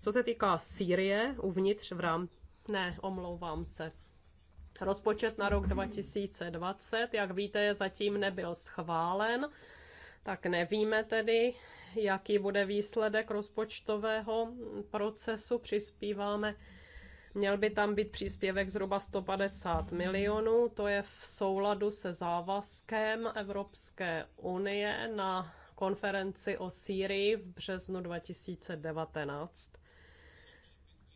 B: Co se týká Sýrie, uvnitř v rám... Ne, omlouvám se. Rozpočet na rok 2020, jak víte, zatím nebyl schválen, tak nevíme tedy, jaký bude výsledek rozpočtového procesu. Přispíváme Měl by tam být příspěvek zhruba 150 milionů, to je v souladu se závazkem Evropské unie na konferenci o Sýrii v březnu 2019.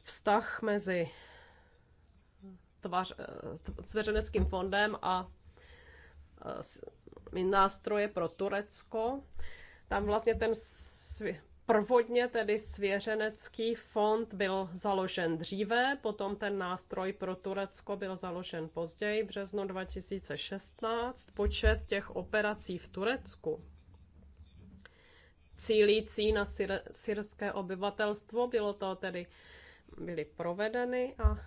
B: Vztah mezi tvař, eh, svěřeneckým fondem a eh, nástroje pro Turecko. Tam vlastně ten prvodně tedy svěřenecký fond byl založen dříve, potom ten nástroj pro Turecko byl založen později, březnu 2016. Počet těch operací v Turecku cílící na syr- syrské obyvatelstvo, bylo to tedy, byly provedeny a v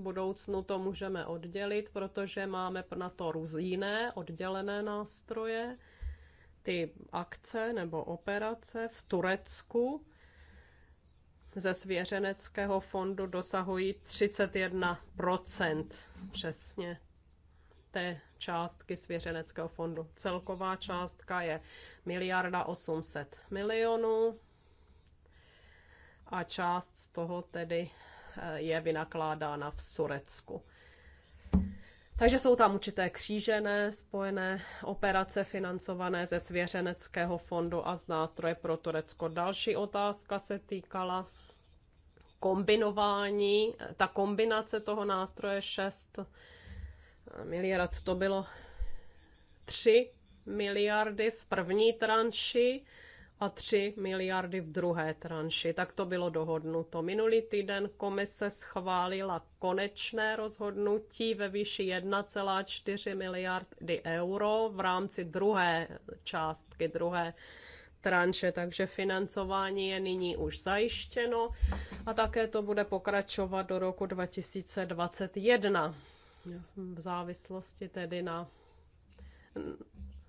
B: budoucnu to můžeme oddělit, protože máme na to různé oddělené nástroje ty akce nebo operace v Turecku ze svěřeneckého fondu dosahují 31% přesně té částky svěřeneckého fondu. Celková částka je miliarda 800 milionů a část z toho tedy eh, je vynakládána v Surecku. Takže jsou tam určité křížené spojené operace financované ze svěřeneckého fondu a z nástroje pro Turecko. Další otázka se týkala kombinování, ta kombinace toho nástroje 6 miliard, to bylo 3 miliardy v první tranši a 3 miliardy v druhé tranši. Tak to bylo dohodnuto. Minulý týden komise schválila konečné rozhodnutí ve výši 1,4 miliardy euro v rámci druhé částky, druhé tranše, takže financování je nyní už zajištěno a také to bude pokračovat do roku 2021 v závislosti tedy na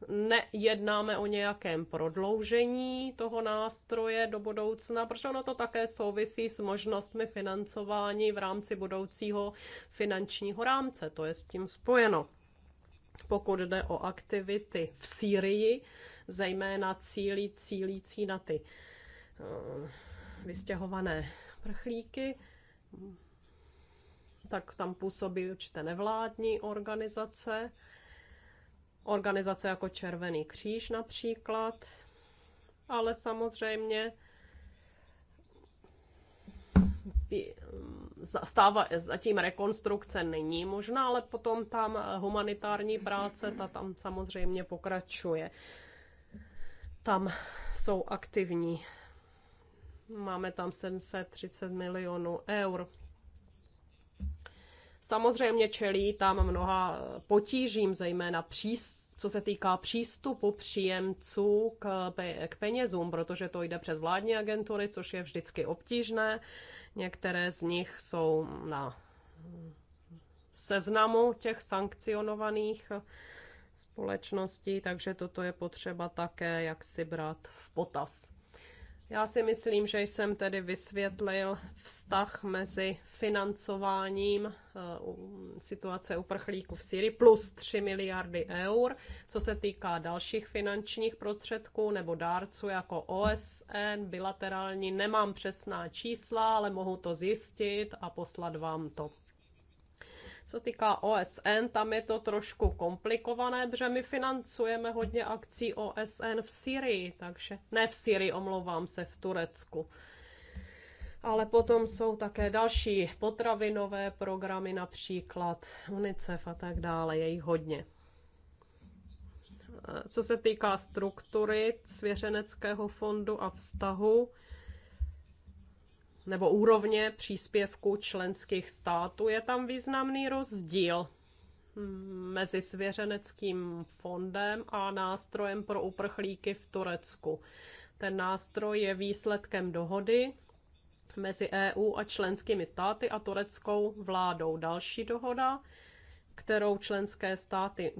B: nejednáme o nějakém prodloužení toho nástroje do budoucna, protože ono to také souvisí s možnostmi financování v rámci budoucího finančního rámce. To je s tím spojeno. Pokud jde o aktivity v Sýrii, zejména cílí, cílící na ty eh, vystěhované prchlíky, tak tam působí určité nevládní organizace, organizace jako Červený kříž například, ale samozřejmě hm, stáva, zatím rekonstrukce není možná, ale potom tam humanitární práce, ta tam samozřejmě pokračuje. Tam jsou aktivní. Máme tam 730 milionů eur Samozřejmě čelí tam mnoha potížím, zejména příst, co se týká přístupu příjemců k, pe, k penězům, protože to jde přes vládní agentury, což je vždycky obtížné. Některé z nich jsou na seznamu těch sankcionovaných společností, takže toto je potřeba také jaksi brát v potaz. Já si myslím, že jsem tedy vysvětlil vztah mezi financováním eh, situace uprchlíků v Syrii plus 3 miliardy eur, co se týká dalších finančních prostředků nebo dárců jako OSN, bilaterální. Nemám přesná čísla, ale mohu to zjistit a poslat vám to. Co se týká OSN, tam je to trošku komplikované, protože my financujeme hodně akcí OSN v Syrii, takže ne v Syrii, omlouvám se, v Turecku. Ale potom jsou také další potravinové programy, například UNICEF a tak dále, je jich hodně. Co se týká struktury svěřeneckého fondu a vztahu, nebo úrovně příspěvku členských států je tam významný rozdíl mezi svěřeneckým fondem a nástrojem pro uprchlíky v Turecku. Ten nástroj je výsledkem dohody mezi EU a členskými státy a tureckou vládou. Další dohoda, kterou členské státy,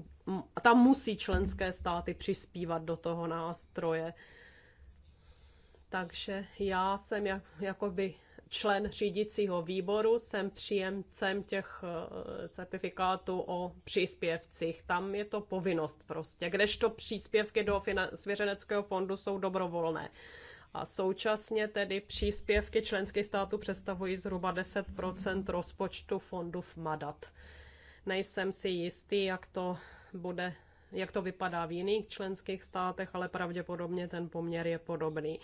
B: tam musí členské státy přispívat do toho nástroje. Takže já jsem jak, jakoby člen řídícího výboru, jsem příjemcem těch eh, certifikátů o příspěvcích. Tam je to povinnost prostě, kdežto příspěvky do svěřeneckého fondu jsou dobrovolné. A současně tedy příspěvky členských států představují zhruba 10 rozpočtu fondu v Madat. Nejsem si jistý, jak to bude jak to vypadá v jiných členských státech, ale pravděpodobně ten poměr je podobný.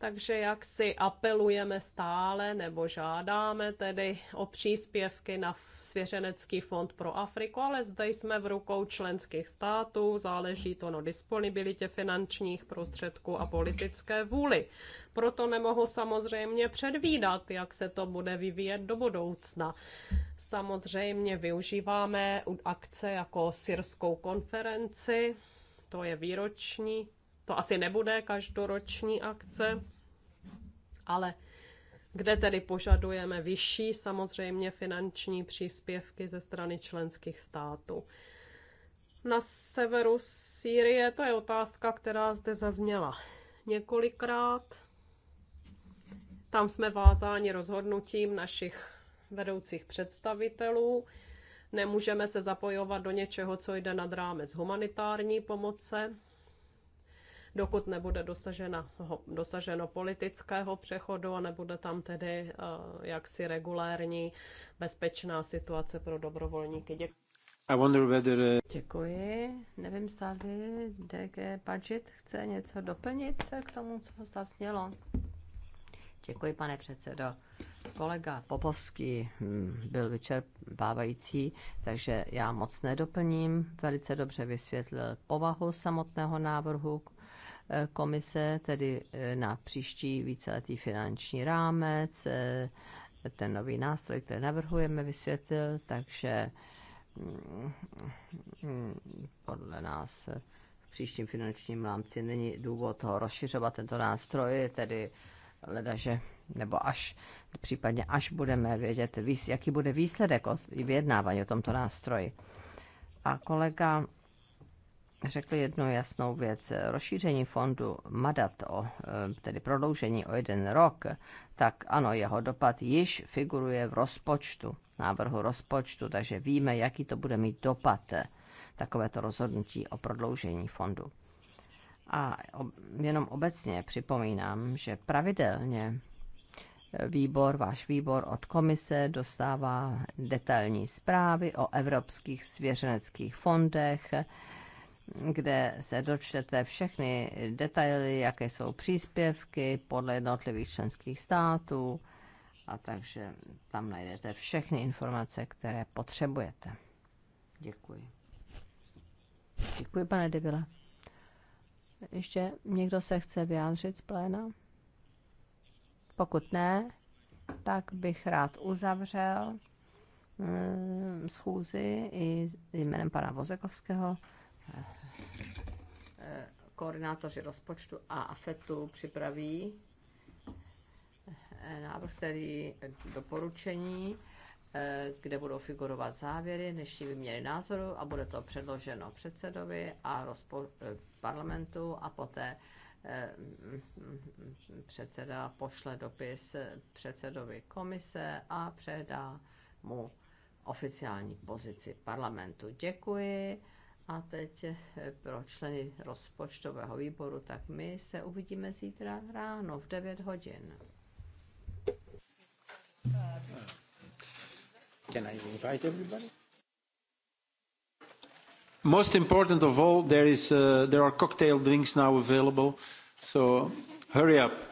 B: Takže jak si apelujeme stále nebo žádáme tedy o příspěvky na Svěřenecký fond pro Afriku, ale zde jsme v rukou členských států, záleží to na disponibilitě finančních prostředků a politické vůli. Proto nemohu samozřejmě předvídat, jak se to bude vyvíjet do budoucna. Samozřejmě využíváme akce jako syrskou konferenci, to je výroční to asi nebude každoroční akce, ale kde tedy požadujeme vyšší samozřejmě finanční příspěvky ze strany členských států. Na severu Sýrie, to je otázka, která zde zazněla několikrát. Tam jsme vázáni rozhodnutím našich vedoucích představitelů. Nemůžeme se zapojovat do něčeho, co jde nad rámec humanitární pomoce, dokud nebude dosažena, dosaženo politického přechodu a nebude tam tedy eh, jaksi regulérní bezpečná situace pro dobrovolníky. Děkuji.
A: I wonder whether... Eh,
B: Děkuji. Nevím, stále
A: DG Budget chce něco doplnit k tomu, co zaznělo. Děkuji, pane předsedo. Kolega Popovský hm, byl vyčerpávající, takže já moc nedoplním. Velice dobře vysvětlil povahu samotného návrhu, komise, tedy eh, na příští víceletý finanční rámec, eh, ten nový nástroj, který navrhujeme, vysvětlil, takže mm, mm, podle nás v příštím finančním rámci není důvod ho rozšiřovat tento nástroj, tedy ledaže nebo až, případně až budeme vědět, jaký bude výsledek od vyjednávání o tomto nástroji. A kolega řekl jednu jasnou věc. Rozšíření fondu Madat, o, e, tedy prodloužení o jeden rok, tak ano, jeho dopad již figuruje v rozpočtu, návrhu rozpočtu, takže víme, jaký to bude mít dopad e, takovéto rozhodnutí o prodloužení fondu. A jenom obecně připomínám, že pravidelně výbor, váš výbor od komise dostává detailní zprávy o evropských svěřeneckých fondech, kde se dočtete všechny detaily, jaké jsou příspěvky podle jednotlivých členských států a takže tam najdete všechny informace, které potřebujete. Děkuji. Děkuji, pane Debile. Ještě někdo se chce vyjádřit z pléna? Pokud ne, tak bych rád uzavřel eh, schůzi i jménem pana Vozekovského. Eh, koordinátoři rozpočtu a AFETu připraví eh, návrh, který doporučení, eh, kde budou figurovat závěry dnešní výměny názoru a bude to předloženo předsedovi a rozpo, parlamentu a poté předseda pošle dopis předsedovi komise a předá mu oficiální pozici parlamentu. Děkuji. A teď eh, pro členy rozpočtového výboru, tak my se uvidíme zítra ráno v 9 hodin.
D: Can I invite everybody?
C: Most important of all, there, is, uh, there are cocktail drinks now available, so hurry up.